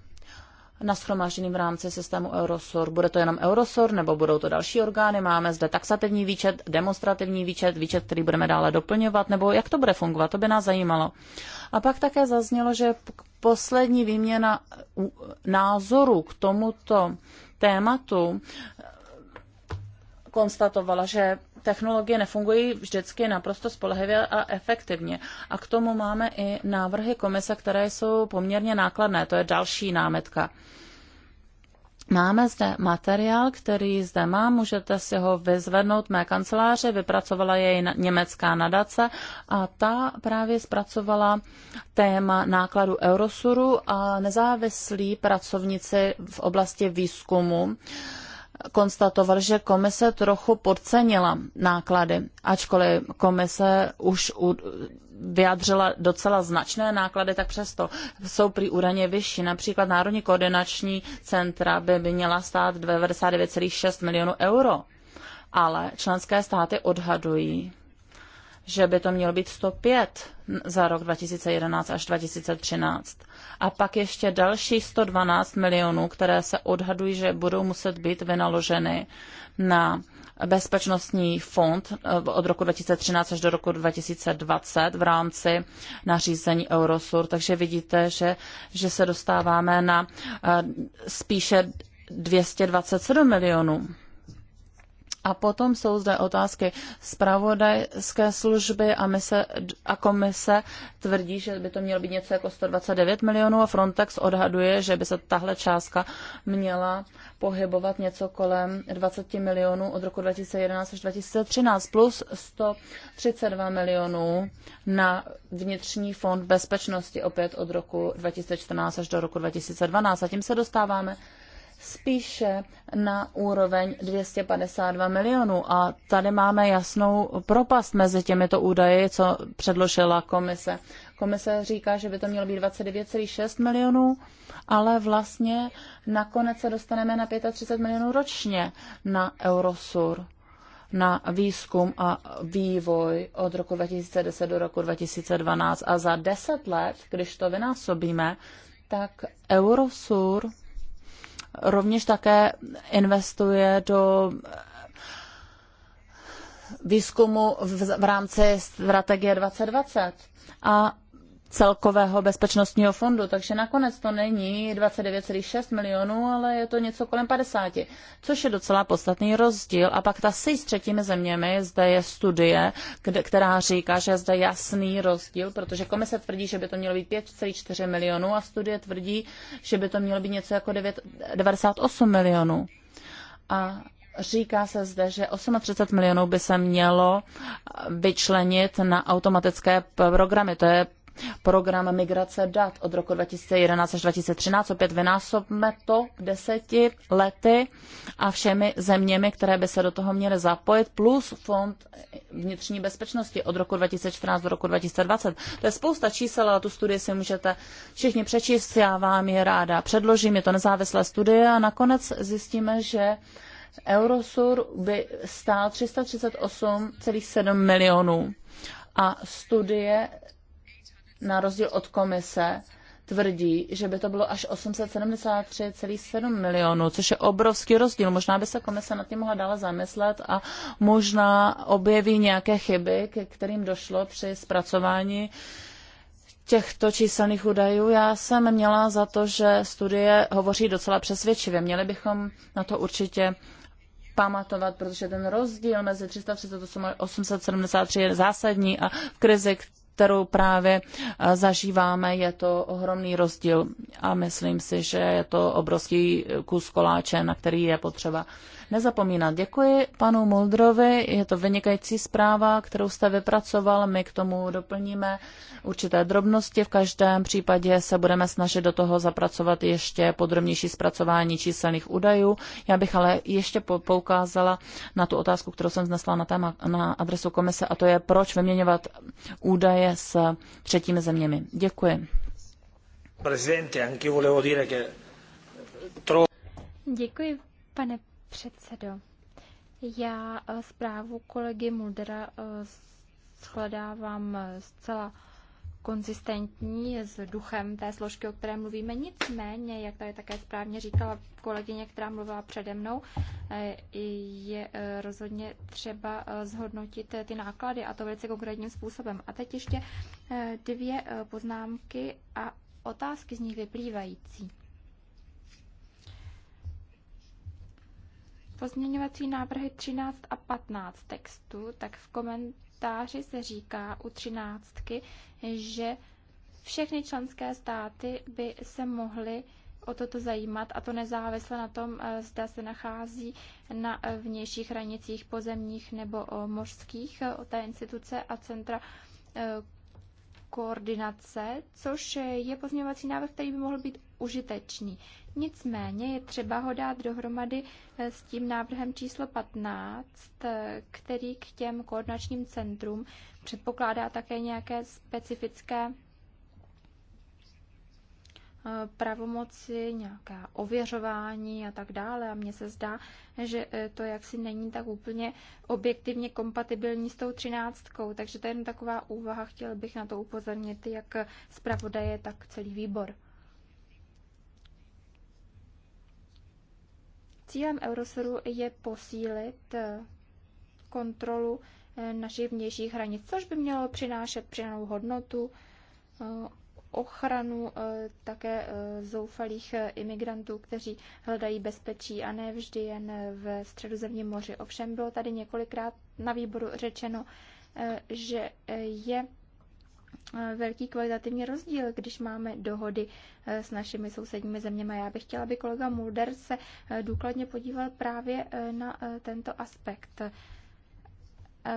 nashromážděným v rámci systému Eurosor. Bude to jenom Eurosor nebo budou to další orgány? Máme zde taxativní výčet, demonstrativní výčet, výčet, který budeme dále doplňovat, nebo jak to bude fungovat? To by nás zajímalo. A pak také zaznělo, že poslední výměna názoru k tomuto tématu eh, konstatovala, že technologie nefungují vždycky naprosto spolehlivě a efektivně. A k tomu máme i návrhy komise, které jsou poměrně nákladné. To je další námetka. Máme zde materiál, který zde má, můžete si ho vyzvednout mé kanceláři, vypracovala jej německá nadace a ta právě zpracovala téma nákladu Eurosuru a nezávislí pracovníci v oblasti výzkumu konstatoval, že komise trochu podcenila náklady, ačkoliv komise už u, vyjádřila docela značné náklady, tak přesto jsou prý údajně vyšší. Například Národní koordinační centra by, by měla stát 99,6 milionů euro, ale členské státy odhadují, že by to mělo být 105 za rok 2011 až 2013. A pak ještě další 112 milionů, které se odhadují, že budou muset být vynaloženy na bezpečnostní fond eh, od roku 2013 až do roku 2020 v rámci nařízení Eurosur. Takže vidíte, že, že se dostáváme na eh, spíše 227 milionů. A potom jsou zde otázky zpravodajské služby a, mise, a komise tvrdí, že by to mělo být něco jako 129 milionů a Frontex odhaduje, že by se tahle částka měla pohybovat něco kolem 20 milionů od roku 2011 až 2013 plus 132 milionů na vnitřní fond bezpečnosti opět od roku 2014 až do roku 2012. A tím se dostáváme spíše na úroveň 252 milionů. A tady máme jasnou propast mezi těmito údaji, co předložila komise. Komise říká, že by to mělo být 29,6 milionů, ale vlastně nakonec se dostaneme na 35 milionů ročně na Eurosur na výzkum a vývoj od roku 2010 do roku 2012. A za 10 let, když to vynásobíme, tak Eurosur rovněž také investuje do výzkumu v, v rámci strategie 2020. A celkového bezpečnostního fondu, takže nakonec to není 29,6 milionů, ale je to něco kolem 50, což je docela podstatný rozdíl. A pak ta SI s třetími zeměmi, zde je studie, kde, která říká, že je jasný rozdíl, protože komise tvrdí, že by to mělo být 5,4 milionů a studie tvrdí, že by to mělo být něco jako 9, 98 milionů. A Říká se zde, že 38 milionů by se mělo vyčlenit na automatické programy. To je program migrace dat od roku 2011 až 2013. Opět vynásobme to deseti lety a všemi zeměmi, které by se do toho měly zapojit, plus Fond vnitřní bezpečnosti od roku 2014 do roku 2020. To je spousta čísel, ale tu studii si můžete všichni přečíst, já vám je ráda předložím, je to nezávislé studie a nakonec zjistíme, že Eurosur by stál 338,7 milionů a studie na rozdíl od komise, tvrdí, že by to bylo až 873,7 milionů, což je obrovský rozdíl. Možná by se komise nad tím mohla dále zamyslet a možná objeví nějaké chyby, ke kterým došlo při zpracování těchto číselných údajů. Já jsem měla za to, že studie hovoří docela přesvědčivě. Měli bychom na to určitě pamatovat, protože ten rozdíl mezi 338 a 873 je zásadní a v krizi, kterou právě eh, zažíváme, je to ohromný rozdíl a myslím si, že je to obrovský eh, kus koláče, na který je potřeba nezapomínat. Děkuji panu Muldrovi, je to vynikající zpráva, kterou jste vypracoval, my k tomu doplníme určité drobnosti. V každém případě se budeme snažit do toho zapracovat ještě podrobnější zpracování číselných údajů. Já bych ale ještě poukázala na tu otázku, kterou jsem znesla na, téma, na adresu komise, a to je, proč vyměňovat údaje s třetími zeměmi. Děkuji. Děkuji, pane předsedo. Já eh, zprávu kolegy Muldera eh, shledávám eh, zcela konzistentní s duchem té složky, o které mluvíme. Nicméně, jak tady také správně říkala kolegyně, která mluvila přede mnou, je rozhodně třeba zhodnotit ty náklady a to velice konkrétním způsobem. A teď ještě dvě poznámky a otázky z nich vyplývající. Pozměňovací návrhy 13 a 15 textu, tak v komentáři se říká u 13, že všechny členské státy by se mohly o toto zajímat a to nezávisle na tom, eh, zda se nachází na eh, vnějších hranicích pozemních nebo mořských. Eh, Ta instituce a centra koordinace, což je pozměňovací návrh, který by mohl být užitečný. Nicméně je třeba ho dát dohromady eh, s tím návrhem číslo 15, eh, který k těm koordinačním centrum předpokládá také nějaké specifické Eh, pravomoci, nějaká ověřování a tak dále. A mně se zdá, že eh, to jaksi není tak úplně objektivně kompatibilní s tou třináctkou. Takže to je jen taková úvaha, chtěl bych na to upozornit jak zpravodaje, tak celý výbor. Cílem Eurosoru je posílit eh, kontrolu našich vnějších hranic, což by mělo přinášet přidanou hodnotu ochranu eh, také eh, zoufalých eh, imigrantů, kteří hledají bezpečí a ne vždy jen v středozemním moři. Ovšem bylo tady několikrát na výboru řečeno, že je velký kvalitativní rozdíl, když máme dohody s našimi sousedními zeměmi. Já bych chtěla, aby kolega Mulder se důkladně podíval právě na tento aspekt.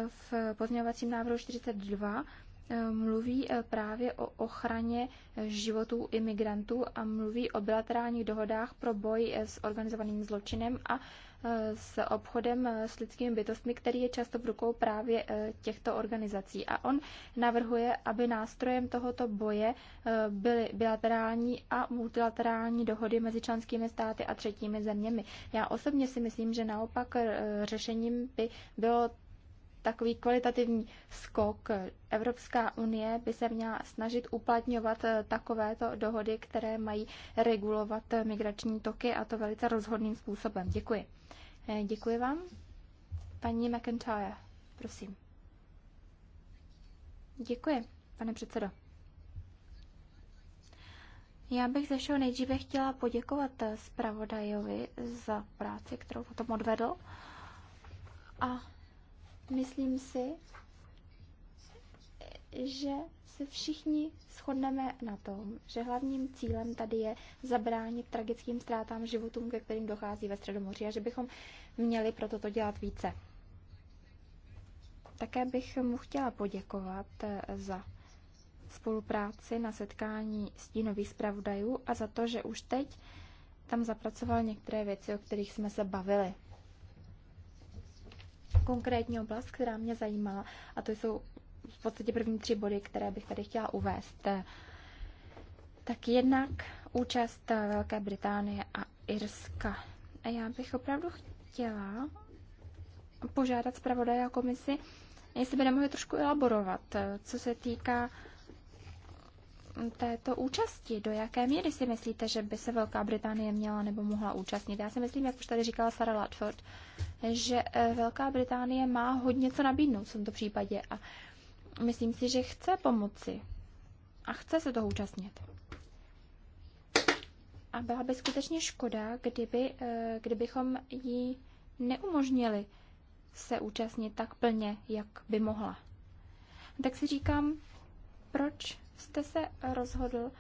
V pozměňovacím návrhu 42 Eh, mluví eh, právě o ochraně eh, životů imigrantů a mluví o bilaterálních dohodách pro boj s organizovaným zločinem a s obchodem s lidskými bytostmi, který je často v rukou právě těchto organizací. A on navrhuje, aby nástrojem tohoto boje byly bilaterální a multilaterální dohody mezi členskými státy a třetími zeměmi. Já osobně si myslím, že naopak řešením by bylo takový kvalitativní skok. Evropská unie by se měla snažit uplatňovat eh, takovéto dohody, které mají regulovat eh, migrační toky a to velice rozhodným způsobem. Děkuji. Eh, děkuji vám. Paní McIntyre, prosím. Děkuji, pane předsedo. Já bych ze všeho nejdříve chtěla poděkovat zpravodajovi za práci, kterou potom odvedl. A Myslím si, že se všichni shodneme na tom, že hlavním cílem tady je zabránit tragickým ztrátám životům, ke kterým dochází ve Středomoří a že bychom měli pro toto dělat více. Také bych mu chtěla poděkovat eh, za spolupráci na setkání stínových zpravodajů a za to, že už teď tam zapracoval některé věci, o kterých jsme se bavili konkrétní oblast, která mě zajímala, a to jsou v podstatě první tři body, které bych tady chtěla uvést. Tak jednak účast eh, Velké Británie a Irska. A já bych opravdu chtěla požádat zpravodaje a komisi, jestli by nemohli trošku elaborovat, eh, co se týká této účasti. Do jaké míry si myslíte, že by se Velká Británie měla nebo mohla účastnit? Já si myslím, jak už tady říkala Sara Latford, že eh, Velká Británie má hodně co nabídnout v tomto případě a myslím si, že chce pomoci a chce se toho účastnit. A byla by skutečně škoda, kdyby, eh, kdybychom jí neumožnili se účastnit tak plně, jak by mohla. Tak si říkám, proč jste se rozhodl,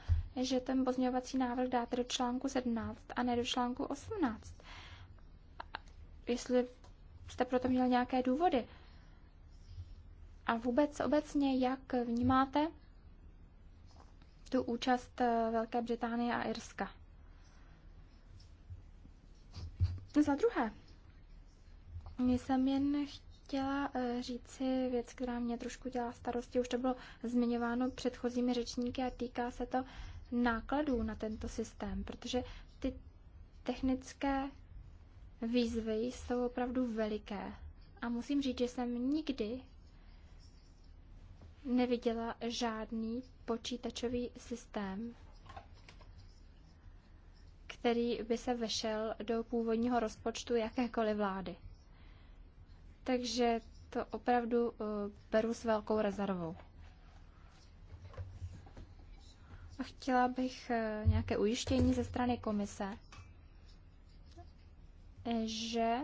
že ten pozměňovací návrh dáte do článku 17 a ne do článku 18? Jestli jste proto měl nějaké důvody? A vůbec obecně, jak vnímáte tu účast eh, Velké Británie a Irska? Za druhé, jsem jen chtěla eh, říci věc, která mě trošku dělá starosti. Už to bylo zmiňováno předchozími řečníky a týká se to nákladů na tento systém, protože ty technické výzvy jsou opravdu veliké. A musím říct, že jsem nikdy neviděla žádný počítačový systém, který by se vešel do původního rozpočtu jakékoliv vlády. Takže to opravdu eh, beru s velkou rezervou. A chtěla bych eh, nějaké ujištění ze strany komise, že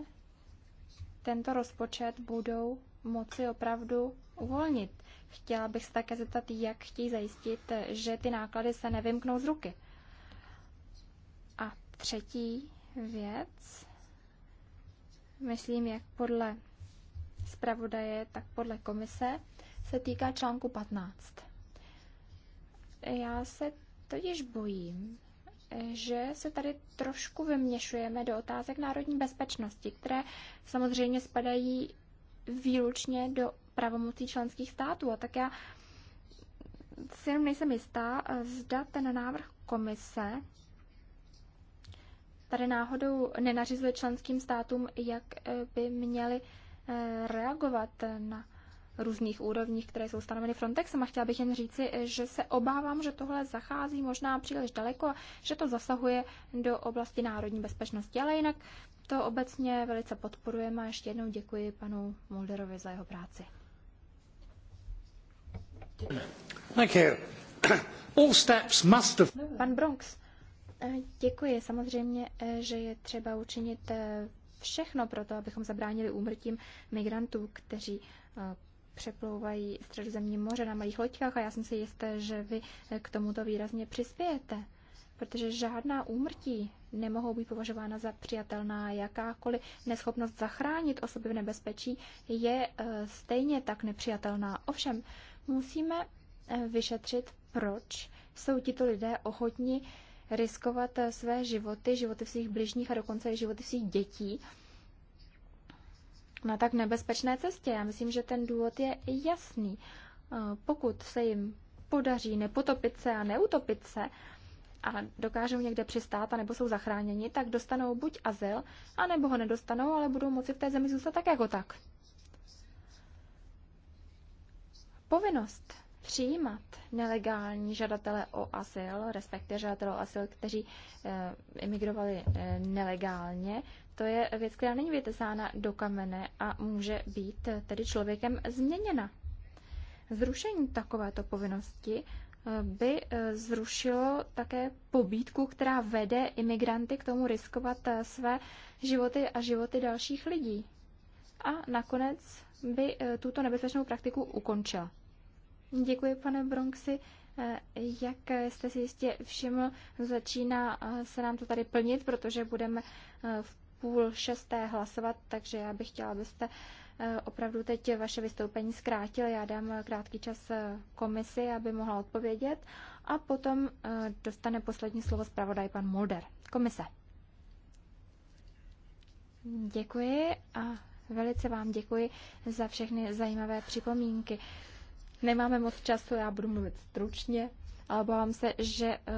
tento rozpočet budou moci opravdu uvolnit. Chtěla bych se také zeptat, jak chtějí zajistit, že ty náklady se nevymknou z ruky. A třetí věc, myslím, jak podle zpravodaje, tak podle komise se týká článku 15. Já se totiž bojím, že se tady trošku vyměšujeme do otázek národní bezpečnosti, které samozřejmě spadají výlučně do pravomocí členských států. A tak já si jenom nejsem jistá, zda ten návrh komise tady náhodou nenařizuje členským státům, jak eh, by měli reagovat na různých úrovních, které jsou stanoveny Frontexem a chtěla bych jen říci, že se obávám, že tohle zachází možná příliš daleko a že to zasahuje do oblasti národní bezpečnosti, ale jinak to obecně velice podporujeme a ještě jednou děkuji panu Mulderovi za jeho práci. All steps must have... Pan Bronx, eh, děkuji. Samozřejmě, eh, že je třeba učinit eh, všechno pro to, abychom zabránili úmrtím migrantů, kteří eh, přeplouvají středozemní moře na malých loďkách a já jsem si jistá, že vy eh, k tomuto výrazně přispějete, protože žádná úmrtí nemohou být považována za přijatelná. Jakákoliv neschopnost zachránit osoby v nebezpečí je eh, stejně tak nepřijatelná. Ovšem, musíme vyšetřit, proč jsou tito lidé ochotni riskovat eh, své životy, životy svých bližních a dokonce i životy svých dětí na tak nebezpečné cestě. Já myslím, že ten důvod je jasný. Eh, pokud se jim podaří nepotopit se a neutopit se a dokážou někde přistát a nebo jsou zachráněni, tak dostanou buď azyl, anebo ho nedostanou, ale budou moci v té zemi zůstat tak jako tak. Povinnost přijímat nelegální žadatele o asyl, respektive žadatele o asyl, kteří e, emigrovali e, nelegálně, to je věc, která není vytesána do kamene a může být eh, tedy člověkem změněna. Zrušení takovéto povinnosti by zrušilo také pobídku, která vede imigranty k tomu riskovat své životy a životy dalších lidí. A nakonec by tuto nebezpečnou praktiku ukončila. Děkuji, pane Bronxy. Eh, jak jste si jistě všiml, začíná eh, se nám to tady plnit, protože budeme eh, v půl šesté hlasovat, takže já bych chtěla, abyste opravdu teď vaše vystoupení zkrátil. Já dám krátký čas komisi, aby mohla odpovědět a potom dostane poslední slovo zpravodaj pan Mulder. Komise. Děkuji a velice vám děkuji za všechny zajímavé připomínky. Nemáme moc času, já budu mluvit stručně, ale obávám se, že eh,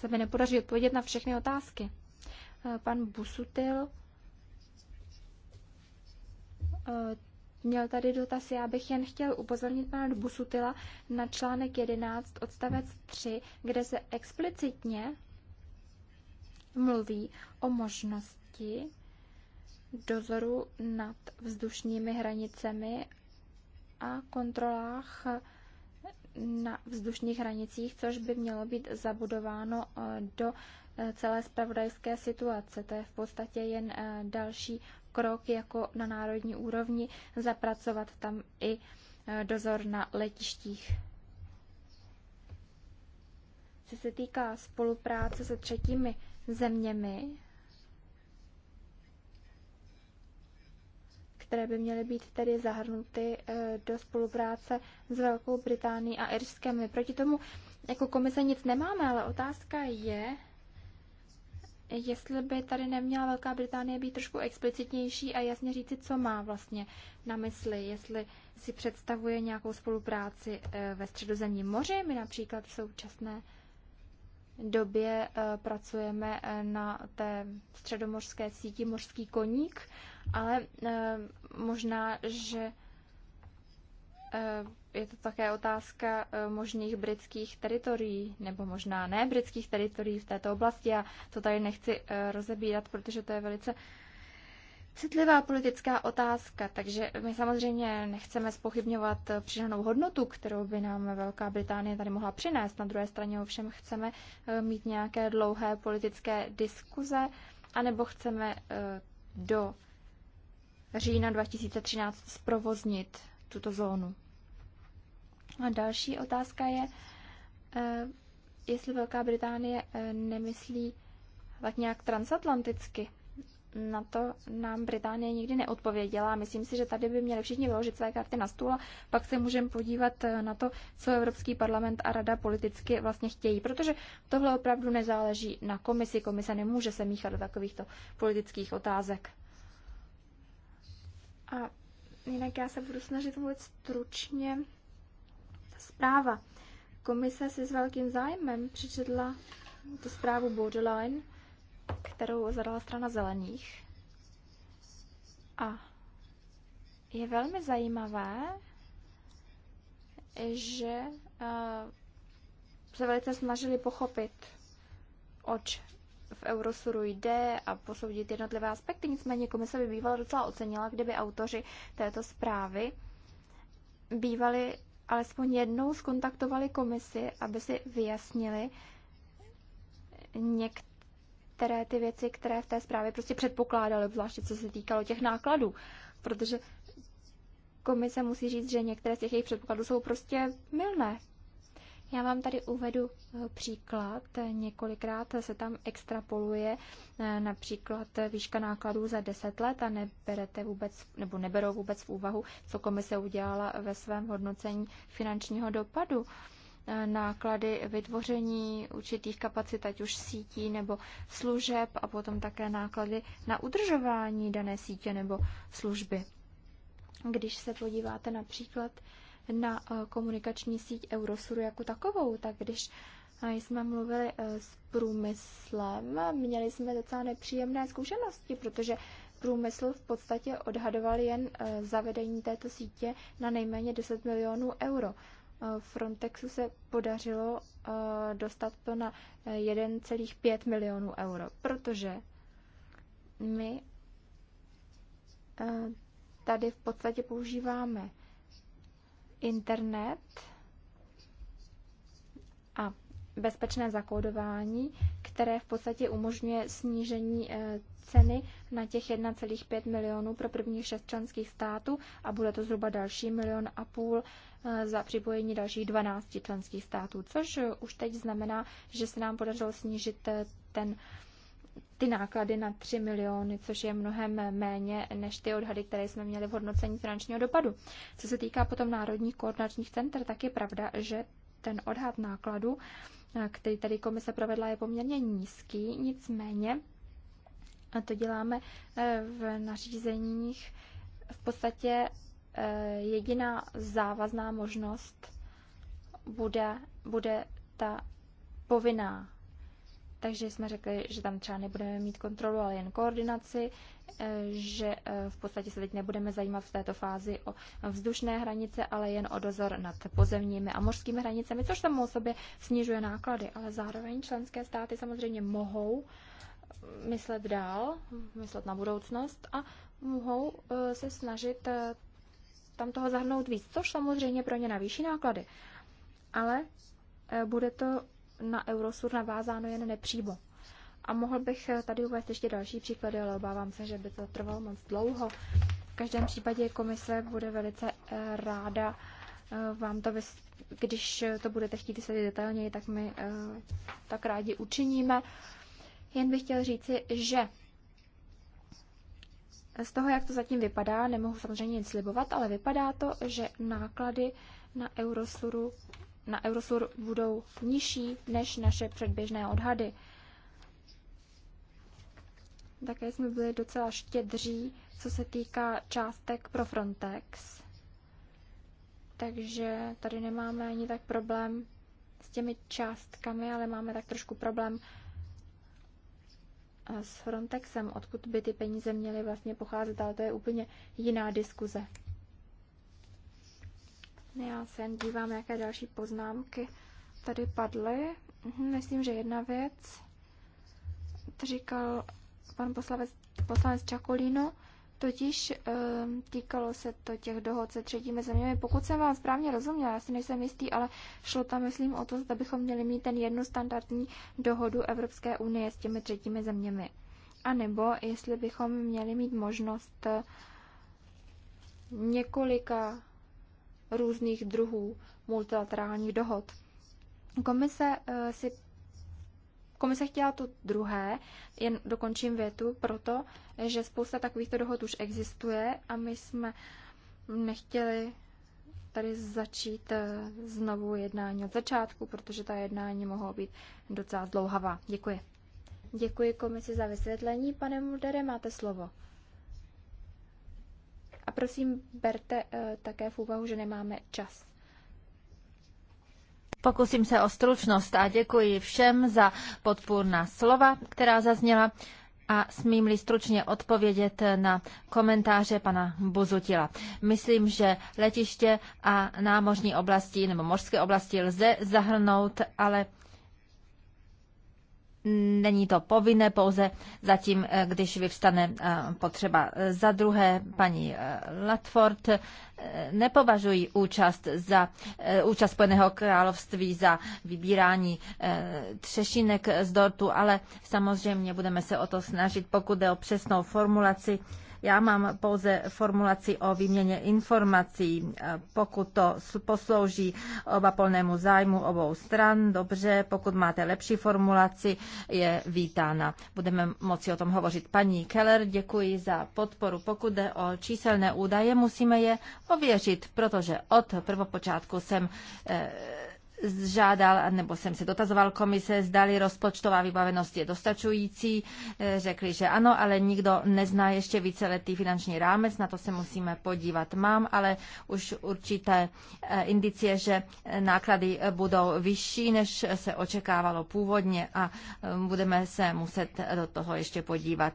se mi nepodaří odpovědět na všechny otázky. Eh, pan Busutil eh, měl tady dotaz, já bych jen chtěl upozornit pana Busutila na článek 11 odstavec 3, kde se explicitně mluví o možnosti dozoru nad vzdušními hranicemi a kontrolách na vzdušních hranicích, což by mělo být zabudováno eh, do eh, celé spravodajské situace. To je v podstatě jen eh, další krok, jako na národní úrovni zapracovat tam i dozor na letištích. Co se týká spolupráce se třetími zeměmi, které by měly být tedy zahrnuty eh, do spolupráce s Velkou Británií a Irskem. My proti tomu jako komise nic nemáme, ale otázka je, jestli by tady neměla Velká Británie být trošku explicitnější a jasně říci, co má vlastně na mysli, jestli si představuje nějakou spolupráci eh, ve středozemním moři. My například v současné době eh, pracujeme na té středomořské síti Mořský koník ale eh, možná, že eh, je to také otázka eh, možných britských teritorií, nebo možná ne britských teritorií v této oblasti. Já to tady nechci rozebírat, protože to je velice citlivá politická otázka. Takže my samozřejmě nechceme spochybňovat přidanou hodnotu, kterou by nám Velká Británie tady mohla přinést. Na druhé straně ovšem chceme mít nějaké dlouhé politické diskuze, anebo chceme do října 2013 zprovoznit tuto zónu. A další otázka je, eh, jestli Velká Británie eh, nemyslí tak nějak transatlanticky. Na to nám Británie nikdy neodpověděla. Myslím si, že tady by měli všichni vyložit své karty na stůl a pak se můžeme podívat eh, na to, co Evropský parlament a rada politicky vlastně chtějí. Protože tohle opravdu nezáleží na komisi. Komise nemůže se míchat do takovýchto politických otázek. A jinak já se budu snažit mluvit stručně. Zpráva. Komise si s velkým zájmem přečetla tu zprávu Borderline, kterou zadala strana zelených. A je velmi zajímavé, že uh, se velice snažili pochopit, oč v Eurosuru jde a posoudit jednotlivé aspekty. Nicméně komise by bývala docela ocenila, kdyby autoři této zprávy bývali alespoň jednou skontaktovali komisi, aby si vyjasnili některé ty věci, které v té zprávě prostě předpokládaly, zvláště co se týkalo těch nákladů. Protože komise musí říct, že některé z těch jejich předpokladů jsou prostě milné. Já vám tady uvedu eh, příklad. Několikrát se tam extrapoluje eh, například výška nákladů za 10 let a neberete vůbec, nebo neberou vůbec v úvahu, co komise udělala ve svém hodnocení finančního dopadu eh, náklady vytvoření určitých kapacit, ať už sítí nebo služeb a potom také náklady na udržování dané sítě nebo služby. Když se podíváte například na eh, komunikační síť Eurosuru jako takovou. Tak když eh, jsme mluvili eh, s průmyslem, měli jsme docela nepříjemné zkušenosti, protože průmysl v podstatě odhadoval jen zavedení této sítě na nejméně 10 milionů euro. Frontexu se podařilo dostat to na 1,5 milionů euro, protože my tady v podstatě používáme internet a bezpečné zakódování, které v podstatě umožňuje snížení eh, ceny na těch 1,5 milionů pro prvních šest členských států a bude to zhruba další milion a půl eh, za připojení dalších 12 členských států, což už teď znamená, že se nám podařilo snížit eh, ten ty náklady na 3 miliony, což je mnohem méně než ty odhady, které jsme měli v hodnocení finančního dopadu. Co se týká potom národních koordinačních center, tak je pravda, že ten odhad nákladu, eh, který tady komise provedla, je poměrně nízký, nicméně a to děláme eh, v nařízeních v podstatě eh, jediná závazná možnost bude, bude ta povinná takže jsme řekli, že tam třeba nebudeme mít kontrolu, ale jen koordinaci, eh, že eh, v podstatě se teď nebudeme zajímat v této fázi o vzdušné hranice, ale jen o dozor nad pozemními a mořskými hranicemi, což tam o sobě snižuje náklady, ale zároveň členské státy samozřejmě mohou mm, myslet dál, myslet na budoucnost a mohou eh, se snažit tam toho zahrnout víc, což samozřejmě pro ně navýší náklady. Ale bude to na Eurosur navázáno jen nepřímo. A mohl bych eh, tady uvést ještě další příklady, ale obávám se, že by to trvalo moc dlouho. V každém případě komise bude velice eh, ráda eh, vám to, vys- když to budete chtít vysvětlit detailněji, tak my tak rádi učiníme. Jen bych chtěl říci, že z toho, jak to zatím vypadá, nemohu samozřejmě nic slibovat, ale vypadá to, že náklady na Eurosuru na Eurosur budou nižší než naše předběžné odhady. Také jsme byli docela štědří, co se týká částek pro Frontex. Takže tady nemáme ani tak problém s těmi částkami, ale máme tak trošku problém eh, s Frontexem, odkud by ty peníze měly vlastně pocházet, ale to je úplně jiná diskuze. Já se dívám, jaké další poznámky tady padly. Mhm, myslím, že jedna věc, to říkal pan poslavec, poslanec Čakolino, totiž ehm, týkalo se to těch dohod se třetími zeměmi. Pokud jsem vám správně rozuměla, já si nejsem jistý, ale šlo tam, myslím, o to, zda bychom měli mít ten jednu standardní dohodu Evropské unie s těmi třetími zeměmi. A nebo jestli bychom měli mít možnost eh, několika různých druhů multilaterálních dohod. Komise eh, si Komise chtěla to druhé, jen dokončím větu, proto, že spousta takovýchto dohod už existuje a my jsme nechtěli tady začít eh, znovu jednání od začátku, protože ta jednání mohou být docela dlouhavá. Děkuji. Děkuji komisi za vysvětlení. Pane Muldere, máte slovo. A prosím, berte eh, také v úvahu, že nemáme čas. Pokusím se o stručnost a děkuji všem za podpůrná slova, která zazněla a smím-li stručně odpovědět na komentáře pana Buzutila. Myslím, že letiště a námořní oblasti nebo mořské oblasti lze zahrnout, ale Není to povinné pouze zatím, eh, když vyvstane eh, potřeba. Za druhé, paní eh, Latford, nepovažují účast, za, účast Spojeného království za vybírání třešinek z dortu, ale samozřejmě budeme se o to snažit, pokud jde o přesnou formulaci já mám pouze formulaci o výměně informací. Pokud to poslouží oba polnému zájmu obou stran, dobře, pokud máte lepší formulaci, je vítána. Budeme moci o tom hovořit. Paní Keller, děkuji za podporu. Pokud jde o číselné údaje, musíme je ověřit, protože od prvopočátku jsem eh, žádal, nebo jsem se dotazoval komise, zdali rozpočtová vybavenost je dostačující. Eh, řekli, že ano, ale nikdo nezná ještě víceletý finanční rámec, na to se musíme podívat. Mám ale už určité eh, indicie, že eh, náklady budou vyšší, než se očekávalo původně a budeme se muset do toho ještě podívat.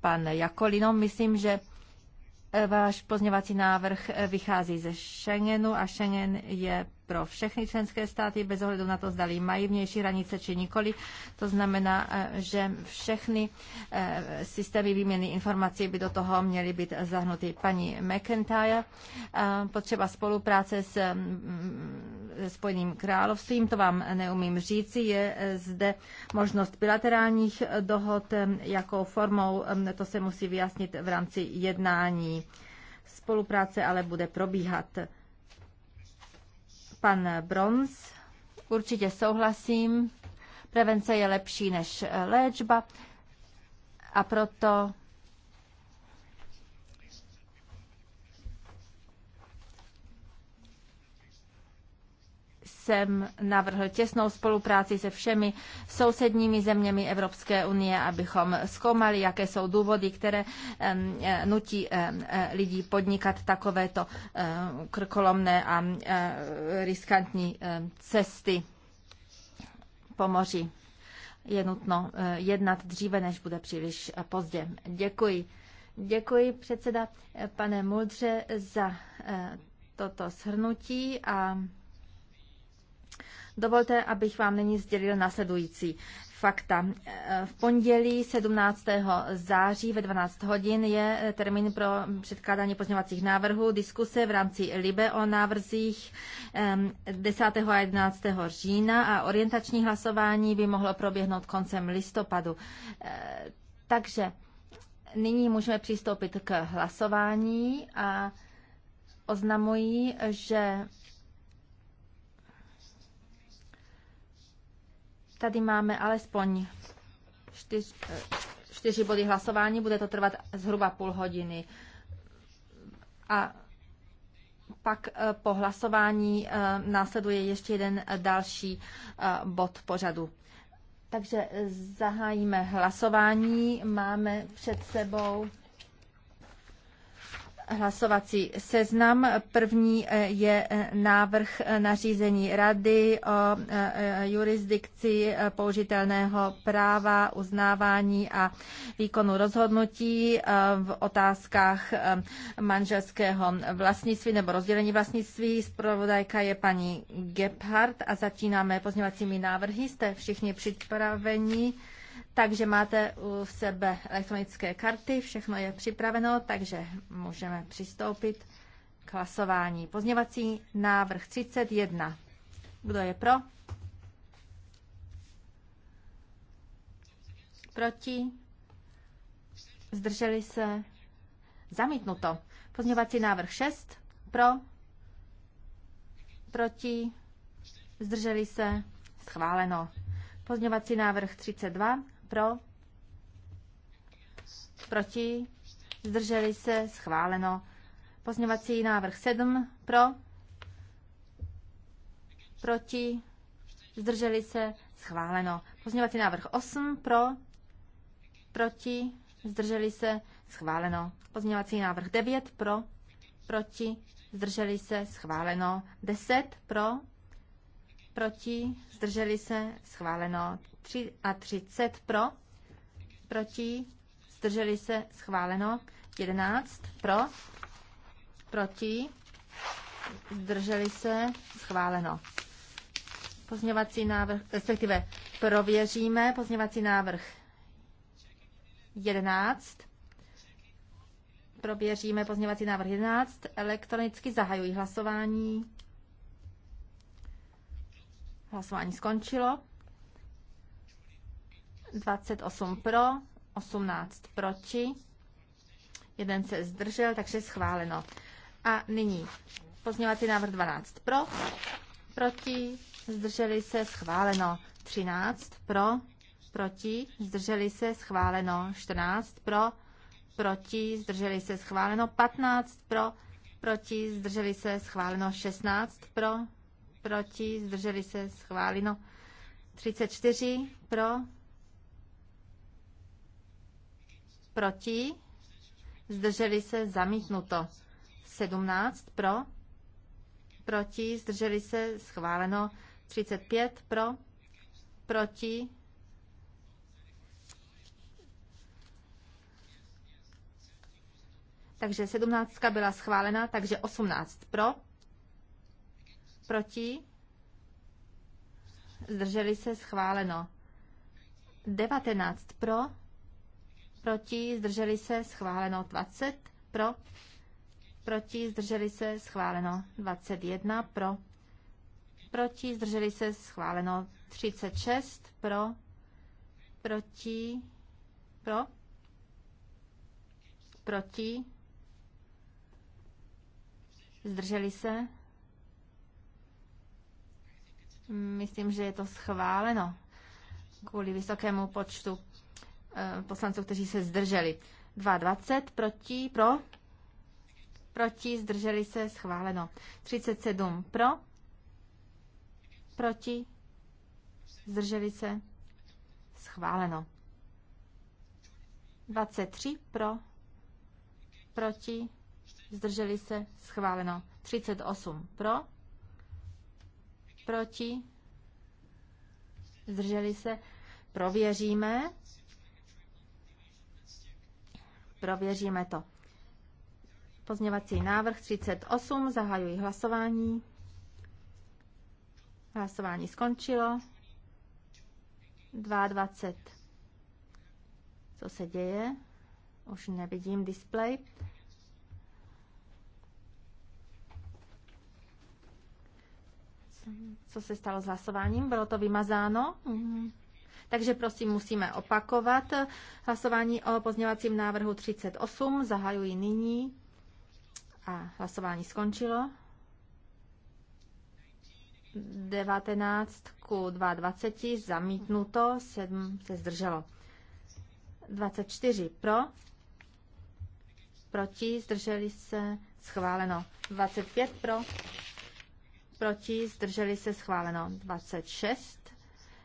Pan Jakolino, myslím, že váš pozněvací návrh vychází ze Schengenu a Schengen je pro všechny členské státy bez ohledu na to, zdali mají vnější hranice či nikoli. To znamená, eh, že všechny eh, systémy výměny informací by do toho měly být zahnuty. Paní McIntyre, eh, potřeba spolupráce s mm, Spojeným královstvím, to vám neumím říci, je zde možnost bilaterálních dohod, jakou formou, to se musí vyjasnit v rámci jednání. Spolupráce ale bude probíhat. Pan Bronz, určitě souhlasím, prevence je lepší než eh, léčba a proto jsem navrhl těsnou spolupráci se všemi sousedními zeměmi Evropské unie, abychom zkoumali, jaké jsou důvody, které e, nutí e, lidí podnikat takovéto krkolomné a e, riskantní cesty po moři. Je nutno jednat dříve, než bude příliš pozdě. Děkuji. Děkuji předseda pane Muldře za toto shrnutí a Dovolte, abych vám nyní sdělil následující fakta. V pondělí 17. září ve 12 hodin je eh, termín pro předkládání pozměňovacích návrhů. Diskuse v rámci LIBE o návrzích 10. Ehm, a 11. října a orientační hlasování by mohlo proběhnout koncem listopadu. Eh, takže nyní můžeme přistoupit k hlasování a oznamuji, že Tady máme alespoň čtyř, čtyři body hlasování, bude to trvat zhruba půl hodiny. A pak eh, po hlasování eh, následuje ještě jeden eh, další bod pořadu. Takže zahájíme hlasování. Máme před sebou hlasovací seznam. První eh, je eh, návrh eh, nařízení Rady o jurisdikci použitelného práva, uznávání a výkonu rozhodnutí v otázkách manželského vlastnictví nebo rozdělení vlastnictví. Zpravodajka je paní Gebhardt a začínáme pozněvacími návrhy. Jste všichni připraveni? Takže máte u sebe elektronické karty, všechno je připraveno, takže můžeme přistoupit k hlasování. Pozněvací návrh 31. Kdo je pro? Proti? Zdrželi se? Zamítnuto. Pozněvací návrh 6. Pro? Proti? Zdrželi se? Schváleno. Pozněvací návrh 32. Pro? Proti? Zdrželi se? Schváleno. Pozměňovací návrh 7. Pro? Proti? Zdrželi se? Schváleno. Pozměňovací návrh 8. Pro? Proti? Zdrželi se? Schváleno. Pozměňovací návrh 9. Pro? Proti? Zdrželi se? Schváleno. 10. Pro? proti, zdrželi se, schváleno. tři a třicet pro, proti, zdrželi se, schváleno. 11 pro, proti, zdrželi se, schváleno. Pozměvací návrh, respektive prověříme pozměvací návrh 11. Prověříme pozměvací návrh 11. Elektronicky zahajují hlasování. Hlasování skončilo. 28 pro, 18 proti, jeden se zdržel, takže schváleno. A nyní pozměňovací návrh 12 pro, proti, zdrželi se, schváleno. 13 pro, proti, zdrželi se, schváleno. 14 pro, proti, zdrželi se, schváleno. 15 pro, proti, zdrželi se, schváleno. 16 pro, proti, zdrželi se, schváleno. 34 pro, proti, zdrželi se, zamítnuto. 17 pro, proti, zdrželi se, schváleno. 35 pro, proti, Takže 17 byla schválena, takže 18 pro, Proti? Zdrželi se schváleno. 19 pro. Proti? Zdrželi se schváleno. 20 pro. Proti? Zdrželi se schváleno. 21 pro. Proti? Zdrželi se schváleno. 36 pro. Proti? Pro? Proti? Zdrželi se? Myslím, že je to schváleno kvůli vysokému počtu eh, poslanců, kteří se zdrželi. 22 proti, pro, proti, zdrželi se, schváleno. 37 pro, proti, zdrželi se, schváleno. 23 pro, proti, zdrželi se, schváleno. 38 pro, proti, zdrželi se, prověříme, prověříme to. Pozměvací návrh 38, zahajuji hlasování. Hlasování skončilo. 22. Co se děje? Už nevidím displej. co se stalo s hlasováním. Bylo to vymazáno. Mhm. Takže prosím, musíme opakovat hlasování o pozněvacím návrhu 38. Zahajuji nyní. A hlasování skončilo. 19 ku 22 zamítnuto, 7 se zdrželo. 24 pro, proti, zdrželi se, schváleno. 25 pro, proti, zdrželi se schváleno 26.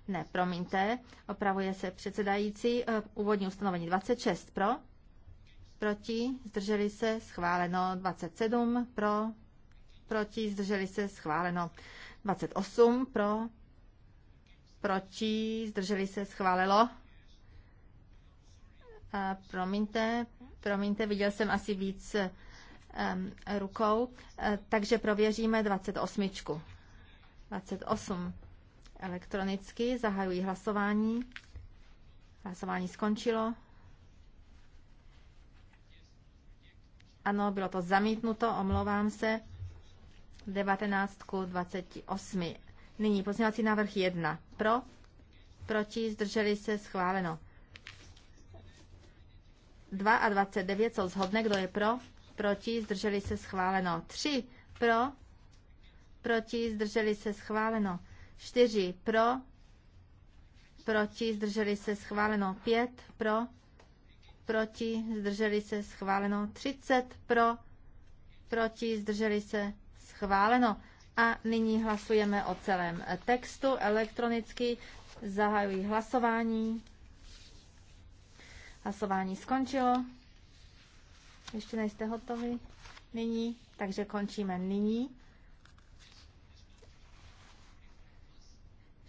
Ne, promiňte, opravuje se předsedající. Eh, úvodní ustanovení 26 pro, proti, zdrželi se schváleno 27 pro, proti, zdrželi se schváleno 28 pro, proti, zdrželi se schválilo. A eh, promiňte, promiňte, viděl jsem asi víc um, rukou, eh, takže prověříme 28. 28 elektronicky, zahajují hlasování. Hlasování skončilo. Ano, bylo to zamítnuto, omlouvám se. 19 ku 28. Nyní pozměňovací návrh 1. Pro, proti, zdrželi se, schváleno. 2 a 29 jsou zhodné, kdo je pro, proti, zdrželi se schváleno. 3 pro, proti, zdrželi se schváleno. 4 pro, proti, zdrželi se schváleno. 5 pro, proti, zdrželi se schváleno. 30 pro, proti, zdrželi se schváleno. A nyní hlasujeme o celém textu elektronicky. Zahajuji hlasování. Hlasování skončilo. Ještě nejste hotovi nyní, takže končíme nyní.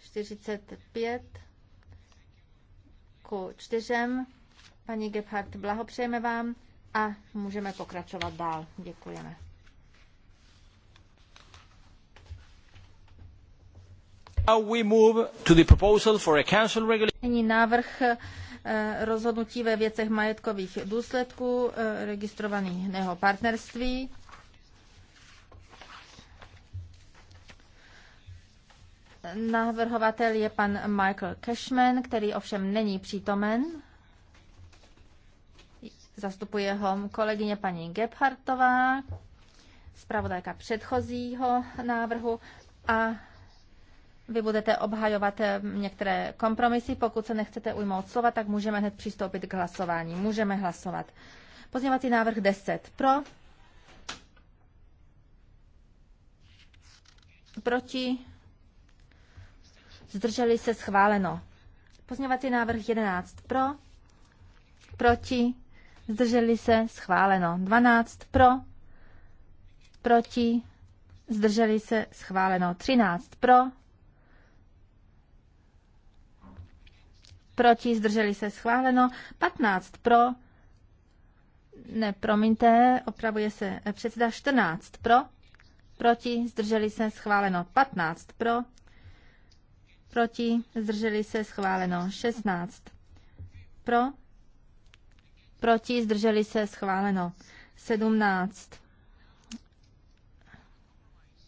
45 ku čtyřem. Paní Gebhardt, blahopřejeme vám a můžeme pokračovat dál. Děkujeme. Now we move to the proposal for a council regulation. Nyní návrh Eh, rozhodnutí ve věcech majetkových důsledků eh, registrovaného partnerství. Navrhovatel je pan Michael Cashman, který ovšem není přítomen. Zastupuje ho kolegyně paní Gebhartová, zpravodajka předchozího návrhu a vy budete obhajovat eh, některé kompromisy. Pokud se nechcete ujmout slova, tak můžeme hned přistoupit k hlasování. Můžeme hlasovat. Pozněvací návrh 10. Pro. Proti. Zdrželi se schváleno. Pozněvací návrh 11. Pro. Proti. Zdrželi se schváleno. 12. Pro. Proti. Zdrželi se schváleno. 13. Pro proti, zdrželi se schváleno, 15 pro, ne, promiňte, opravuje se předseda 14 pro, proti, zdrželi se schváleno, 15 pro, proti, zdrželi se schváleno, 16 pro, proti, zdrželi se schváleno, 17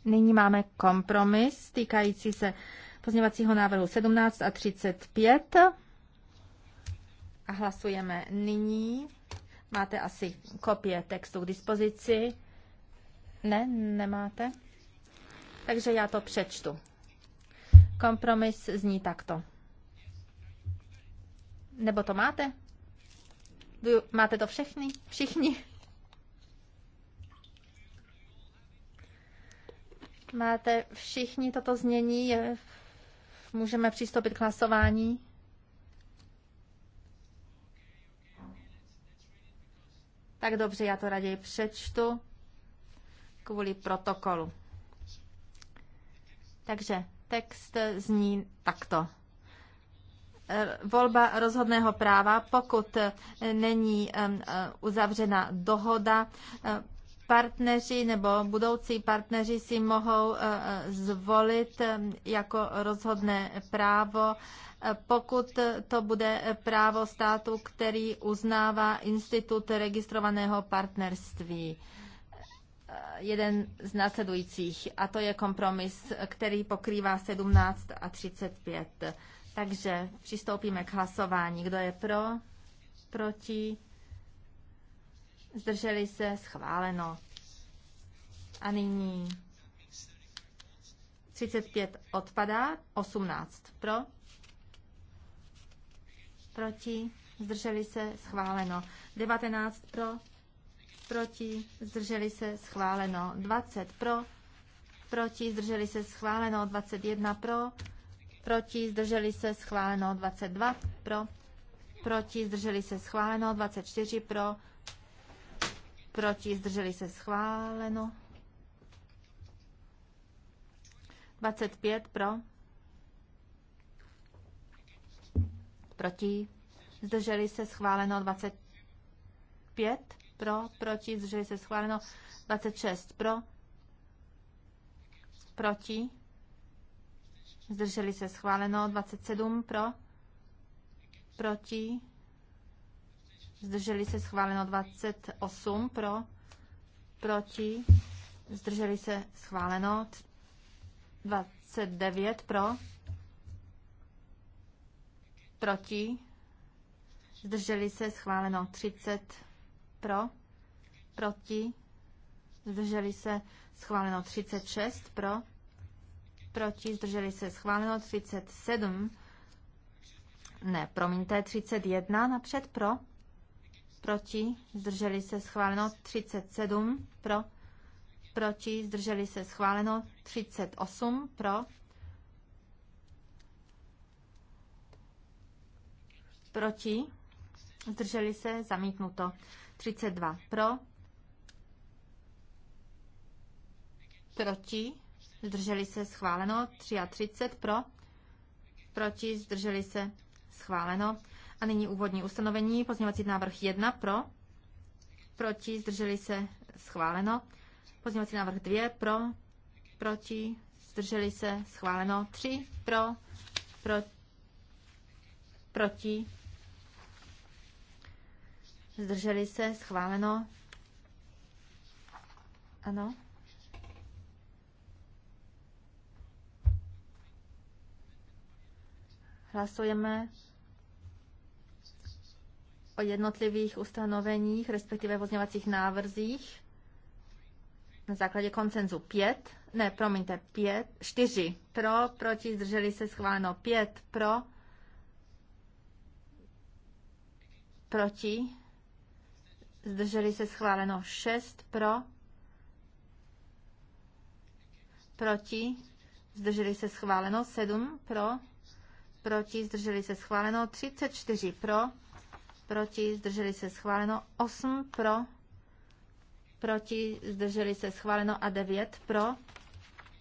Nyní máme kompromis týkající se pozněvacího návrhu 17 a 35. A hlasujeme nyní. Máte asi kopie textu k dispozici. Ne, nemáte. Takže já to přečtu. Kompromis zní takto. Nebo to máte? Máte to všechny? Všichni? Máte všichni toto znění? Můžeme přistoupit k hlasování? Tak dobře, já to raději přečtu kvůli protokolu. Takže text zní takto volba rozhodného práva, pokud není e, uzavřena dohoda, e, partneři nebo budoucí partneři si mohou e, zvolit jako rozhodné právo pokud to bude právo státu, který uznává institut registrovaného partnerství jeden z následujících, a to je kompromis, který pokrývá 17 a 35. Takže přistoupíme k hlasování. Kdo je pro? Proti? Zdrželi se? Schváleno. A nyní 35 odpadá, 18 pro, proti, zdrželi se, schváleno. 19 pro, proti, zdrželi se, schváleno. 20 pro, proti, zdrželi se, schváleno. 21 pro, proti, zdrželi se, schváleno. 22 pro, proti, zdrželi se, schváleno. 24 pro, proti, zdrželi se, schváleno. 25 pro, proti, zdrželi se schváleno 25, pro, proti, zdrželi se schváleno 26, pro, proti, zdrželi se schváleno 27, pro, proti, zdrželi se schváleno 28, pro, proti, zdrželi se schváleno 29, pro, proti, zdrželi se, schváleno 30 pro, proti, zdrželi se, schváleno 36 pro, proti, zdrželi se, schváleno 37, ne, promiňte, 31 napřed pro, proti, zdrželi se, schváleno 37 pro, proti, zdrželi se, schváleno 38 pro, Proti? Zdrželi se? Zamítnuto. 32. Pro? Proti? Zdrželi se? Schváleno. 33. Pro? Proti? Zdrželi se? Schváleno. A nyní úvodní ustanovení. Pozměňovací návrh 1. Pro? Proti? Zdrželi se? Schváleno. Pozměňovací návrh 2. Pro? Proti? Zdrželi se? Schváleno. 3. Pro? pro proti? Zdrželi se? Schváleno? Ano? Hlasujeme o jednotlivých ustanoveních, respektive pozměňovacích návrzích na základě koncenzu 5, ne, promiňte, 5, 4 pro, proti, zdrželi se schváleno 5 pro, proti, zdrželi se schváleno 6 pro, proti, zdrželi se schváleno 7 pro, proti, zdrželi se schváleno 34 pro, proti, zdrželi se schváleno 8 pro, proti, zdrželi se schváleno a 9 pro,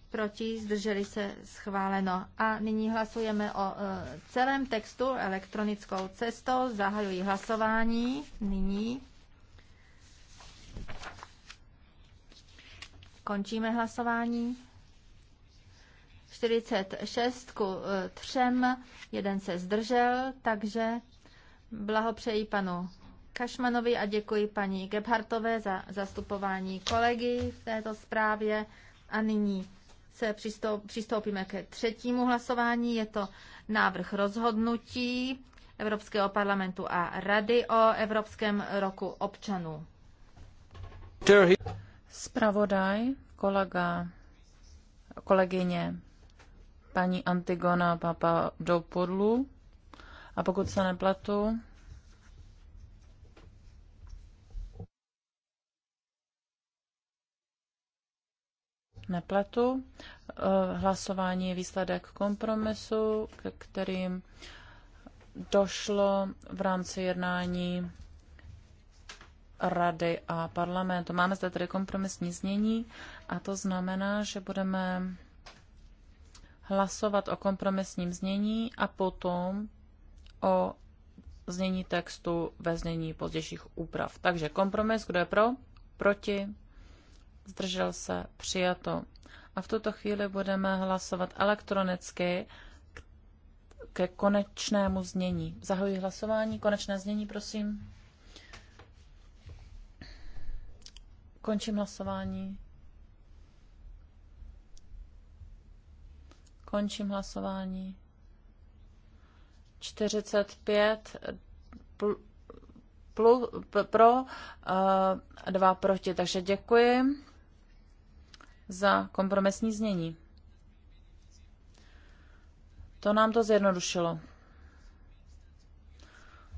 proti, zdrželi se schváleno. A nyní hlasujeme o e, celém textu elektronickou cestou. Zahajuji hlasování nyní. Končíme hlasování. 46 ku 3, eh, jeden se zdržel, takže blahopřeji panu Kašmanovi a děkuji paní Gebhartové za zastupování kolegy v této zprávě. A nyní se přistoupíme ke třetímu hlasování. Je to návrh rozhodnutí Evropského parlamentu a Rady o Evropském roku občanů. Spravodaj, kolega, kolegyně, paní Antigona Papa do podlu a pokud se nepletu, nepletu. Eh, hlasování je výsledek kompromisu, ke kterým došlo v rámci jednání rady a parlamentu. Máme zde tedy kompromisní znění a to znamená, že budeme hlasovat o kompromisním znění a potom o znění textu ve znění pozdějších úprav. Takže kompromis, kdo je pro, proti, zdržel se, přijato. A v tuto chvíli budeme hlasovat elektronicky ke konečnému znění. Zahajuji hlasování, konečné znění, prosím. Končím hlasování. Končím hlasování. 45 pl, pl, pl, pro, uh, dva proti. Takže děkuji za kompromisní znění. To nám to zjednodušilo.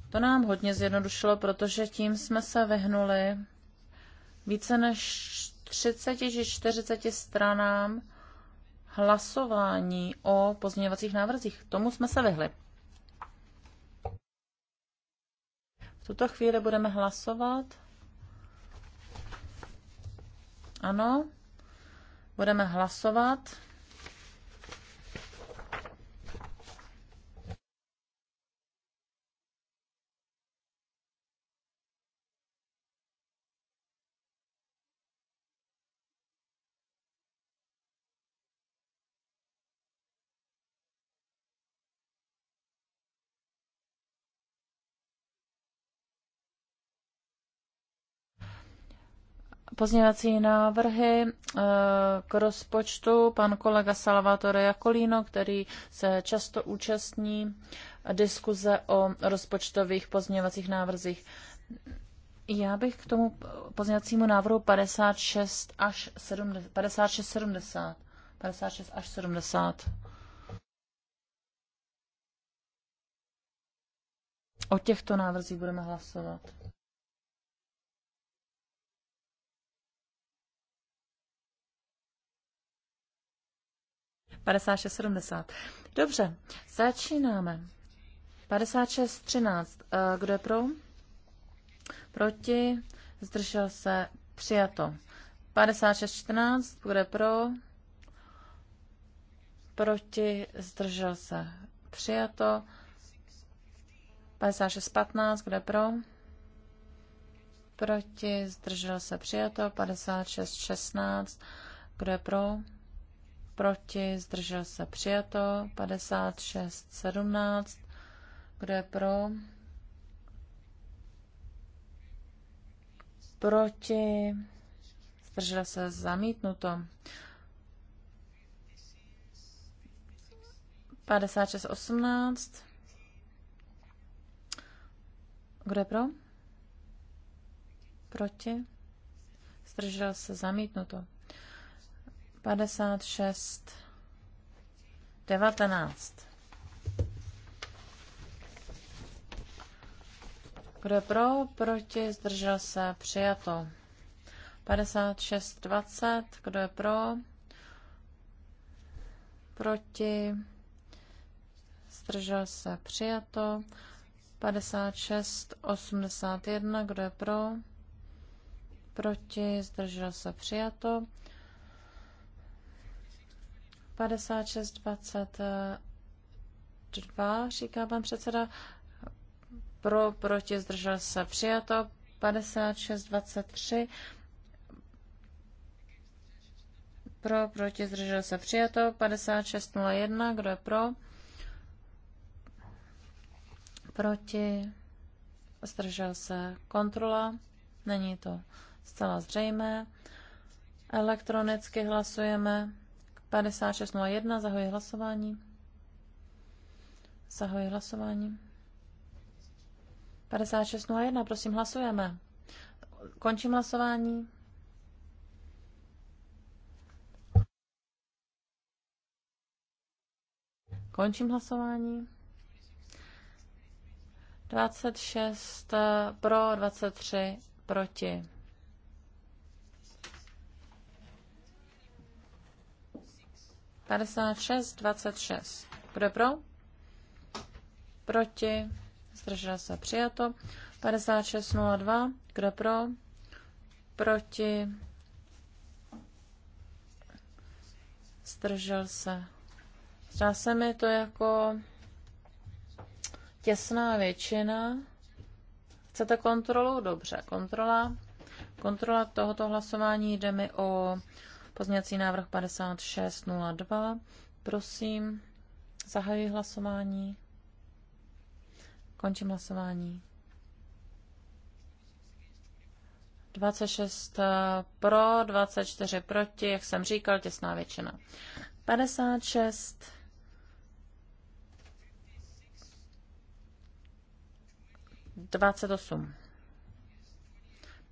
To nám hodně zjednodušilo, protože tím jsme se vyhnuli více než 30 či 40 stranám hlasování o pozměňovacích návrzích. Tomu jsme se vyhli. V tuto chvíli budeme hlasovat. Ano, budeme hlasovat. pozměňovací návrhy eh, k rozpočtu. Pan kolega Salvatore Jakolino, který se často účastní diskuze o rozpočtových pozměňovacích návrzích. Já bych k tomu pozměňovacímu návrhu 56 až 70, 56, 70, 56 až 70. O těchto návrzích budeme hlasovat. 56-70. Dobře, začínáme. 56-13. Eh, kdo je pro? Proti? Zdržel se? Přijato. 56-14. Kdo je pro? Proti? Zdržel se? Přijato. 56-15. Kdo je pro? Proti? Zdržel se? Přijato. 56-16. Kdo je pro? proti, zdržel se přijato, 56, 17, kdo je pro, proti, zdržel se zamítnuto, 56, 18, kdo je pro, proti, zdržel se zamítnuto. 56, 19. Kdo pro, proti, zdržel se, přijato. 56, 20. Kdo je pro, proti, zdržel se, přijato. 56, 81. Kdo je pro, proti, zdržel se, přijato. 5622, říká pan předseda. Pro, proti, zdržel se. Přijato. 5623. Pro, proti, zdržel se. Přijato. 5601, kdo je pro? Proti, zdržel se. Kontrola. Není to zcela zřejmé. Elektronicky hlasujeme. 5601, zahoji hlasování. Zahoji hlasování. 5601, prosím, hlasujeme. Končím hlasování. Končím hlasování. 26 eh, pro, 23 proti. 56, 26. Kdo je pro? Proti? Zdržel se přijato. 5602. Kdo pro? Proti? Zdržel se. Zdá se mi to jako těsná většina. Chcete kontrolu? Dobře, kontrola. Kontrola tohoto hlasování jde mi o Pozměňovací návrh 5602. Prosím, zahajuji hlasování. Končím hlasování. 26 eh, pro, 24 proti, jak jsem říkal, těsná většina. 56 28.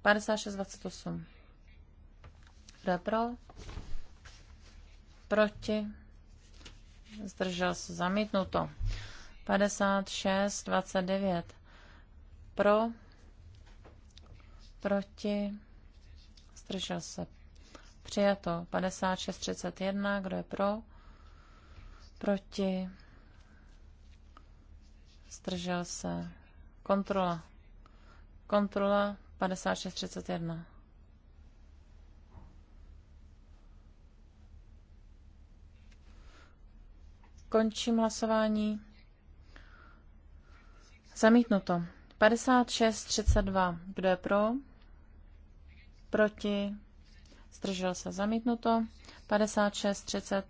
56, 28. Kdo je pro? Proti? Zdržel se zamítnuto. 56, 29. Pro? Proti? Zdržel se. Přijato. 56, 31. Kdo je pro? Proti? Zdržel se. Kontrola. Kontrola 5631. Končím hlasování. Zamítnuto. 56-32. Kdo je pro? Proti? Zdržel se. Zamítnuto. 56-32.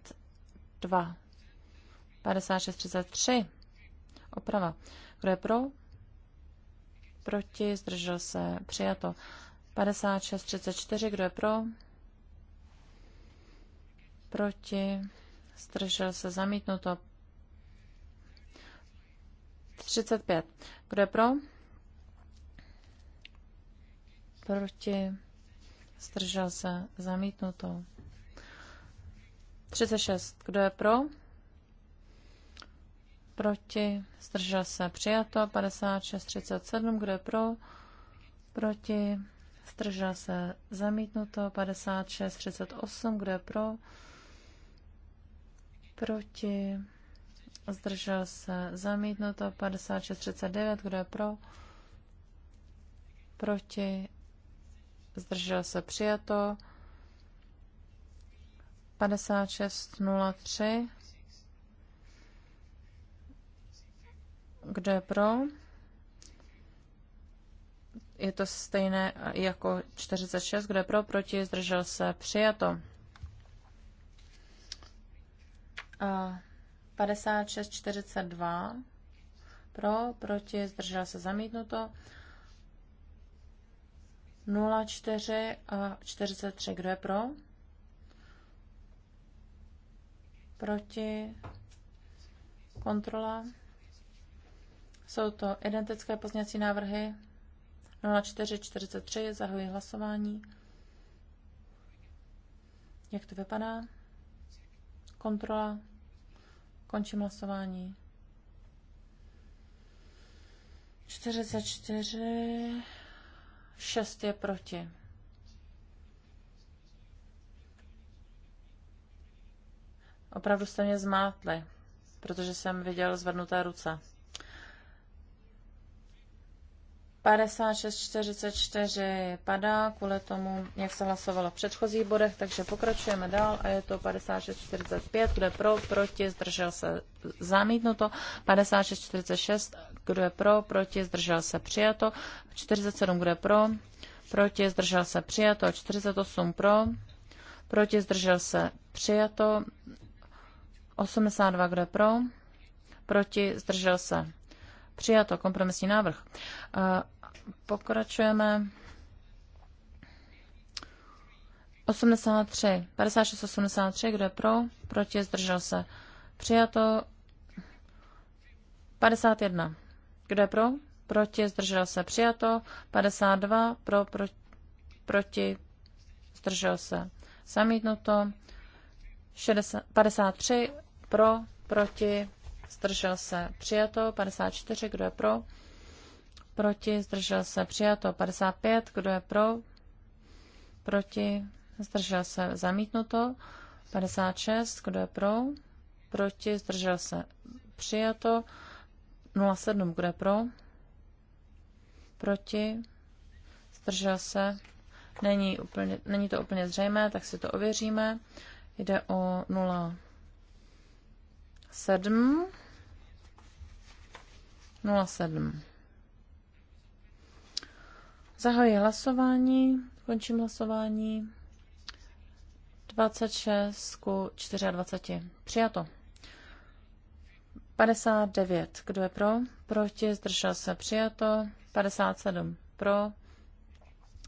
56-33. Oprava. Kdo je pro? Proti? Zdržel se. Přijato. 56-34. Kdo je pro? Proti? Zdržel se zamítnuto. 35. Kdo je pro? Proti. Zdržel se zamítnuto. 36. Kdo je pro? Proti. Zdržel se přijato. 56. 37. Kdo je pro? Proti. Zdržel se zamítnuto. 56. 38. Kdo je pro? proti, zdržel se, zamítnuto, 5639, kdo je pro, proti, zdržel se, přijato, 5603, kdo je pro, je to stejné jako 46, kdo je pro, proti, zdržel se, přijato. 5642 pro, proti, zdržel se zamítnuto. 04 a 43, kdo je pro? Proti, kontrola. Jsou to identické pozněcí návrhy. 04, 43, zahoji hlasování. Jak to vypadá? Kontrola. Končím hlasování. 44. 6 je proti. Opravdu jste mě zmátli, protože jsem viděl zvednuté ruce. 5644 padá kvůli tomu, jak se hlasovalo v předchozích bodech, takže pokračujeme dál a je to 5645, kdo je pro, proti, zdržel se zamítnuto, 5646, kdo je pro, proti, zdržel se přijato, 47, kdo je pro, proti, zdržel se přijato, 48 pro, proti, zdržel se přijato, 82, kdo je pro, proti, zdržel se Přijato kompromisní návrh. Pokračujeme. 83, 56, 83, kdo je pro, proti, zdržel se. Přijato 51, kdo je pro, proti, zdržel se. Přijato 52, pro, pro proti, zdržel se. Zamítnuto 60, 53, pro, proti, zdržel se, přijato. 54, kdo je pro, proti, zdržel se, přijato. 55, kdo je pro, proti, zdržel se, zamítnuto. 56, kdo je pro, proti, zdržel se, přijato. 07, kdo je pro, proti, zdržel se. Není, úplně, není to úplně zřejmé, tak si to ověříme. Jde o 0, 7. 07. Zahajuji hlasování, končím hlasování. 26 ku 24. Přijato. 59. Kdo je pro? Proti. Zdržel se. Přijato. 57. Pro.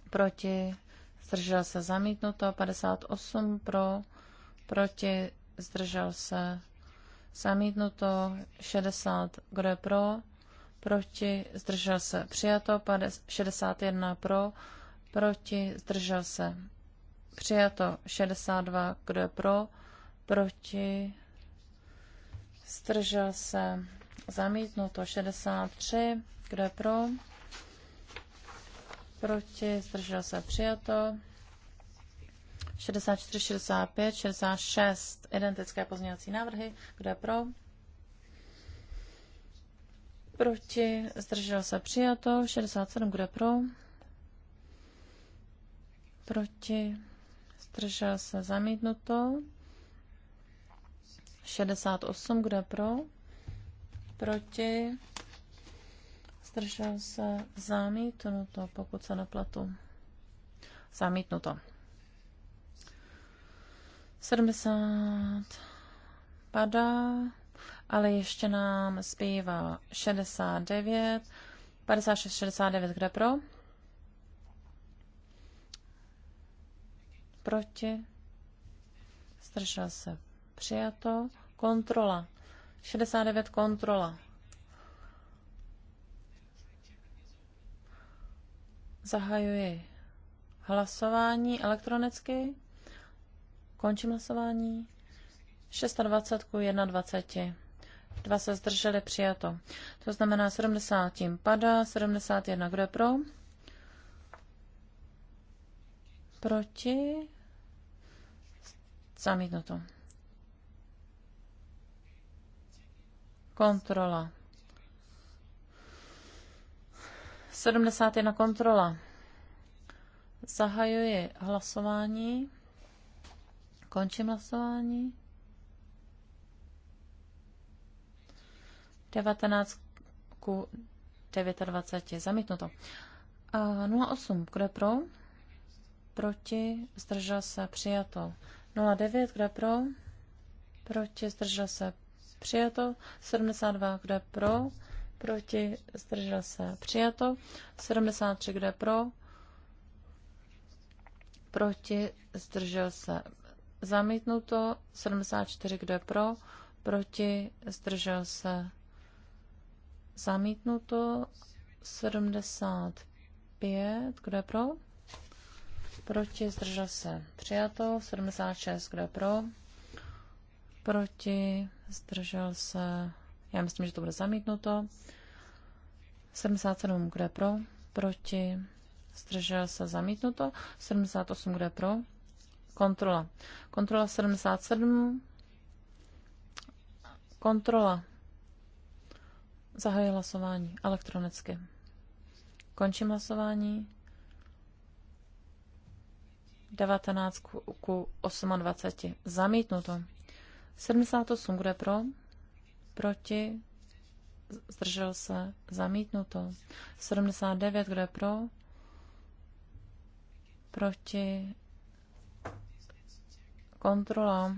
Proti. Zdržel se. Zamítnuto. 58. Pro. Proti. Zdržel se. Zamítnuto. 60. Kdo je pro? proti, zdržel se, přijato, 61 pro, proti, zdržel se, přijato, 62, kdo je pro, proti, zdržel se, zamítnuto, 63, kdo je pro, proti, zdržel se, přijato, 64, 65, 66, identické pozměňovací návrhy, kdo je pro, Proti? Zdržel se přijato. 67. Kdo pro? Proti? Zdržel se zamítnuto. 68. Kdo pro? Proti? Zdržel se zamítnuto, pokud se neplatu. Zamítnuto. 70 padá ale ještě nám zpívá 69, 56, 69, kde pro? Proti? Zdržel se. Přijato. Kontrola. 69 kontrola. Zahajuji hlasování elektronicky. Končím hlasování. 26 ku 21. Dva se zdrželi přijato. To znamená 70 tím padá, 71 kdo je pro? Proti? Zamítnuto. Kontrola. 71 kontrola. Zahajuji hlasování. Končím hlasování. 19 ku 29 je zamítnuto. A 08, kdo je pro? Proti, zdržel se, přijato. 09, kdo je pro? Proti, zdržel se, přijato. 72, kdo je pro? Proti, zdržel se, přijato. 73, kdo je pro? Proti, zdržel se, zamítnuto. 74, kdo je pro? Proti, zdržel se, Zamítnuto 75, kdo je pro? Proti, zdržel se. Přijato 76, kdo je pro? Proti, zdržel se. Já myslím, že to bude zamítnuto. 77, kdo je pro? Proti, zdržel se. Zamítnuto. 78, kdo je pro? Kontrola. Kontrola 77. Kontrola. Zahajuji hlasování elektronicky. Končím hlasování. 19 ku 28. Zamítnuto. 78 bude pro, proti, zdržel se, zamítnuto. 79 bude pro, proti, kontrola.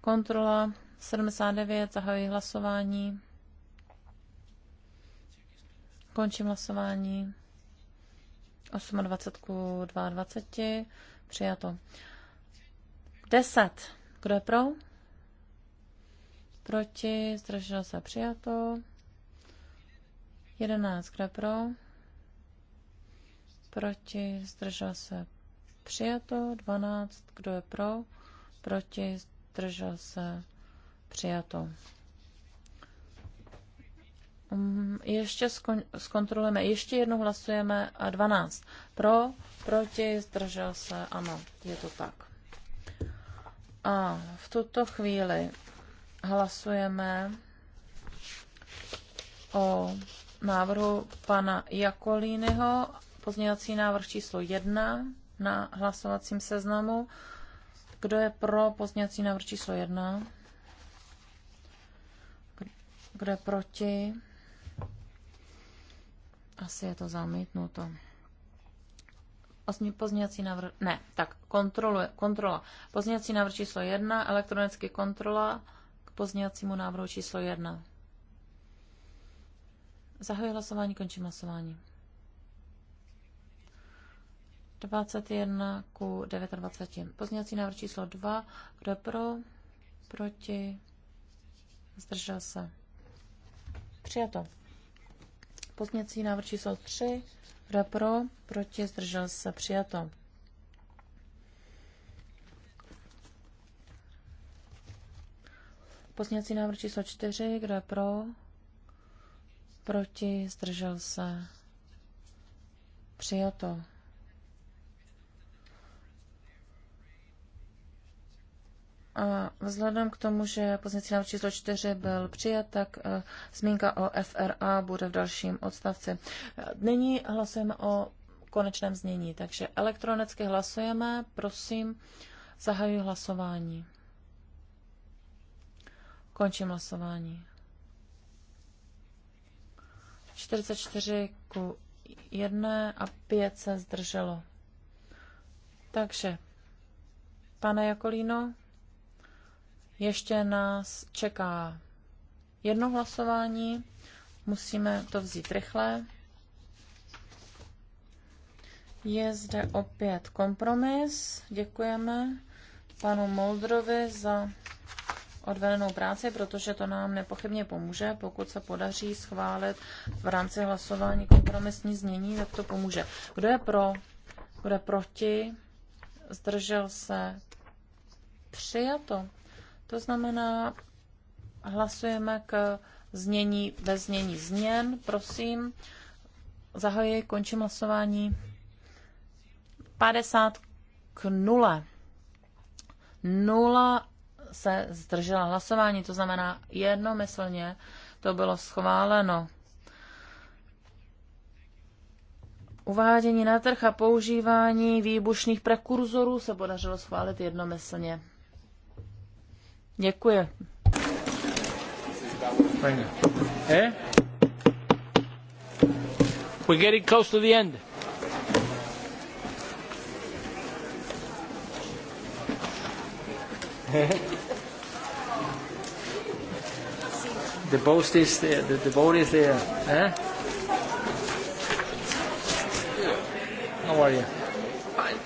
Kontrola 79, zahajuji hlasování. Končím hlasování. 28.22. Přijato. 10. Kdo je pro? Proti. Zdrželo se. Přijato. 11. Kdo je pro? Proti. Zdrželo se. Přijato. 12. Kdo je pro? Proti. Zdrželo se. Přijato. Mm, ještě skon, zkontrolujeme, ještě jednou hlasujeme a 12. Pro, proti, zdržel se, ano, je to tak. A v tuto chvíli hlasujeme o návrhu pana Jakolínyho, pozměňovací návrh číslo 1 na hlasovacím seznamu. Kdo je pro pozměňovací návrh číslo 1? Kdo je proti? Asi je to zamítnuto. Osmi pozměňovací návrh, ne, tak kontroluje, kontrola. Pozměňovací návrh číslo 1, elektronicky kontrola k pozměňovacímu návrhu číslo 1. Zahajuji hlasování, končím hlasování. 21 ku 29. Pozměňovací návrh číslo 2. Kdo je pro? Proti? Zdržel se. Přijato. Pozměcí návrh číslo 3. Kdo pro? Proti? Zdržel se? Přijato. Pozměcí návrh číslo 4. Kdo je pro? Proti? Zdržel se? Přijato. A vzhledem k tomu, že pozici návrh číslo 4 byl přijat, tak e, zmínka o FRA bude v dalším odstavci. E, nyní hlasujeme o konečném znění, takže elektronicky hlasujeme. Prosím, zahajuji hlasování. Končím hlasování. 44 ku 1 a 5 se zdrželo. Takže, pane Jakolíno, ještě nás čeká jedno hlasování. Musíme to vzít rychle. Je zde opět kompromis. Děkujeme panu Moldrovi za odvedenou práci, protože to nám nepochybně pomůže. Pokud se podaří schválit v rámci hlasování kompromisní změní, tak to pomůže. Kdo je pro? Kdo je proti? Zdržel se? Přijato. To znamená, hlasujeme k znění bez znění změn. Prosím, zahajuji, končím hlasování. 50 k 0. 0 se zdržela hlasování, to znamená jednomyslně to bylo schváleno. Uvádění na trh a používání výbušných prekurzorů se podařilo schválit jednomyslně. Děkuji. Eh? We're getting close to the end. the boat is there. The, the boat is there. Eh? How are you? Fine.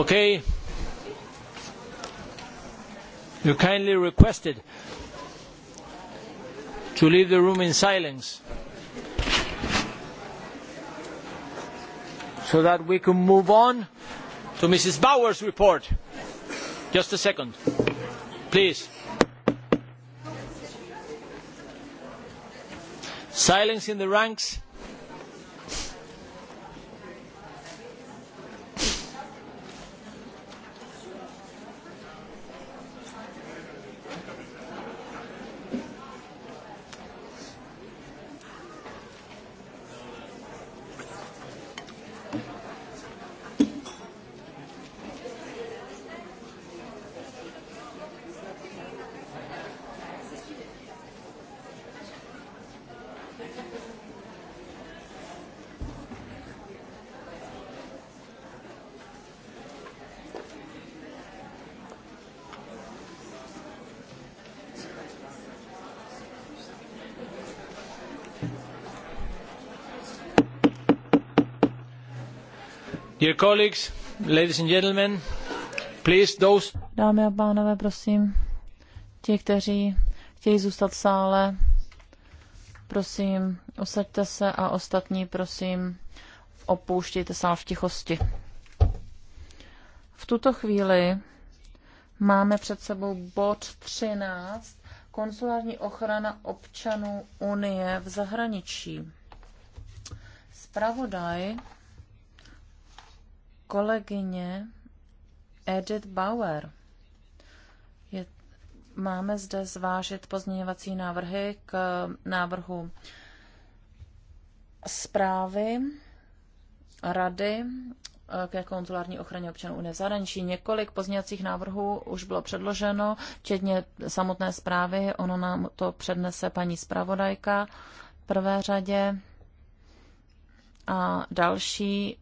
Okay. You kindly requested to leave the room in silence so that we can move on to Mrs. Bauer's report. Just a second, please. Silence in the ranks. Dámy a pánové, prosím, ti, kteří chtějí zůstat v sále, prosím, usaďte se a ostatní, prosím, opouštějte sál v tichosti. V tuto chvíli máme před sebou bod 13, konsulární ochrana občanů Unie v zahraničí. Spravodaj kolegyně Edith Bauer. Je, máme zde zvážit pozměňovací návrhy k návrhu zprávy Rady eh, ke konzulární ochraně občanů Unie zahraničí. Několik pozměňovacích návrhů už bylo předloženo, včetně samotné zprávy. Ono nám to přednese paní zpravodajka v prvé řadě. A další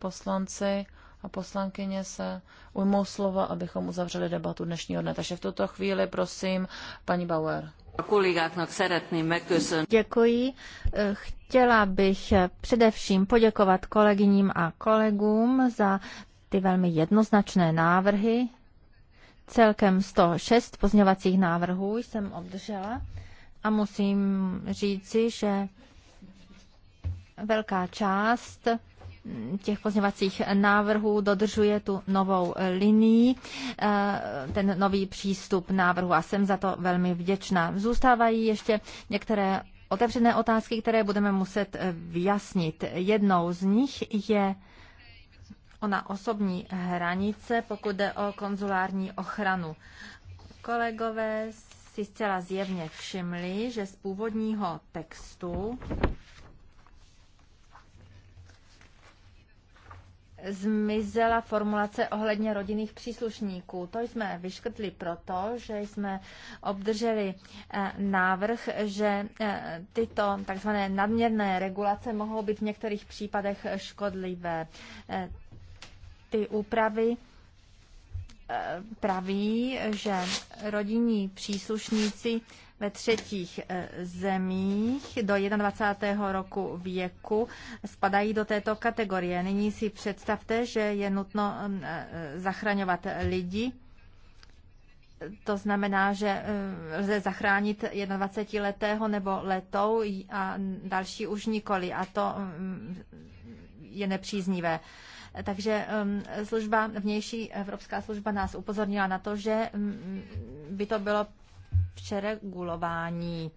poslanci a poslankyně se ujmou slova, abychom uzavřeli debatu dnešního dne. Takže v tuto chvíli prosím paní Bauer. Děkuji. Chtěla bych především poděkovat kolegyním a kolegům za ty velmi jednoznačné návrhy. Celkem 106 pozměvacích návrhů jsem obdržela a musím říci, že velká část těch pozněvacích návrhů dodržuje tu novou linii, eh, ten nový přístup návrhu a jsem za to velmi vděčná. Zůstávají ještě některé otevřené otázky, které budeme muset eh, vyjasnit. Jednou z nich je ona osobní hranice, pokud jde o konzulární ochranu. Kolegové si zcela zjevně všimli, že z původního textu zmizela formulace ohledně rodinných příslušníků. To jsme vyškrtli proto, že jsme obdrželi eh, návrh, že eh, tyto takzvané nadměrné regulace mohou být v některých případech škodlivé. Eh, ty úpravy praví, že rodinní příslušníci ve třetích e, zemích do 21. roku věku spadají do této kategorie. Nyní si představte, že je nutno e, zachraňovat lidi. To znamená, že e, lze zachránit 21-letého nebo letou a další už nikoli. A to je nepříznivé. Takže služba, vnější Evropská služba nás upozornila na to, že by to bylo přeregulování.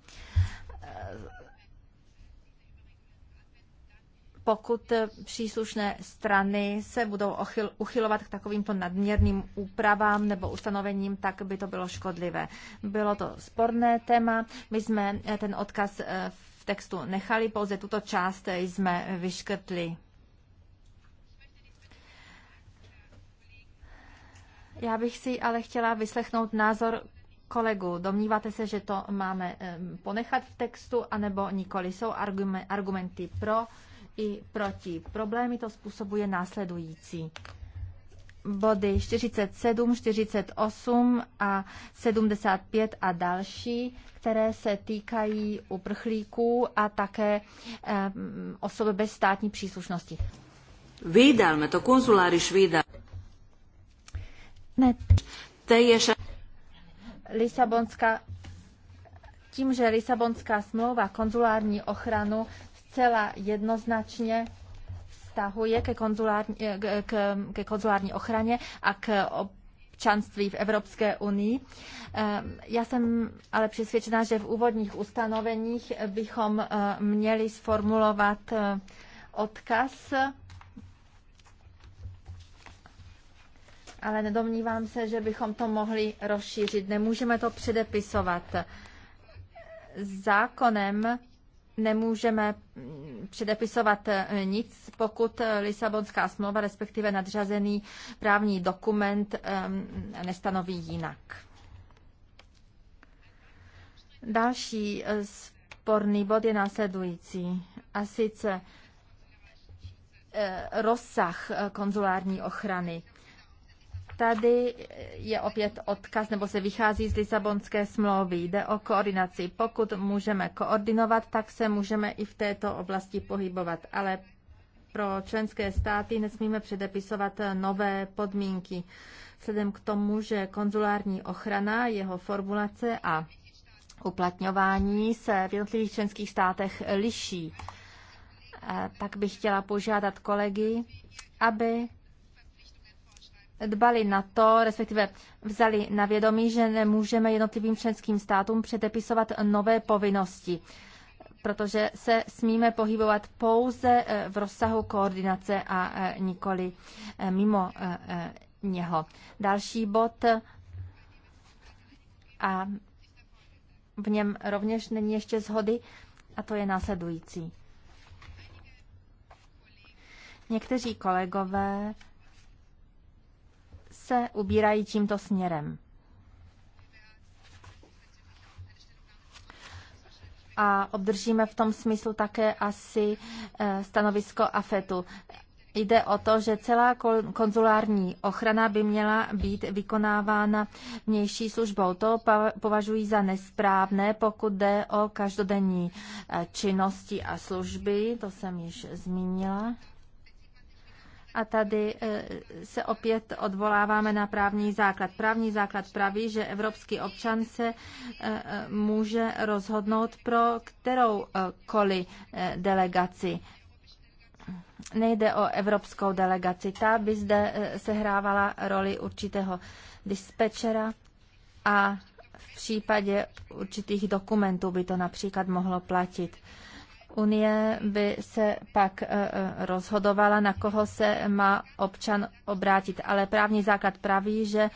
Pokud příslušné strany se budou ochyl, uchylovat k takovýmto nadměrným úpravám nebo ustanovením, tak by to bylo škodlivé. Bylo to sporné téma. My jsme ten odkaz eh, v textu nechali, pouze tuto část jsme vyškrtli. Já bych si ale chtěla vyslechnout názor kolegu. Domníváte se, že to máme ponechat v textu, anebo nikoli? Jsou argumenty pro i proti. Problémy to způsobuje následující. Body 47, 48 a 75 a další, které se týkají uprchlíků a také osob bez státní příslušnosti. Védelmet, to, konzuláris védelmet. Ne. ješa... Lisabonská, tím, že Lisabonská smlouva konzulární ochranu zcela jednoznačně vztahuje ke konzulární, eh, k, ke konzulární ochraně a k občanství v Evropské unii. Eh, já jsem ale přesvědčena, že v úvodních ustanoveních bychom eh, měli sformulovat odkaz ale nedomnívám se, že bychom to mohli rozšířit. Nemůžeme to předepisovat. Zákonem nemůžeme předepisovat nic, pokud Lisabonská smlouva, respektive nadřazený právní dokument, nestanoví jinak. Další sporný bod je následující. A sice eh, rozsah konzulární ochrany. Tady je opět odkaz, nebo se vychází z Lisabonské smlouvy. Jde o koordinaci. Pokud můžeme koordinovat, tak se můžeme i v této oblasti pohybovat. Ale pro členské státy nesmíme předepisovat nové podmínky. Vzhledem k tomu, že konzulární ochrana, jeho formulace a uplatňování se v jednotlivých členských státech liší. Tak bych chtěla požádat kolegy, aby dbali na to, respektive vzali na vědomí, že nemůžeme jednotlivým členským státům předepisovat nové povinnosti, protože se smíme pohybovat pouze eh, v rozsahu koordinace a eh, nikoli eh, mimo něho. Další bod a v něm rovněž není ještě zhody a to je následující. Někteří kolegové se ubírají tímto směrem. A obdržíme v tom smyslu také asi eh, stanovisko AFETu. Jde o to, že celá konzulární ochrana by měla být vykonávána vnější službou. To považuji za nesprávné, pokud jde o každodenní eh, činnosti a služby, to jsem již zmínila. A tady eh, se opět odvoláváme na právní základ. Právní základ praví, že evropský občan se eh, eh, může rozhodnout pro kteroukoliv delegaci nejde o evropskou delegaci. Ta by zde sehrávala roli určitého dispečera a v případě určitých dokumentů by to například mohlo platit. Unie by se pak e, e, rozhodovala, na koho se má občan obrátit. Ale právní základ praví, že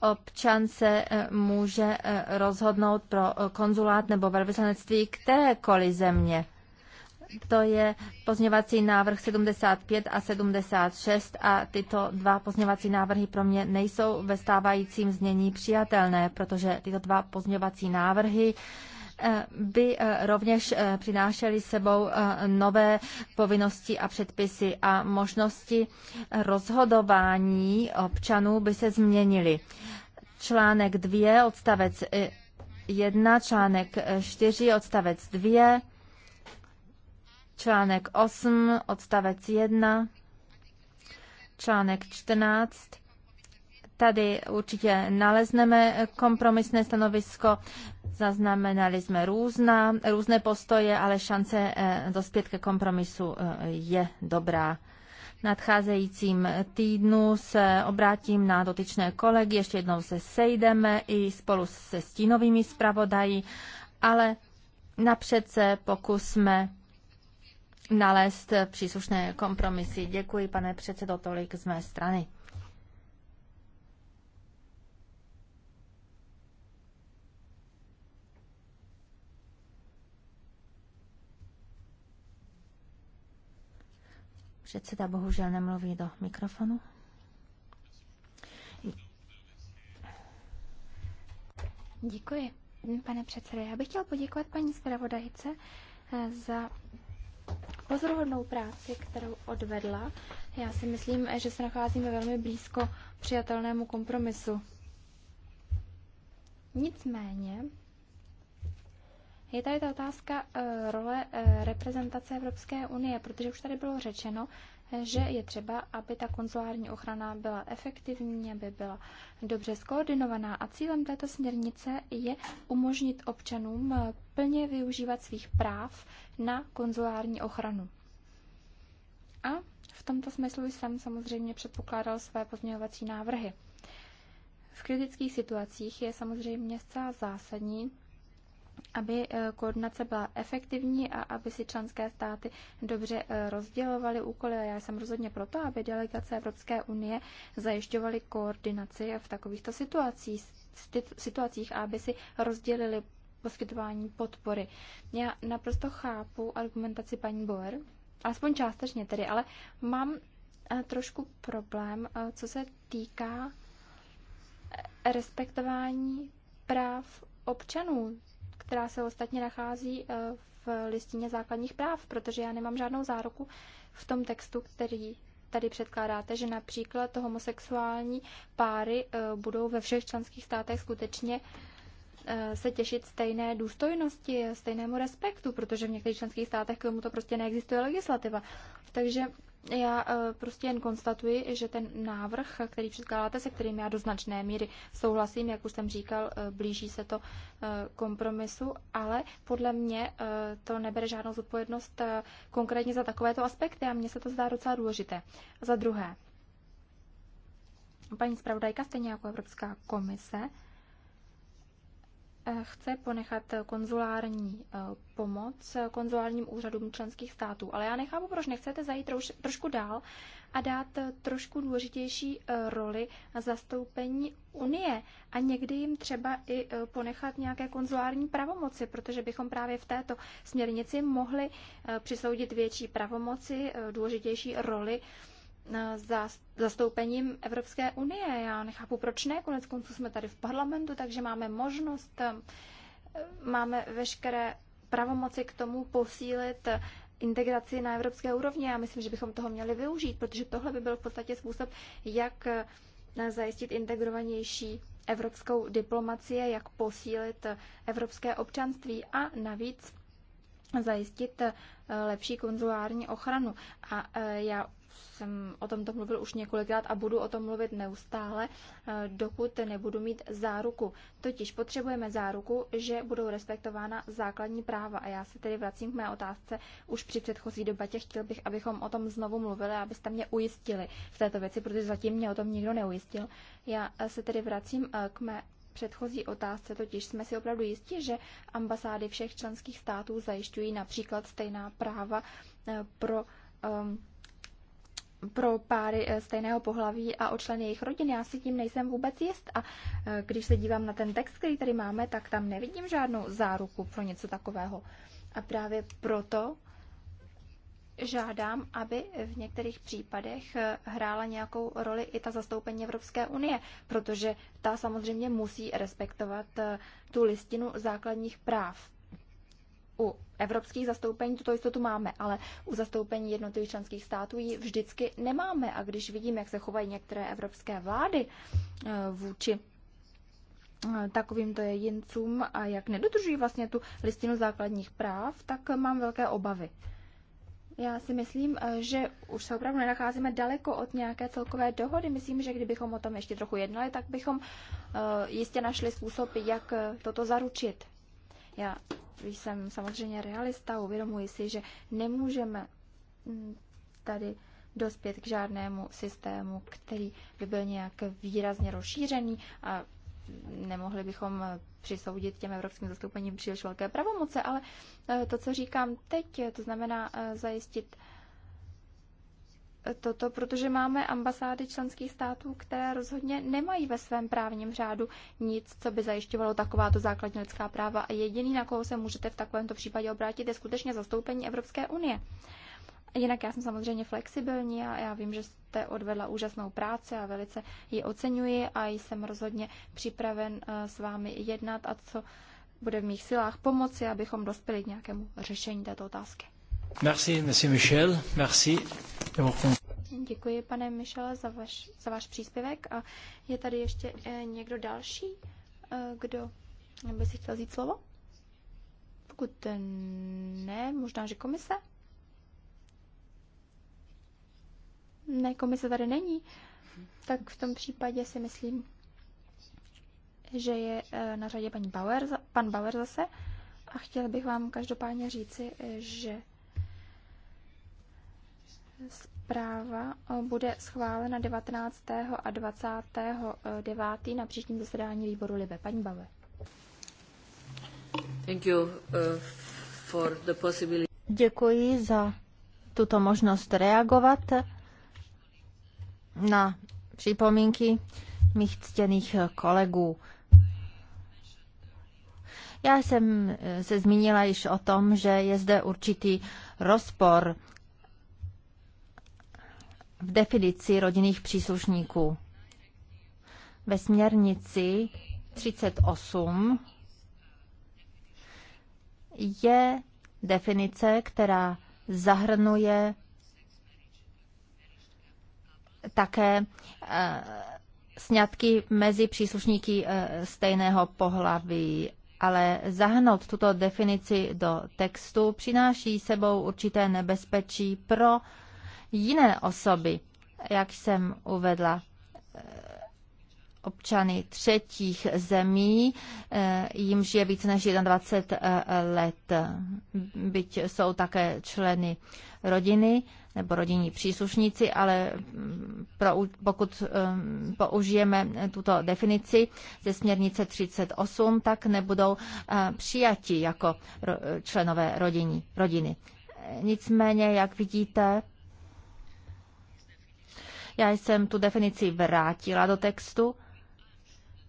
občan se e, může rozhodnout pro konzulát nebo velvyslanectví kterékoliv země. To je pozněvací návrh 75 a 76 a tyto dva pozněvací návrhy pro mě nejsou ve stávajícím znění přijatelné, protože tyto dva pozněvací návrhy by eh, rovněž eh, přinášely sebou eh, nové povinnosti a předpisy a možnosti rozhodování občanů by se změnily. Článek 2, odstavec 1, článek 4, odstavec 2, článek 8, odstavec 1, článek 14, Tady určitě nalezneme kompromisné stanovisko Zaznamenali jsme různá, různé postoje, ale šance eh, dospět ke kompromisu eh, je dobrá nadcházejícím týdnu se obrátím na dotyčné kolegy, ještě jednou se sejdeme i spolu se stínovými zpravodají, ale napřed se pokusme nalézt příslušné kompromisy. Děkuji, pane předsedo, tolik z mé strany. Předseda bohužel nemluví do mikrofonu. Děkuji, pane předsedo. Já bych chtěl poděkovat paní zpravodajce eh, za pozoruhodnou práci, kterou odvedla. Já si myslím, eh, že se nacházíme velmi blízko přijatelnému kompromisu. Nicméně je tady ta otázka eh, role eh, reprezentace Evropské unie, protože už tady bylo řečeno, eh, že je třeba, aby ta konzulární ochrana byla efektivní, aby byla dobře skoordinovaná. A cílem této směrnice je umožnit občanům plně využívat svých práv na konzulární ochranu. A v tomto smyslu jsem samozřejmě předpokládal své pozměňovací návrhy. V kritických situacích je samozřejmě zcela zásadní, aby eh, koordinace byla efektivní a aby si členské státy dobře eh, rozdělovaly úkoly. já jsem rozhodně proto, aby delegace Evropské unie zajišťovaly koordinaci v takovýchto situacích, situacích a aby si rozdělili poskytování podpory. Já naprosto chápu argumentaci paní Boer, aspoň částečně tedy, ale mám eh, trošku problém, co se týká respektování práv občanů která se ostatně nachází eh, v listině základních práv, protože já nemám žádnou záruku v tom textu, který tady předkládáte, že například homosexuální páry eh, budou ve všech členských státech skutečně eh, se těšit stejné důstojnosti, stejnému respektu, protože v některých členských státech k tomu to prostě neexistuje legislativa. Takže já eh, prostě jen konstatuji, že ten návrh, který předkládáte, se kterým já do značné míry souhlasím, jak už jsem říkal, eh, blíží se to eh, kompromisu, ale podle mě to nebere žádnou zodpovědnost konkrétně za takovéto aspekty a mně se to zdá docela důležité. Za druhé, paní zpravodajka, stejně jako Evropská komise, Eh, chce ponechat konzulární eh, pomoc konzulárním úřadům členských států. Ale já nechápu, proč nechcete zajít troš, trošku dál a dát eh, trošku důležitější roli zastoupení Unie a někdy jim třeba i ponechat nějaké konzulární pravomoci, protože bychom právě v této směrnici mohli přisoudit větší pravomoci, důležitější roli zastoupením Evropské unie. Já nechápu, proč ne. Konec konců jsme tady v parlamentu, takže máme možnost, eh, máme veškeré pravomoci k tomu posílit eh, integraci na evropské úrovni. Já myslím, že bychom toho měli využít, protože tohle by byl v podstatě způsob, jak eh, zajistit integrovanější evropskou diplomacie, jak posílit evropské občanství a navíc zajistit eh, lepší konzulární ochranu. A eh, já jsem o tomto mluvil už několikrát a budu o tom mluvit neustále, eh, dokud nebudu mít záruku. Totiž potřebujeme záruku, že budou respektována základní práva. A já se tedy vracím k mé otázce už při předchozí debatě. Chtěl bych, abychom o tom znovu mluvili, abyste mě ujistili v této věci, protože zatím mě o tom nikdo neujistil. Já se tedy vracím k mé předchozí otázce totiž jsme si opravdu jistí, že ambasády všech členských států zajišťují například stejná práva eh, pro um, pro páry eh, stejného pohlaví a o členy jejich rodin. Já si tím nejsem vůbec jist a eh, když se dívám na ten text, který tady máme, tak tam nevidím žádnou záruku pro něco takového. A právě proto žádám, aby v některých případech eh, hrála nějakou roli i ta zastoupení Evropské unie, protože ta samozřejmě musí respektovat eh, tu listinu základních práv. U evropských zastoupení tuto jistotu máme, ale u zastoupení jednotlivých členských států ji vždycky nemáme. A když vidím, jak se chovají některé evropské vlády eh, vůči takovýmto jedincům a jak nedodržují vlastně tu listinu základních práv, tak mám velké obavy. Já si myslím, eh, že už se opravdu nenacházíme daleko od nějaké celkové dohody. Myslím, že kdybychom o tom ještě trochu jednali, tak bychom eh, jistě našli způsob, jak eh, toto zaručit. Já jsem samozřejmě realista, uvědomuji si, že nemůžeme mm, tady dospět k žádnému systému, který by byl nějak výrazně rozšířený a nemohli bychom přisoudit těm evropským zastoupením příliš velké pravomoce, ale e, to, co říkám teď, to znamená e, zajistit toto, protože máme ambasády členských států, které rozhodně nemají ve svém právním řádu nic, co by zajišťovalo takováto základní lidská práva a jediný, na koho se můžete v takovémto případě obrátit, je skutečně zastoupení Evropské unie. Jinak já jsem samozřejmě flexibilní a já vím, že jste odvedla úžasnou práci a velice ji oceňuji a jsem rozhodně připraven eh, s vámi jednat a co bude v mých silách pomoci, abychom dospěli k nějakému řešení této otázky. Merci, merci Michel. Merci. Děkuji, pane Michele, za, vaš, za váš příspěvek. A je tady ještě eh, někdo další, eh, kdo by si chtěl vzít slovo? Pokud ne, možná, že komise? Ne, komise tady není. Tak v tom případě si myslím, že je eh, na řadě paní Bauer, pan Bauer zase. A chtěl bych vám každopádně říci, eh, že zpráva eh, bude schválena 19. a 29. na příštím zasedání výboru Libe. Paní Bauer. Thank you, for the possibility. Děkuji za tuto možnost reagovat na připomínky mých ctěných kolegů. Já jsem eh, se zmínila již o tom, že je zde určitý rozpor v definici rodinných příslušníků. Ve směrnici 38 je definice, která zahrnuje také eh, sňatky mezi příslušníky eh, stejného pohlaví ale zahrnout tuto definici do textu přináší sebou určité nebezpečí pro jiné osoby, jak jsem uvedla, eh, občany třetích zemí, jimž je více než 21 let, byť jsou také členy rodiny nebo rodinní příslušníci, ale mm, pro, pokud eh, použijeme tuto definici ze směrnice 38, tak nebudou eh, přijati jako členové rodiny. rodiny. Nicméně, jak vidíte, já jsem tu definici vrátila do textu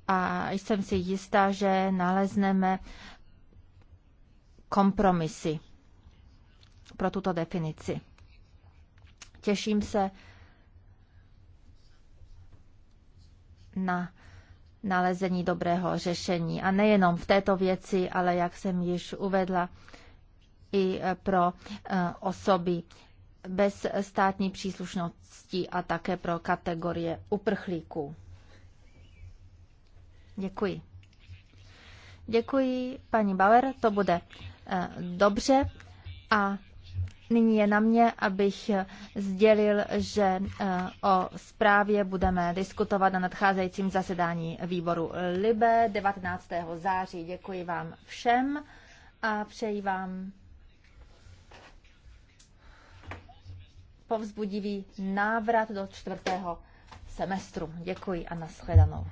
a jsem si jistá, že nalezneme kompromisy pro tuto definici těším se na nalezení dobrého řešení. A nejenom v této věci, ale jak jsem již uvedla, i pro eh, osoby bez státní příslušnosti a také pro kategorie uprchlíků. Děkuji. Děkuji, paní Bauer, to bude eh, dobře. A Nyní je na mě, abych sdělil, že eh, o zprávě budeme diskutovat na nadcházejícím zasedání výboru LIBE 19. září. Děkuji vám všem a přeji vám povzbudivý návrat do čtvrtého semestru. Děkuji a nashledanou.